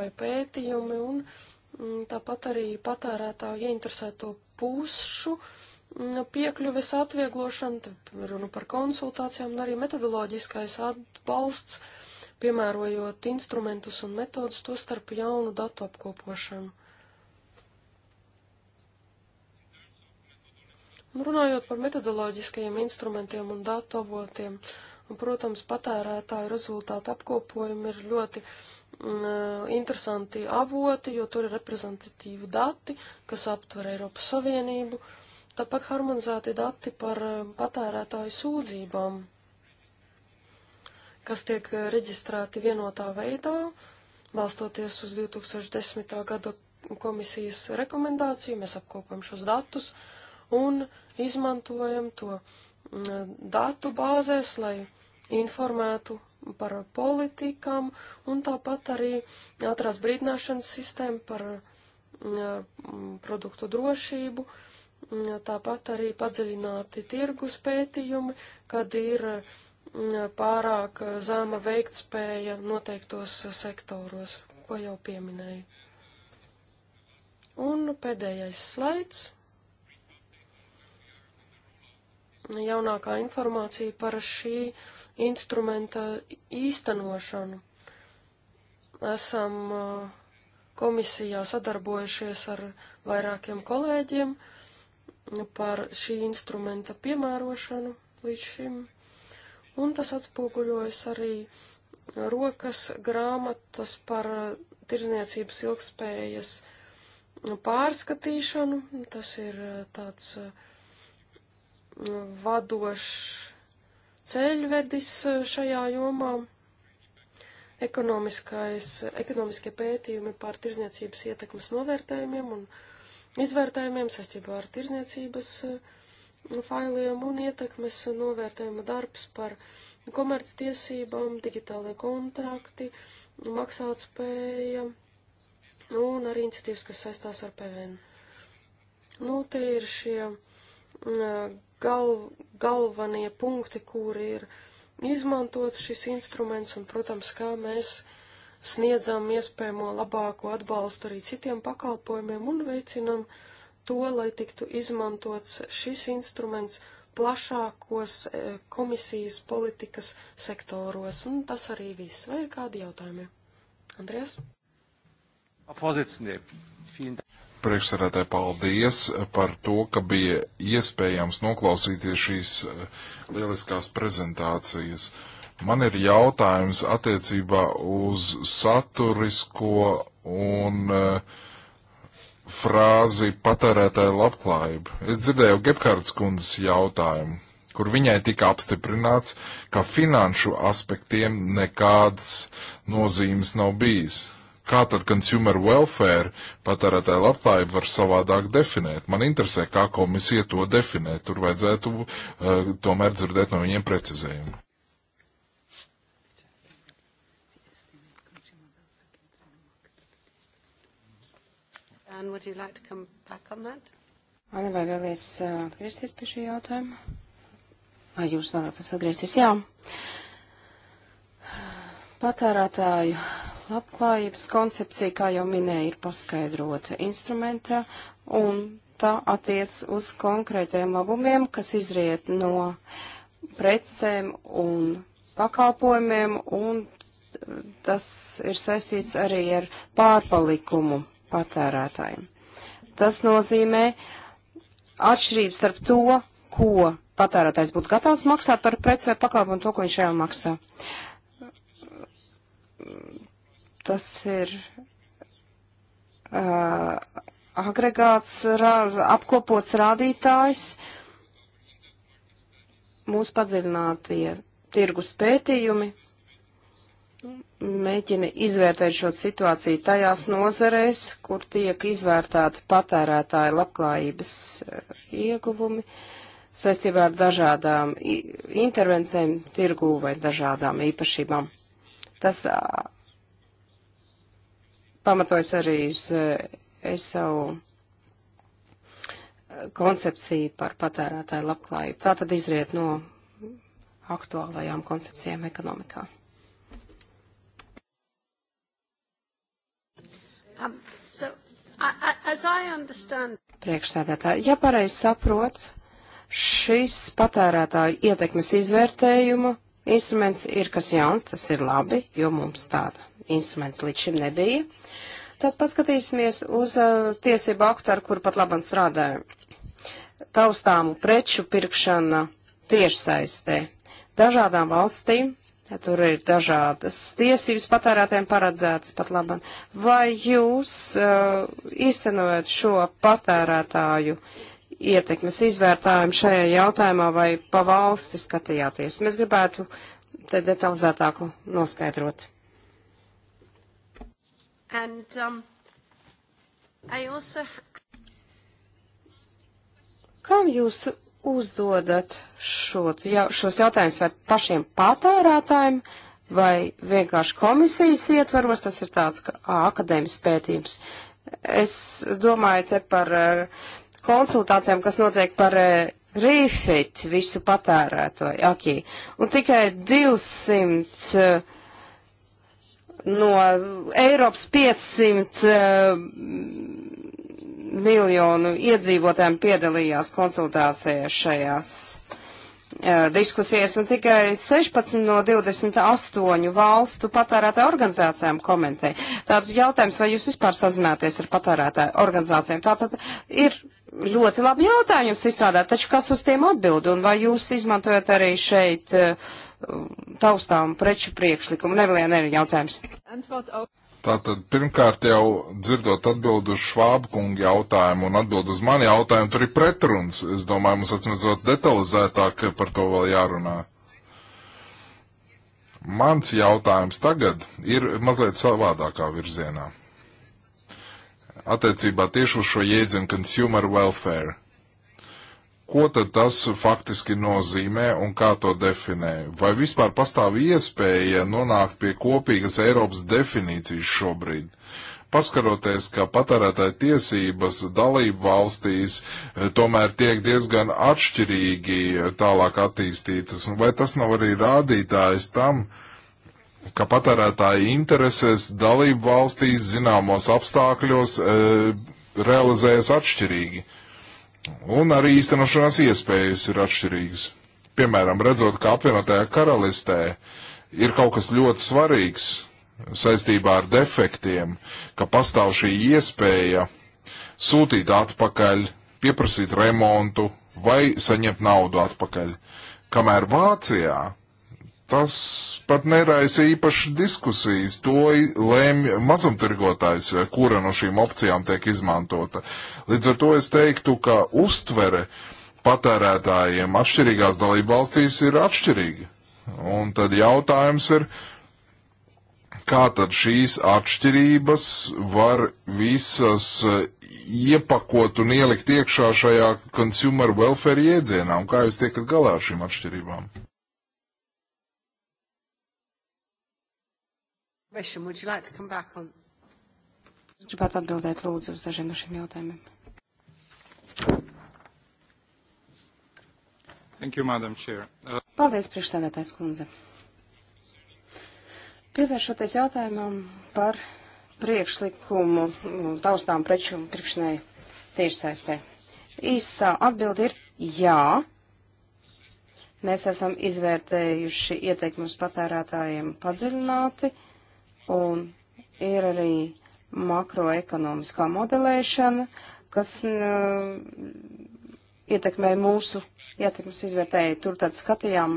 vai pētījumi, un mm, tāpat arī patērētāju ieinteresēto pušu mm, piekļuves atvieglošana, runa par konsultācijām, un arī metodoloģiskais atbalsts piemērojot instrumentus un metodus, to starp jaunu datu apkopošanu. Un nu, runājot par metodoloģiskajiem instrumentiem un datu avotiem, un, protams, patērētāju rezultātu apkopojumi ir ļoti mm, eh, interesanti avoti, jo tur ir reprezentatīvi dati, kas aptver Eiropas Savienību, tāpat harmonizēti dati par eh, patērētāju sūdzībām kas tiek eh, reģistrēti vienotā veidā, balstoties uz 2010. gada komisijas rekomendāciju. Mēs apkopam šos datus un izmantojam to mm, datu bāzēs, lai informētu par politikām un tāpat arī ātrās brīdināšanas sistēma par mm, mm, produktu drošību, tāpat arī padziļināti tirgus pētījumi, kad ir uh, pārāk zema veiktspēja noteiktos sektoros, ko jau pieminēju. Un pēdējais slaids. Jaunākā informācija par šī instrumenta īstenošanu. Esam uh, komisijā sadarbojušies ar vairākiem kolēģiem par šī instrumenta piemērošanu līdz šim un tas atspoguļojas arī rokas grāmatas par tirzniecības ilgspējas pārskatīšanu. Tas ir eh, tāds eh, vadošs ceļvedis eh, šajā jomā. Ekonomiskie pētījumi par tirzniecības ietekmes novērtējumiem un izvērtējumiem saistībā ar tirzniecības uh, failiem un ietekmes novērtējuma darbs par komerctiesībām, digitālai kontrakti, maksātspēja un arī iniciatīvas, kas saistās ar PVN. Nu, tie ir šie mm, gal, galvenie punkti, kur ir izmantots šis instruments un, protams, kā mēs sniedzam iespējamo labāko atbalstu arī citiem pakalpojumiem un veicinam uh, to, lai tiktu izmantots šis instruments plašākos e, komisijas politikas sektoros. Un tas arī viss. Vai ir kādi jautājumi? Andrēs? Priekšsarētāji, paldies par to, ka bija iespējams noklausīties šīs e, lieliskās prezentācijas. Man ir jautājums attiecībā uz saturisko un uh, frāzi patērētāja labklājība. Es dzirdēju Gepkārdas kundzes jautājumu, kur viņai tika apstiprināts, ka finanšu aspektiem nekādas nozīmes nav bijis. Kā tad consumer welfare, patērētāja labklājība var savādāk definēt? Man interesē, kā komisija to definē. Tur vajadzētu uh, tomēr dzirdēt no viņiem precizējumu. Anne, would you like to come back on that? Anne, vai vēlies uh, atgriezties pie šī jautājuma? Vai jūs vēlētos atgriezties? Jā. Patērētāju labklājības koncepcija, kā jau minēja, ir paskaidrota instrumentā, un tā attiec uz konkrētiem labumiem, kas izriet no precēm un pakalpojumiem, un tas ir saistīts arī ar pārpalikumu patērētājiem. Tas nozīmē atšķirību starp to, ko patērētājs būtu gatavs maksāt par preci vai pakalpojumu, to, ko viņš jau maksā. Tas ir uh, agregāts, rā, apkopots rādītājs. Mūsu padziļinātie tirgus pētījumi mēģina izvērtēt šo situāciju tajās nozarēs, kur tiek izvērtēti patērētāju labklājības eh, ieguvumi saistībā ar dažādām intervencēm tirgū vai dažādām īpašībām. Tas pamatojas arī uz ESAU eh, eh, koncepciju par patērētāju labklājību. Tā tad izriet no aktuālajām koncepcijām ekonomikā. Priekšsēdētāji, ja pareizi saprot, šis patērētāju ietekmes izvērtējumu instruments ir kas jauns, tas ir labi, jo mums tāda instrumenta līdz šim nebija. Tad paskatīsimies uz uh, tiesību aktu, ar kuru pat labam strādāju. Taustāmu preču pirkšana tiešsaistē. Dažādām valstīm Ja tur ir dažādas tiesības patērētēm paredzētas pat labam. Vai jūs uh, īstenojat šo patērētāju ietekmes izvērtājumu šajā jautājumā vai pa valsti skatījāties? Mēs gribētu te detalizētāku noskaidrot. And, um, also... Kam jūsu uzdodat šo, jau, šos jautājumus vai pašiem patērētājiem, vai vienkārši komisijas ietvaros, tas ir tāds kā akadēmisks pētījums. Es domāju te par konsultācijām, kas notiek par refit visu patērētoju akī. Un tikai 200 no Eiropas 500 miljonu iedzīvotājiem piedalījās konsultācijā šajās eh, diskusijas, un tikai 16 no 28 valstu patērētāju organizācijām komentē. Tāds jautājums, vai jūs vispār sazināties ar patērētāju organizācijām? Tātad ir ļoti labi jautājumi jums izstrādāt, taču kas uz tiem atbild, un vai jūs izmantojat arī šeit eh, taustām preču priekšlikumu? Nevienā ir jautājums. Tātad, pirmkārt, jau dzirdot atbildu uz Švābu kungu jautājumu un atbildu uz mani jautājumu, tur ir pretruns. Es domāju, mums atsimedzot detalizētāk par to vēl jārunā. Mans jautājums tagad ir mazliet savādākā virzienā. Attiecībā tieši uz šo jēdzienu consumer welfare. Ko tad tas faktiski nozīmē un kā to definē? Vai vispār pastāv iespēja nonākt pie kopīgas Eiropas definīcijas šobrīd? paskaroties, ka patērētāja tiesības dalību valstīs eh, tomēr tiek diezgan atšķirīgi tālāk attīstītas. Vai tas nav arī rādītājs tam, ka patērētāji intereses dalību valstīs zināmos apstākļos e, realizējas atšķirīgi? Un arī īstenošanās iespējas ir atšķirīgas. Piemēram, redzot, ka apvienotajā karalistē ir kaut kas ļoti svarīgs saistībā ar defektiem, ka pastāv šī iespēja sūtīt atpakaļ, pieprasīt remontu vai saņemt naudu atpakaļ. Kamēr Vācijā Tas pat neraisa īpaši diskusijas. To lēmj mazumtirgotājs, kura no šīm opcijām tiek izmantota. Līdz ar to es teiktu, ka uztvere patērētājiem atšķirīgās dalību valstīs ir atšķirīga. Un tad jautājums ir, kā tad šīs atšķirības var visas iepakot un ielikt iekšā šajā consumer welfare iedzienā, un kā jūs tiekat galā ar šīm atšķirībām? Vešam, would you like to come back on? Es gribētu atbildēt lūdzu uz dažiem no šiem jautājumiem. Thank you, Madam Chair. Uh... Paldies, priekšsēdētājs kundze. Pievēršoties jautājumam par priekšlikumu nu, taustām preču pirkšanai tiešsaistē. Īsā atbilde ir jā. Mēs esam izvērtējuši ieteikumus patērētājiem padziļināti Un ir arī makroekonomiskā modelēšana, kas ietekmē mūsu ietekmes izvērtēju. Tur tad skatījām,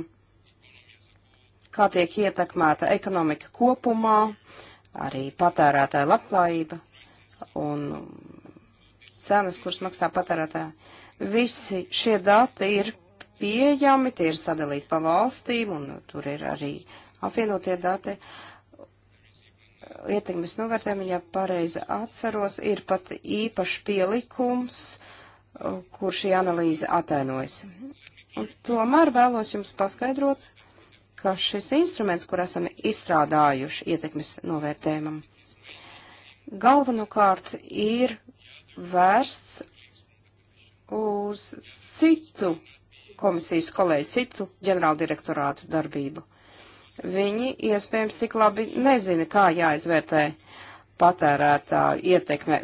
kā tiek ietekmēta ekonomika kopumā, arī patērētāja labklājība un cenas, kuras maksā patērētāji. Visi šie dati ir pieejami, tie ir sadalīti pa valstīm, un tur ir arī apvienotie dati. Uh, ietekmes novērtējumu, ja pareizi atceros, ir pat īpašs pielikums, kur šī analīze atainojas. Un tomēr vēlos jums paskaidrot, ka šis instruments, kur esam izstrādājuši ietekmes novērtējumam, galvenokārt ir vērsts uz citu komisijas kolēģi, citu ģenerāldirektorātu darbību viņi iespējams tik labi nezina, kā jāizvērtē patērētāju ietekme.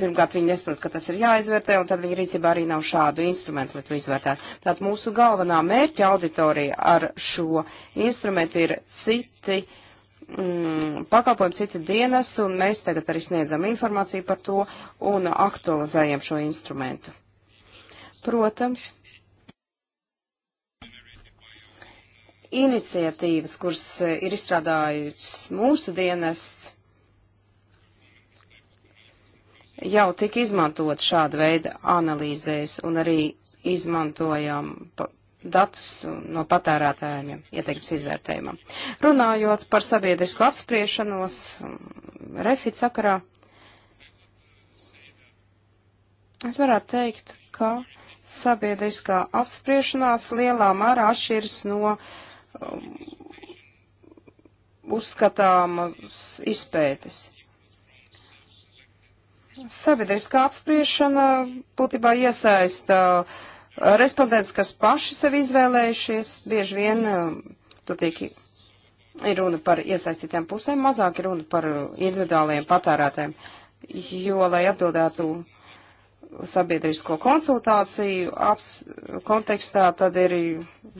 Pirmkārt, viņi nesprot, ka tas ir jāizvērtē, un tad viņi rīcībā arī nav šādu instrumentu, lai to izvērtētu. Tātad mūsu galvenā mērķa auditorija ar šo instrumentu ir citi mm, pakalpojumi, citi dienesti, un mēs tagad arī sniedzam informāciju par to un aktualizējam šo instrumentu. Protams, iniciatīvas, kuras e, ir izstrādājis mūsu dienests, jau tika izmantot šāda veida analīzēs un arī izmantojam datus no patērētājiem ieteikums izvērtējumam. Runājot par sabiedrisko apspriešanos, um, refit sakarā, es varētu teikt, ka sabiedriskā apspriešanās lielā mērā atšķiras no uh, Um, uzskatāmas izpētes. Sabiedriskā apspriešana būtībā iesaista respondents, kas paši sev izvēlējušies, bieži vien um, tur tiek ir runa par iesaistītām pusēm, mazāk ir runa par individuāliem patērētēm, jo, lai atbildētu sabiedrisko konsultāciju aps, kontekstā, tad ir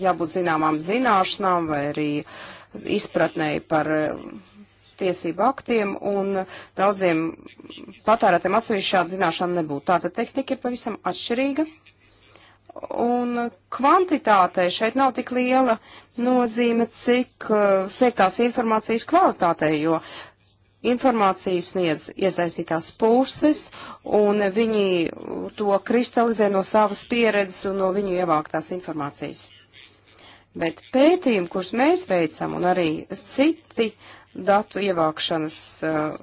jābūt zināmām zināšanām vai arī izpratnēji par eh, tiesību aktiem, un daudziem patērētiem atsevišķi šāda zināšana nebūtu. Tātad tehnika ir pavisam atšķirīga, un kvantitātei šeit nav tik liela nozīme, cik uh, sniegtās informācijas kvalitātei, jo uh, informāciju sniedz iesaistītās puses, un viņi to kristalizē no savas pieredzes un no viņu ievāktās informācijas. Bet pētījumi, kurus mēs veicam, un arī citi datu ievākšanas uh,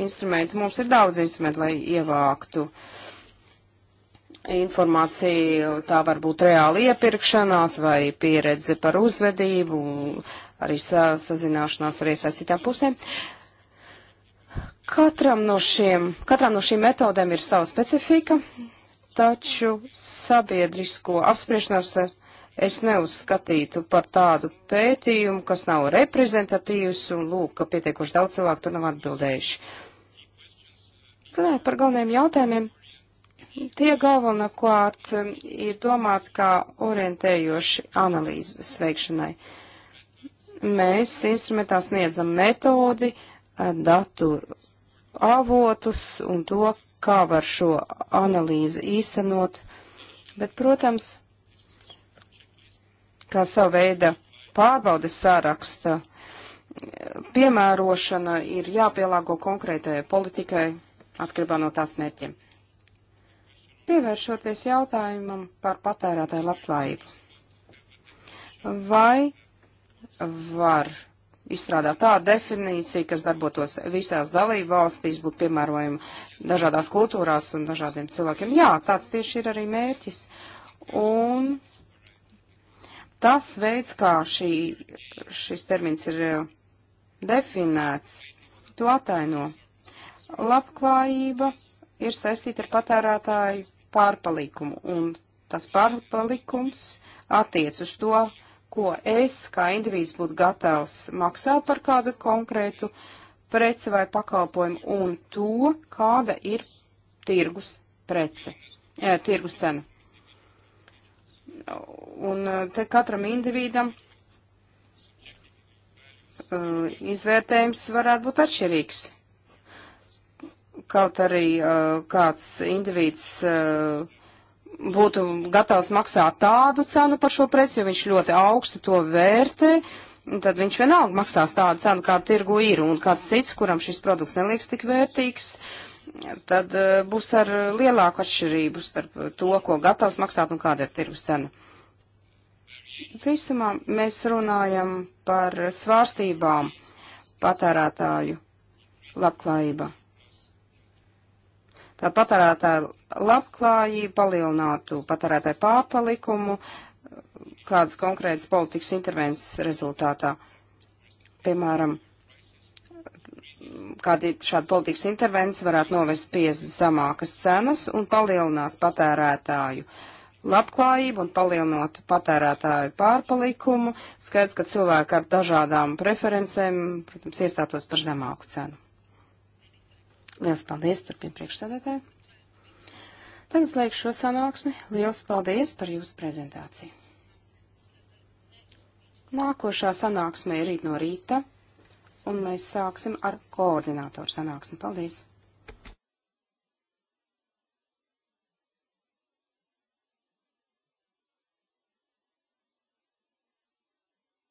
instrumenti, mums ir daudz instrumentu, lai ievāktu informāciju, tā var būt reāla iepirkšanās vai pieredze par uzvedību, uh, arī sa sazināšanās ar iesaistītām pusēm. Katram no šiem, katram no šīm metodēm ir sava specifika, taču sabiedrisko apspriešanos es neuzskatītu par tādu pētījumu, kas nav reprezentatīvs, un lūk, ka pietiekoši daudz cilvēku tur nav atbildējuši. Runājot par galvenajiem jautājumiem, tie galvenokārt um, ir domāti kā orientējoši analīzes veikšanai. Uh, mēs instrumentā sniedzam metodi, eh, datu avotus un to, kā var šo analīzi īstenot. Bet, protams, kā savu veidu pārbaudes sāraksta piemērošana ir jāpielāgo konkrētajai politikai atkarībā no tās mērķiem. Pievēršoties jautājumam par patērētāju labklājību. Vai var izstrādāt tādu definīciju, kas darbotos visās dalību valstīs, būtu piemērojama dažādās kultūrās un dažādiem cilvēkiem. Jā, tāds tieši ir arī mērķis. Un tas veids, kā šī, šis termins ir eh, definēts, to ataino. Labklājība ir saistīta ar patērētāju pārpalikumu, un tas pārpalikums attiec uz to, ko es kā indivīds būtu gatavs maksāt par kādu konkrētu preci vai pakalpojumu un to, kāda ir tirgus prece, e, tirgus cena. Un te katram individam uh, izvērtējums varētu būt atšķirīgs. Kaut arī uh, kāds individs uh, būtu gatavs maksāt tādu cenu par šo preci, jo viņš ļoti augstu to vērtē, tad viņš vienalga maksās tādu cenu, kā tirgu ir, un kāds cits, kuram šis produkts neliekas tik vērtīgs, tad eh, būs ar lielāku atšķirību starp to, ko gatavs maksāt un kāda ir tirgus cena. Visumā mēs runājam par svārstībām patērētāju labklājībā tā patērētāju labklājību, palielinātu patērētāju pārpalikumu kādas konkrētas politikas intervences rezultātā. Piemēram, kāda šāda politikas intervences varētu novest pie zamākas cenas un palielinās patērētāju labklājību un palielinot patērētāju pārpalikumu. Skaidrs, ka cilvēki ar dažādām preferencēm, protams, iestātos par zemāku cenu. Liels paldies, turpina priekšsēdētāji. Tagad slēgšu šo sanāksmi. Liels paldies par jūsu prezentāciju. Nākošā sanāksme ir rīt no rīta, un mēs sāksim ar koordinātoru sanāksmi. Paldies!